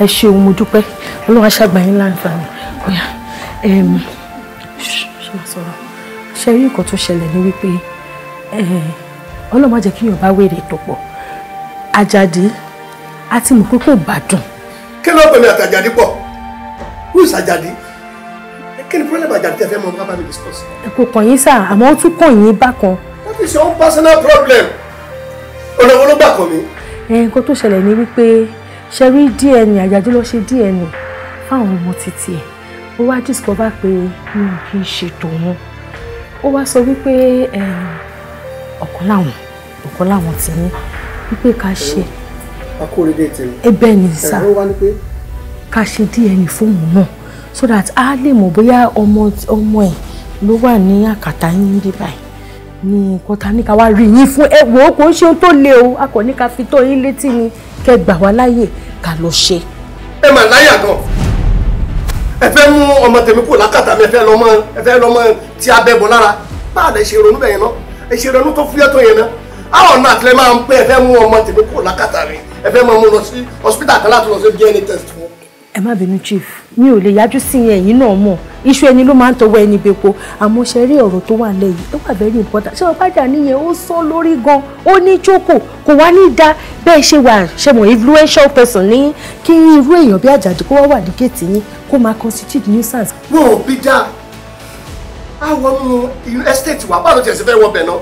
ẹ ṣé mo dúpẹ́ ọlọ́run aṣàgbà yín láǹfààní ọ̀yà ṣe rí nǹkan tó ṣẹlẹ̀ ní wípé eh, ọlọ́run má jẹ́ kí yorùbá wèrè tó pọ̀ ajadi a ti mọ̀ pé kò bá dùn. kí ló ń pè mí àtàjàdí pọ̀ wíìsì àjàdí kí ni problem àjàdí tẹ fẹ́ mọ bàbá mi discuss. kò kàn yín sá àmọ́ ó tún kàn yín bákan. that is your own personal problem olówó ló gbà kàn mí. nǹkan tó ṣẹlẹ̀ ni wípé ṣe rí DNA àjàdí lọ ṣe DNA fáwọn ọmọ títí ẹ̀ ó wá discover pé mi ò kí ń ṣe tòun ó wá sọ wípé ọ̀kan láwọn ọ̀kan láwọn ti ní wípé ká ṣe. akóredé tèmi. ẹ bẹ́ẹ̀ ni sá ká ṣe DNA fóònù náà so that a lè mọ̀ bóyá ọmọ ọmọ ẹ̀ ló wà ní àkàtà yín bí báyìí ní nǹkan ta ní ká wá rí yín fún ẹ wò ó kò ń ṣe ohun tó le o a kò ní ká fi tó yín létí ni kẹ́ gbà wá láyè ká lọ ṣe. ẹ mà láyà gan ẹ fẹ́ mú ọmọ tèmi kù lákàtà mi ẹ fẹ́ lọ́mọ ẹ fẹ́ lọ́mọ tí a bẹ́ bọ̀ lára bá lè ṣe ronú bẹ́ẹ̀ yẹn náà ẹ ṣe ronú tó fúyẹ́ tó yẹn náà àwọn náà tilẹ̀ máa ń pẹ́ ẹ fẹ́ mú ọmọ tèmi kù lákàtà mi ẹ fẹ́ máa mú lọ sí hospital kan láti lọ sí DNA test ẹ má bínú chief mi ò lè yájú sí yẹn ẹ̀yin náà mọ̀ iṣu ẹni ló máa ń tọwọ́ ẹni bepo àmọ́ ṣe rí ọ̀rọ̀ tó wà lẹ́yìn ó wà very important ṣé wọn pàjá nìyẹn ó sọ lórí gan ó ní jókòó kò wá ní dá bẹ́ẹ̀ ṣe wà ṣe mọ̀ influential person ní kí irú èèyàn bí àjàdù kó wá wà ní kéètì yín kó máa constitute nuisance. wo bí dá a wọnú estate wa báwo jẹ̀ sí fẹ́ wọ bẹ̀ náà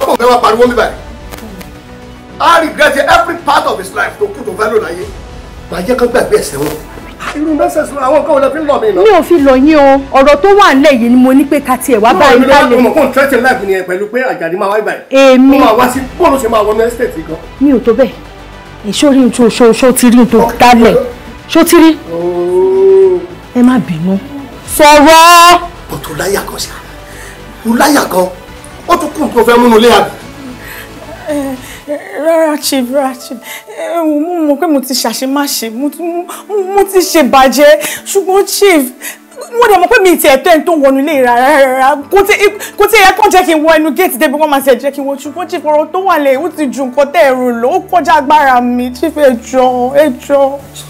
báwo fẹ́ wá pariwo mi báyìí I regret every part of his life tó kú tó fẹ́ lò láyé màá jẹ́ kó gbàgbé ẹ̀sẹ̀ wọn irú nọ́sẹ̀sì lọ àwọn nǹkan wọn lè fi lọ mi lọ. mi ò fi lọ yín o ọ̀rọ̀ tó wà nílẹ̀ yìí ni mo ní pé ká tiẹ̀ wá báyìí bá lè. mo kò tẹ́tí láìpẹ́ ni ẹ pẹ̀lú pé àjàdí máa wáyé báyìí. èmi mo máa wá sí bọ́ọ̀lù ṣe máa wọnú ẹ́sítéètì gan. mi ò tó bẹ́ẹ̀ ìṣòrí ní tó ṣó ti rí ní dálẹ̀ ṣó ti rí. Oh. ẹ má bínú. sọ̀rọ̀. ọ̀tún láyà kan ṣá mo láyà kan ó tún kù tó fẹ́ múnú lé àbí. Eh, rárá chief rárá chief eh, mo mọ̀ pé mo ti ṣàṣemáṣe mo ti ṣe bàjẹ́ ṣùgbọ́n chief mo dẹ̀ mọ̀ pé mi ti ẹ̀tọ́ ẹni tó wọnú ilé rárá rárá kò tí ẹ̀yẹ kàn jẹ́ kí n wọ ẹnu géètì débi wọ́n máa ti ẹ̀ jẹ́ kí n wọ ṣùgbọ́n chief ọ̀rọ̀ tó wà lẹ̀ ó ti ju nǹkan tẹ́ ẹ̀rù lọ ó kọjá agbára mi chief ẹjọ ẹjọ.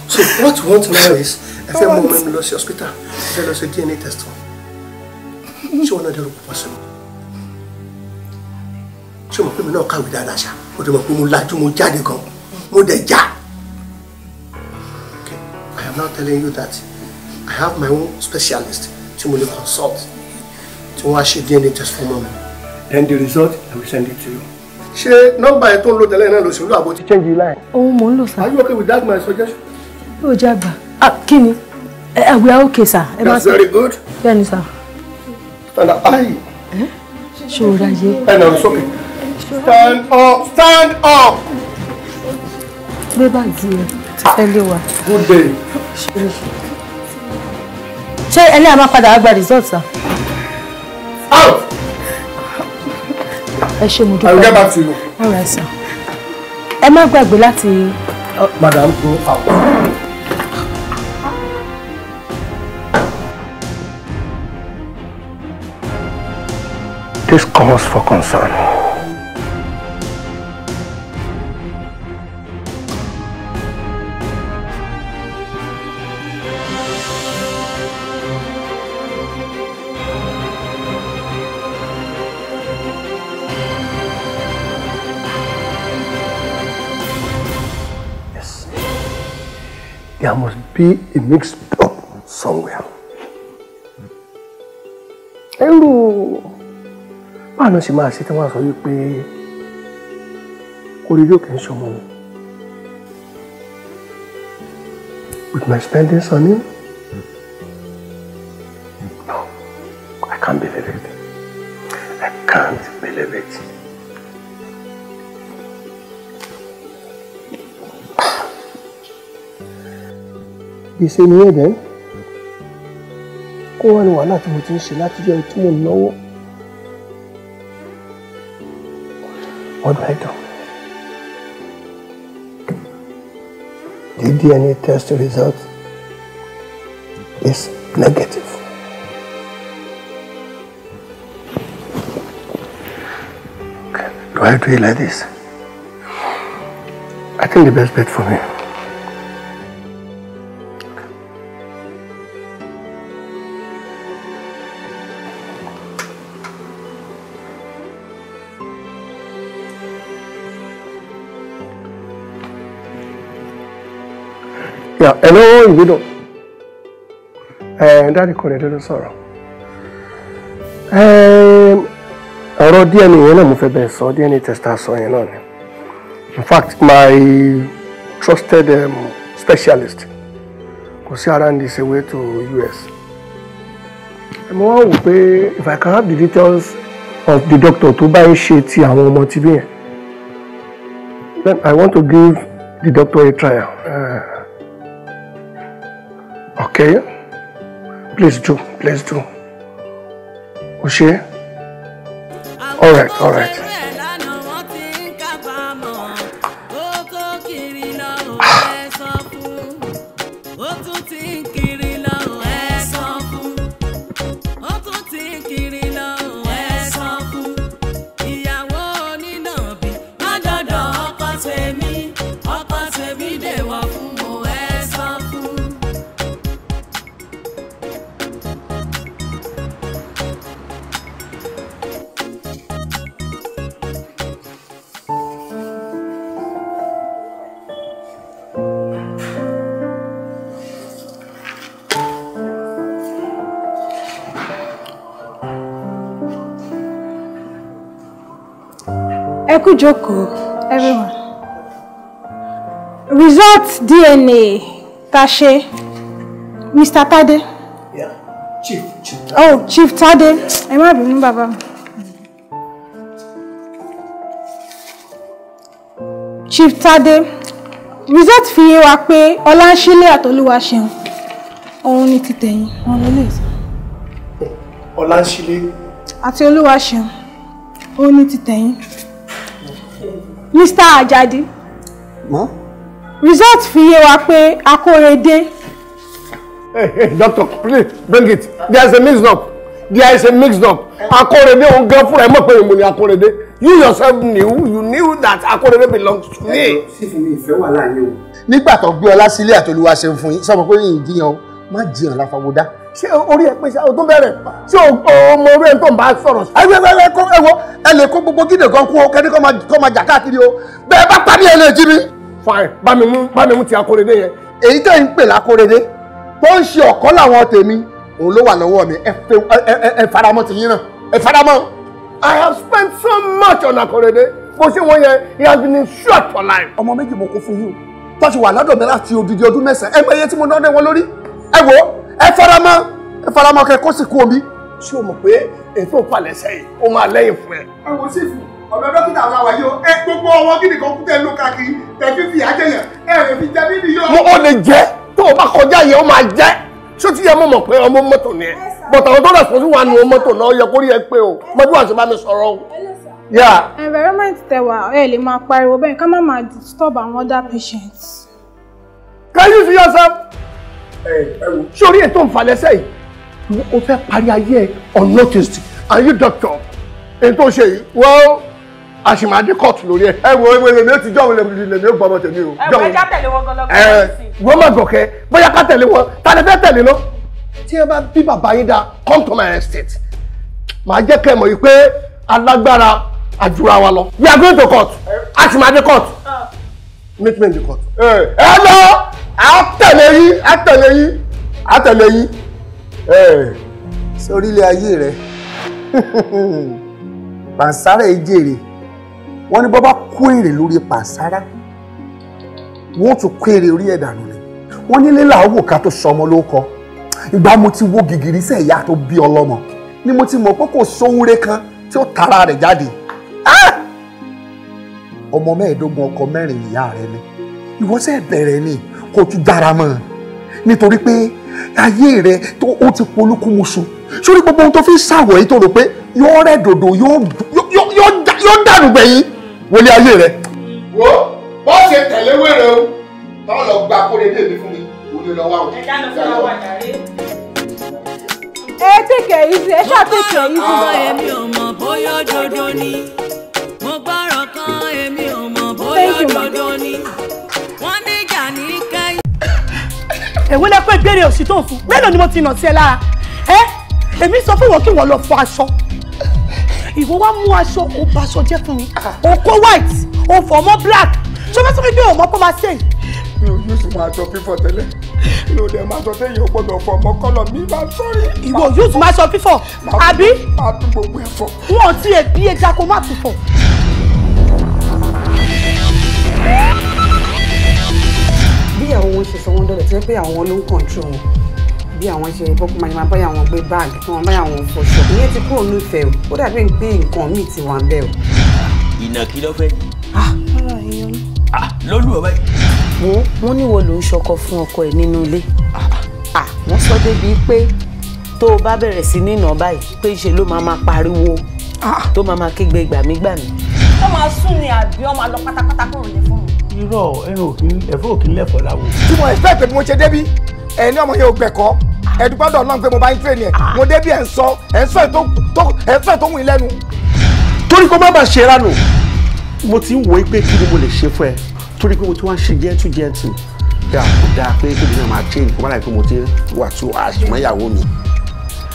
so what you want now is ẹ fẹ́ mú ọmọ mi lọ sí hospital ẹ fẹ́ lọ sí DNA test ṣé wọn náà dẹrù pọ̀ sí mi ṣé mo pé mi náà kàwé dáadáa ṣá mo ti mọ̀ pé mo lajú mo jáde gan mo dẹ̀ já. okay I am now telling you that I have my own specialist tí mo lè consult tí wọ́n á ṣe DNA test fún mọ́ mi then the result I will send it to you ṣe nọ́mbà ẹ tó ń lò tẹ́lẹ̀ náà lò sí ló àbò ti change line. ohun mò ń lò sá. are you okay with that my suggestion. yóò jẹ́ àgbà ah, kí ni eh, eh, we are okay sir. that's very good. bẹ́ẹ̀ni sir. And I. ayi. Eh? ṣòro ayé. ẹ̀ nà sókè stand up stand up. gbé báàgì rẹ ẹ lé wa. good day. ṣé ẹlẹ́yà máa padà wá gba results, ah. out. ẹ ṣe mo dúpẹ́. I will get back to you. all right sir. ẹ má gbàgbé láti. Uh, madam go out. This calls for concern. There must be a mixed up somewhere. Ẹrù báàánú ṣe máa ṣe tí wọ́n sọ wípé orílẹ̀ òkè ń ṣọmọ mi. With my spending on him, no, I can't believe it. I can't believe it. gbèsè ni ẹ̀bẹ̀ kó wá ní wàhálà tí mo ti ń ṣe láti jẹ́ tí mo náwó ọdún ẹ̀dọ̀ the DNA test result is negative. Do I do it like this? I think the best bet for me. Yeah, hello, Ìbídò. Dáàdì Kọ̀rẹ́dé ló sọ̀rọ̀. Ọ̀rọ̀ DNA yẹn náà mo fẹ́ bẹ̀rẹ̀ sọ, DNA tester sọ yẹn náà ni. In fact, my trusted um, specialist Kosiara is away to US. Mo wá wò pé if I can have the details of the doctor tó bá ń ṣe ti àwọn ọmọ tibí yẹn, then I want to give the doctor a trial. Okay, Please do, please do. Oshie. Alright, alright. Joko, everyone result DNA tá Mr. Tade. Yeah. Chief, Chief. Oh, Chief Tade. I might bínú bàbá mi. Chief Tade result fi yé wa pé Ọláńṣílé àtolúwaṣeun òun ni ti tẹ̀yìn wọn ló lè sọ. Ọláńṣílé. àti Olúwaṣeun òun ni ti tẹ̀yìn. Mr. Ajadi. Mọ́. Result fi yé wa pé Akóredé. Hey, hey, doctor, please bring it. There is a mix-up. There is a mix-up. Akorede òun gan fúnra ẹ̀ mọ̀ pé èmi ni Akóredé. You yourself knew, you knew that Akorede belongs to me. Ṣé fún mi ìfẹ́ wà láàyè o? Nígbà tó gbé ọlá sílé àtolúwa ṣe ń fún yín, sọ ma pé yìnyín jiyàn má jiyàn láfàwọ́dá ṣé orí ẹ pèsè o tó ṣé ọmọ orí ẹ tó ń bá sọ̀rọ̀ ẹgbẹ́ kó ẹ lè kó gbogbo gídè gan kú o kẹ́ni kó máa jà káàkiri o bẹ́ẹ̀ bá pa ẹ lè jí mi. fine bá mi mú bá mi mú ti akóredé yẹn. èyí tẹ́ ń pè lákóredé tó ń ṣe ọ̀kọ́ làwọn tèmi òun ló wà lọ́wọ́ mi ẹ faramọ́ ti yín náà ẹ faramọ́. I have spent so much on akóredé bó ṣe wọ́n yẹn he has been in short for life. ọmọ méjì mo kó fún yín o tó wà ládọ̀ mi láti odidi ọdún mẹ́sàn-án ẹgbẹ́ ẹ faramọ́ kẹ kó sì kú omi. ṣé o mọ̀ pé ètò ìpalẹ̀ sẹ́yìn ó máa lẹ́yìn fún ẹ. ẹ sí ìfún ọ̀dọ̀ dókítà wa wáyé o ẹ gbogbo ọwọ́ gidi kan kú tẹ̀ ló káàkiri tẹ̀ fífi àjẹyàn ẹ rẹ̀ fi jẹ níbi yọ. mo ò lè jẹ tó o bá kọjá yẹn ó máa jẹ ṣó yẹ mo mọ̀ pé ọmọ mọ́tò ni ẹ but àwọn tó rẹ̀sọ̀tún wà nù mọ́tò náà yẹ kórìí ẹ pé o mọ́jú àti bá mi sọ̀rọ̀ o. environment tẹwà ẹ lè máa pariwo bẹ́ẹ̀ ká má máa disturb àwọn other patients. can you see yourself? sórí ètò ìfàlẹ́sẹ̀ yìí o fẹ́ parí ayé unnoticed are you doctor èyí tó ṣe yìí wọ́n àṣìmáàdé kóòtù lórí ẹ. ẹ wo ewé lèmi ó ti jọ̀wọ́ lèmi lèmi ó gbọ́mọ tèmi o. ẹ wọ́n ká tẹ̀lé wọn gọlọ́gọ́ ẹ wọ́n má gòkè bóyá ká tẹ̀lé wọn ta ni fẹ́ tẹ̀lé lọ. tí ẹ bá bí bàbá yín dá come to my estate màá jẹ́ kẹ́ ẹ mọ̀ yìí pé alágbára àjùra wa lọ. we are going to court àṣìmáàdé court ah. meet me in the court. ẹ lọ. àtẹ̀lé yín àtẹ̀lé yín àtẹ̀lé yín ayé rẹ̀ [laughs] pàǹsárá ejèrè wọ́n ní bọ́bá kó èrè lórí pàǹsárá wọ́n tún kó èrè orí ẹ̀dà ni nílé ká tó sọmọ ló ìgbà mo ti wo gìgìrì sẹ́ ìyá tó bí ọlọ́mọ ni mo ti mọ̀ pé kò kan tí tara rẹ̀ jáde ah! ọmọ mẹ́ẹ̀ẹ́dógún ọkọ mẹ́rin ìyá rẹ ni ìwọ́sẹ̀ bẹ̀rẹ̀ ni. kó tún dára mọ́ nítorí pé ayé rẹ tó o ti polúkúmuṣu sórí gbogbo ohun tó fi ṣàwọ̀ yìí tó rò pé yóò rẹ̀ dòdò yóò dànù gbẹ̀yìn wọlé ayé rẹ. wo bó ṣe tẹ̀lé wèrè o táwọn lọ gba kóre dé mi fún mi kò lè lọ wá o. ẹ dáná fún wa ẹ tẹ̀kẹ̀ yìí sí ẹ ṣáà tẹ̀kẹ̀ yìí sí. ọkọ ẹ̀mí ò mọ̀ bóyá òdodo ni. èwo lẹ pé ìbéèrè òsì tó ń fún mélòó ni mo ti nà sí ẹ lára ẹ èmi sọ fún wọn kí wọn lọ fọ aṣọ ìwọ wá mú aṣọ ó bà aṣọ jẹ́ fún mi ó kó white ó fọ mọ́ black ṣé wọ́n sọ fún mi pé òun mọ́ kó máa ṣe yìí mi ò yóò sì máa sọ fífọ̀ tẹ́lẹ̀ mi ò dẹ̀ máa sọ téèyàn gbọ́dọ̀ fọ ọmọ kọ́lọ̀ mi máa sọ́rí. ìwọ yóò sì máa sọ fífọ̀ àbí. máa tún gbogbo ẹ̀ fọ. wọn ò tiẹ̀ bí ẹja kó má tún fọ bíyàwó wọn ṣe sọ wọn dọ̀lẹ̀ tí wọ́n pé àwọn ló ń kọ̀ǹtró wọn bí àwọn ṣe bọ́kú máa bá àwọn gbé báàgì tí wọ́n bá àwọn fọṣọ ìyẹn ti kúrò nífẹ̀ẹ́ o ó dàbí pé nǹkan míì ti wà bẹ́ẹ̀ o. ìnàkí ló fẹ́ ah, ah, yìí. ah rárá ìyẹn ló. ah lọ́lù ọ̀bẹ. wo wọn ní wo ló ń ṣọkọ fún ọkọ ẹ nínú ilé. ah, ah wọn sọ débi pé tó o bá bẹ̀rẹ̀ sí ní ìnà báyìí pé ṣe ló máa máa pariwo tó máa máa kígbe gbàmígbàmí. ó máa sùn ní àbí ó máa lọ pátápátá kúrò ní fún mi irọ́ ẹran òkín ẹ̀fọ́ òkín lẹ́fọ̀ọ́ láwo. tí mo expect pé mo ṣe débí ẹ̀ ní ọmọ yẹn ò gbẹ̀kọ́ ẹ̀dùgbọ́dọ̀ ọlọ́run pé mo bá ń tẹ̀lé ẹ̀ mo débí ẹ̀ ń sọ ẹ̀ ń sọ ẹ̀fẹ́ tó wù í lẹ́nu. torí kó má bàa ṣe ránù mo ti ń wòó pé kí ni mo lè ṣe fún ẹ torí pé mo ti wá ń ṣe gentle gentle dáa dáa pé kébì náà máa change kó má láì pé mo ti wà tó àṣìmọ́ ìyàwó mi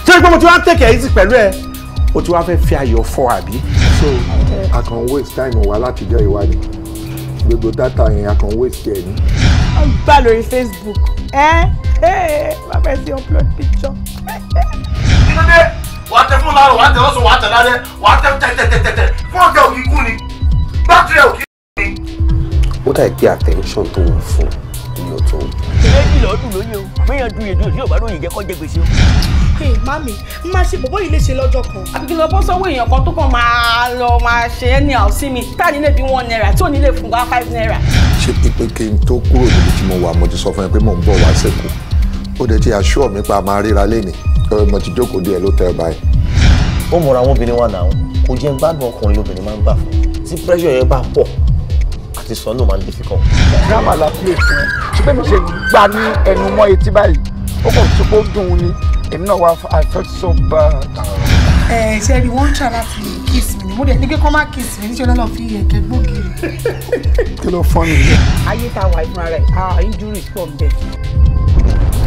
torí pé mo ti wá ń tẹ̀kẹ̀ easy pẹ̀lú ẹ o ti wá fẹ́ fi ayọ̀ fọ àbí. so a kàn waste time wa látijọ́ ìwádìí gbogbo dátà yẹn a kàn waste ẹ̀ ni. wọ́n gbà lórí Facebook ẹ́ ẹ́ bàbá ẹ̀ ti upload picture. kí ló dé wàá tẹ fún láàrọ̀ wàá tẹ lọ́sàn wàá tẹ lálẹ́ wàá tẹ tẹ̀tẹ̀tẹ̀tẹ̀ fún ọ̀gá òkìkú ni bátìrì òkìkú ni. ó dà bí attention tó wù fún un ìlò tó. méjì lọ dùn lóye o méyàn dùn yèdùn tí yorùbá lóye jẹ kó jẹ gbèsè o. ee mami má ṣe bọ̀bọ̀ yìí lè ṣe lọ́jọ́ kan. àbíkí lọ bọ́ sọ́wọ́ èèyàn kan tó kàn máa lọ máa ṣe é ní àwòsí mi táàní lè bí one naira tí ò ní fún wa five naira. ṣé pípé kí n tó kúrò níbi tí mo wà mo ti sọ fún ẹ pé mò ń bọ̀ wá sẹ́kù ó dẹ̀ ti aṣọ mi pa máa ríra lẹ́nìí mo ti jókòó díẹ̀ ló tẹ́ báyìí. ó mọ̀ra àwọn obìnrin wa náà kò jẹ́ gbádùn ọkùnrin lóbìnrin máa ń gbà fún tí pressure yẹn bá pọ̀ àti sọ máa ń difficult. drama la play fún ẹ ṣùgbọ́n mi ṣe gbá ní ẹnu mọ́ etí báyìí ó kàn tó kó dùn ún ni èmi náà wà I felt so bad. ẹ ṣe rí wọn ń ṣàlá fi kiss mi ni mo dẹ̀ ní kí má kiss mi níṣẹ́ lọ́nà fi ẹ̀kẹ́ gbòógì rẹ̀. kí ló fọ́ mi. ayé ta wà ìfúnra rẹ̀ ah injury pọ̀ bẹ́ẹ̀.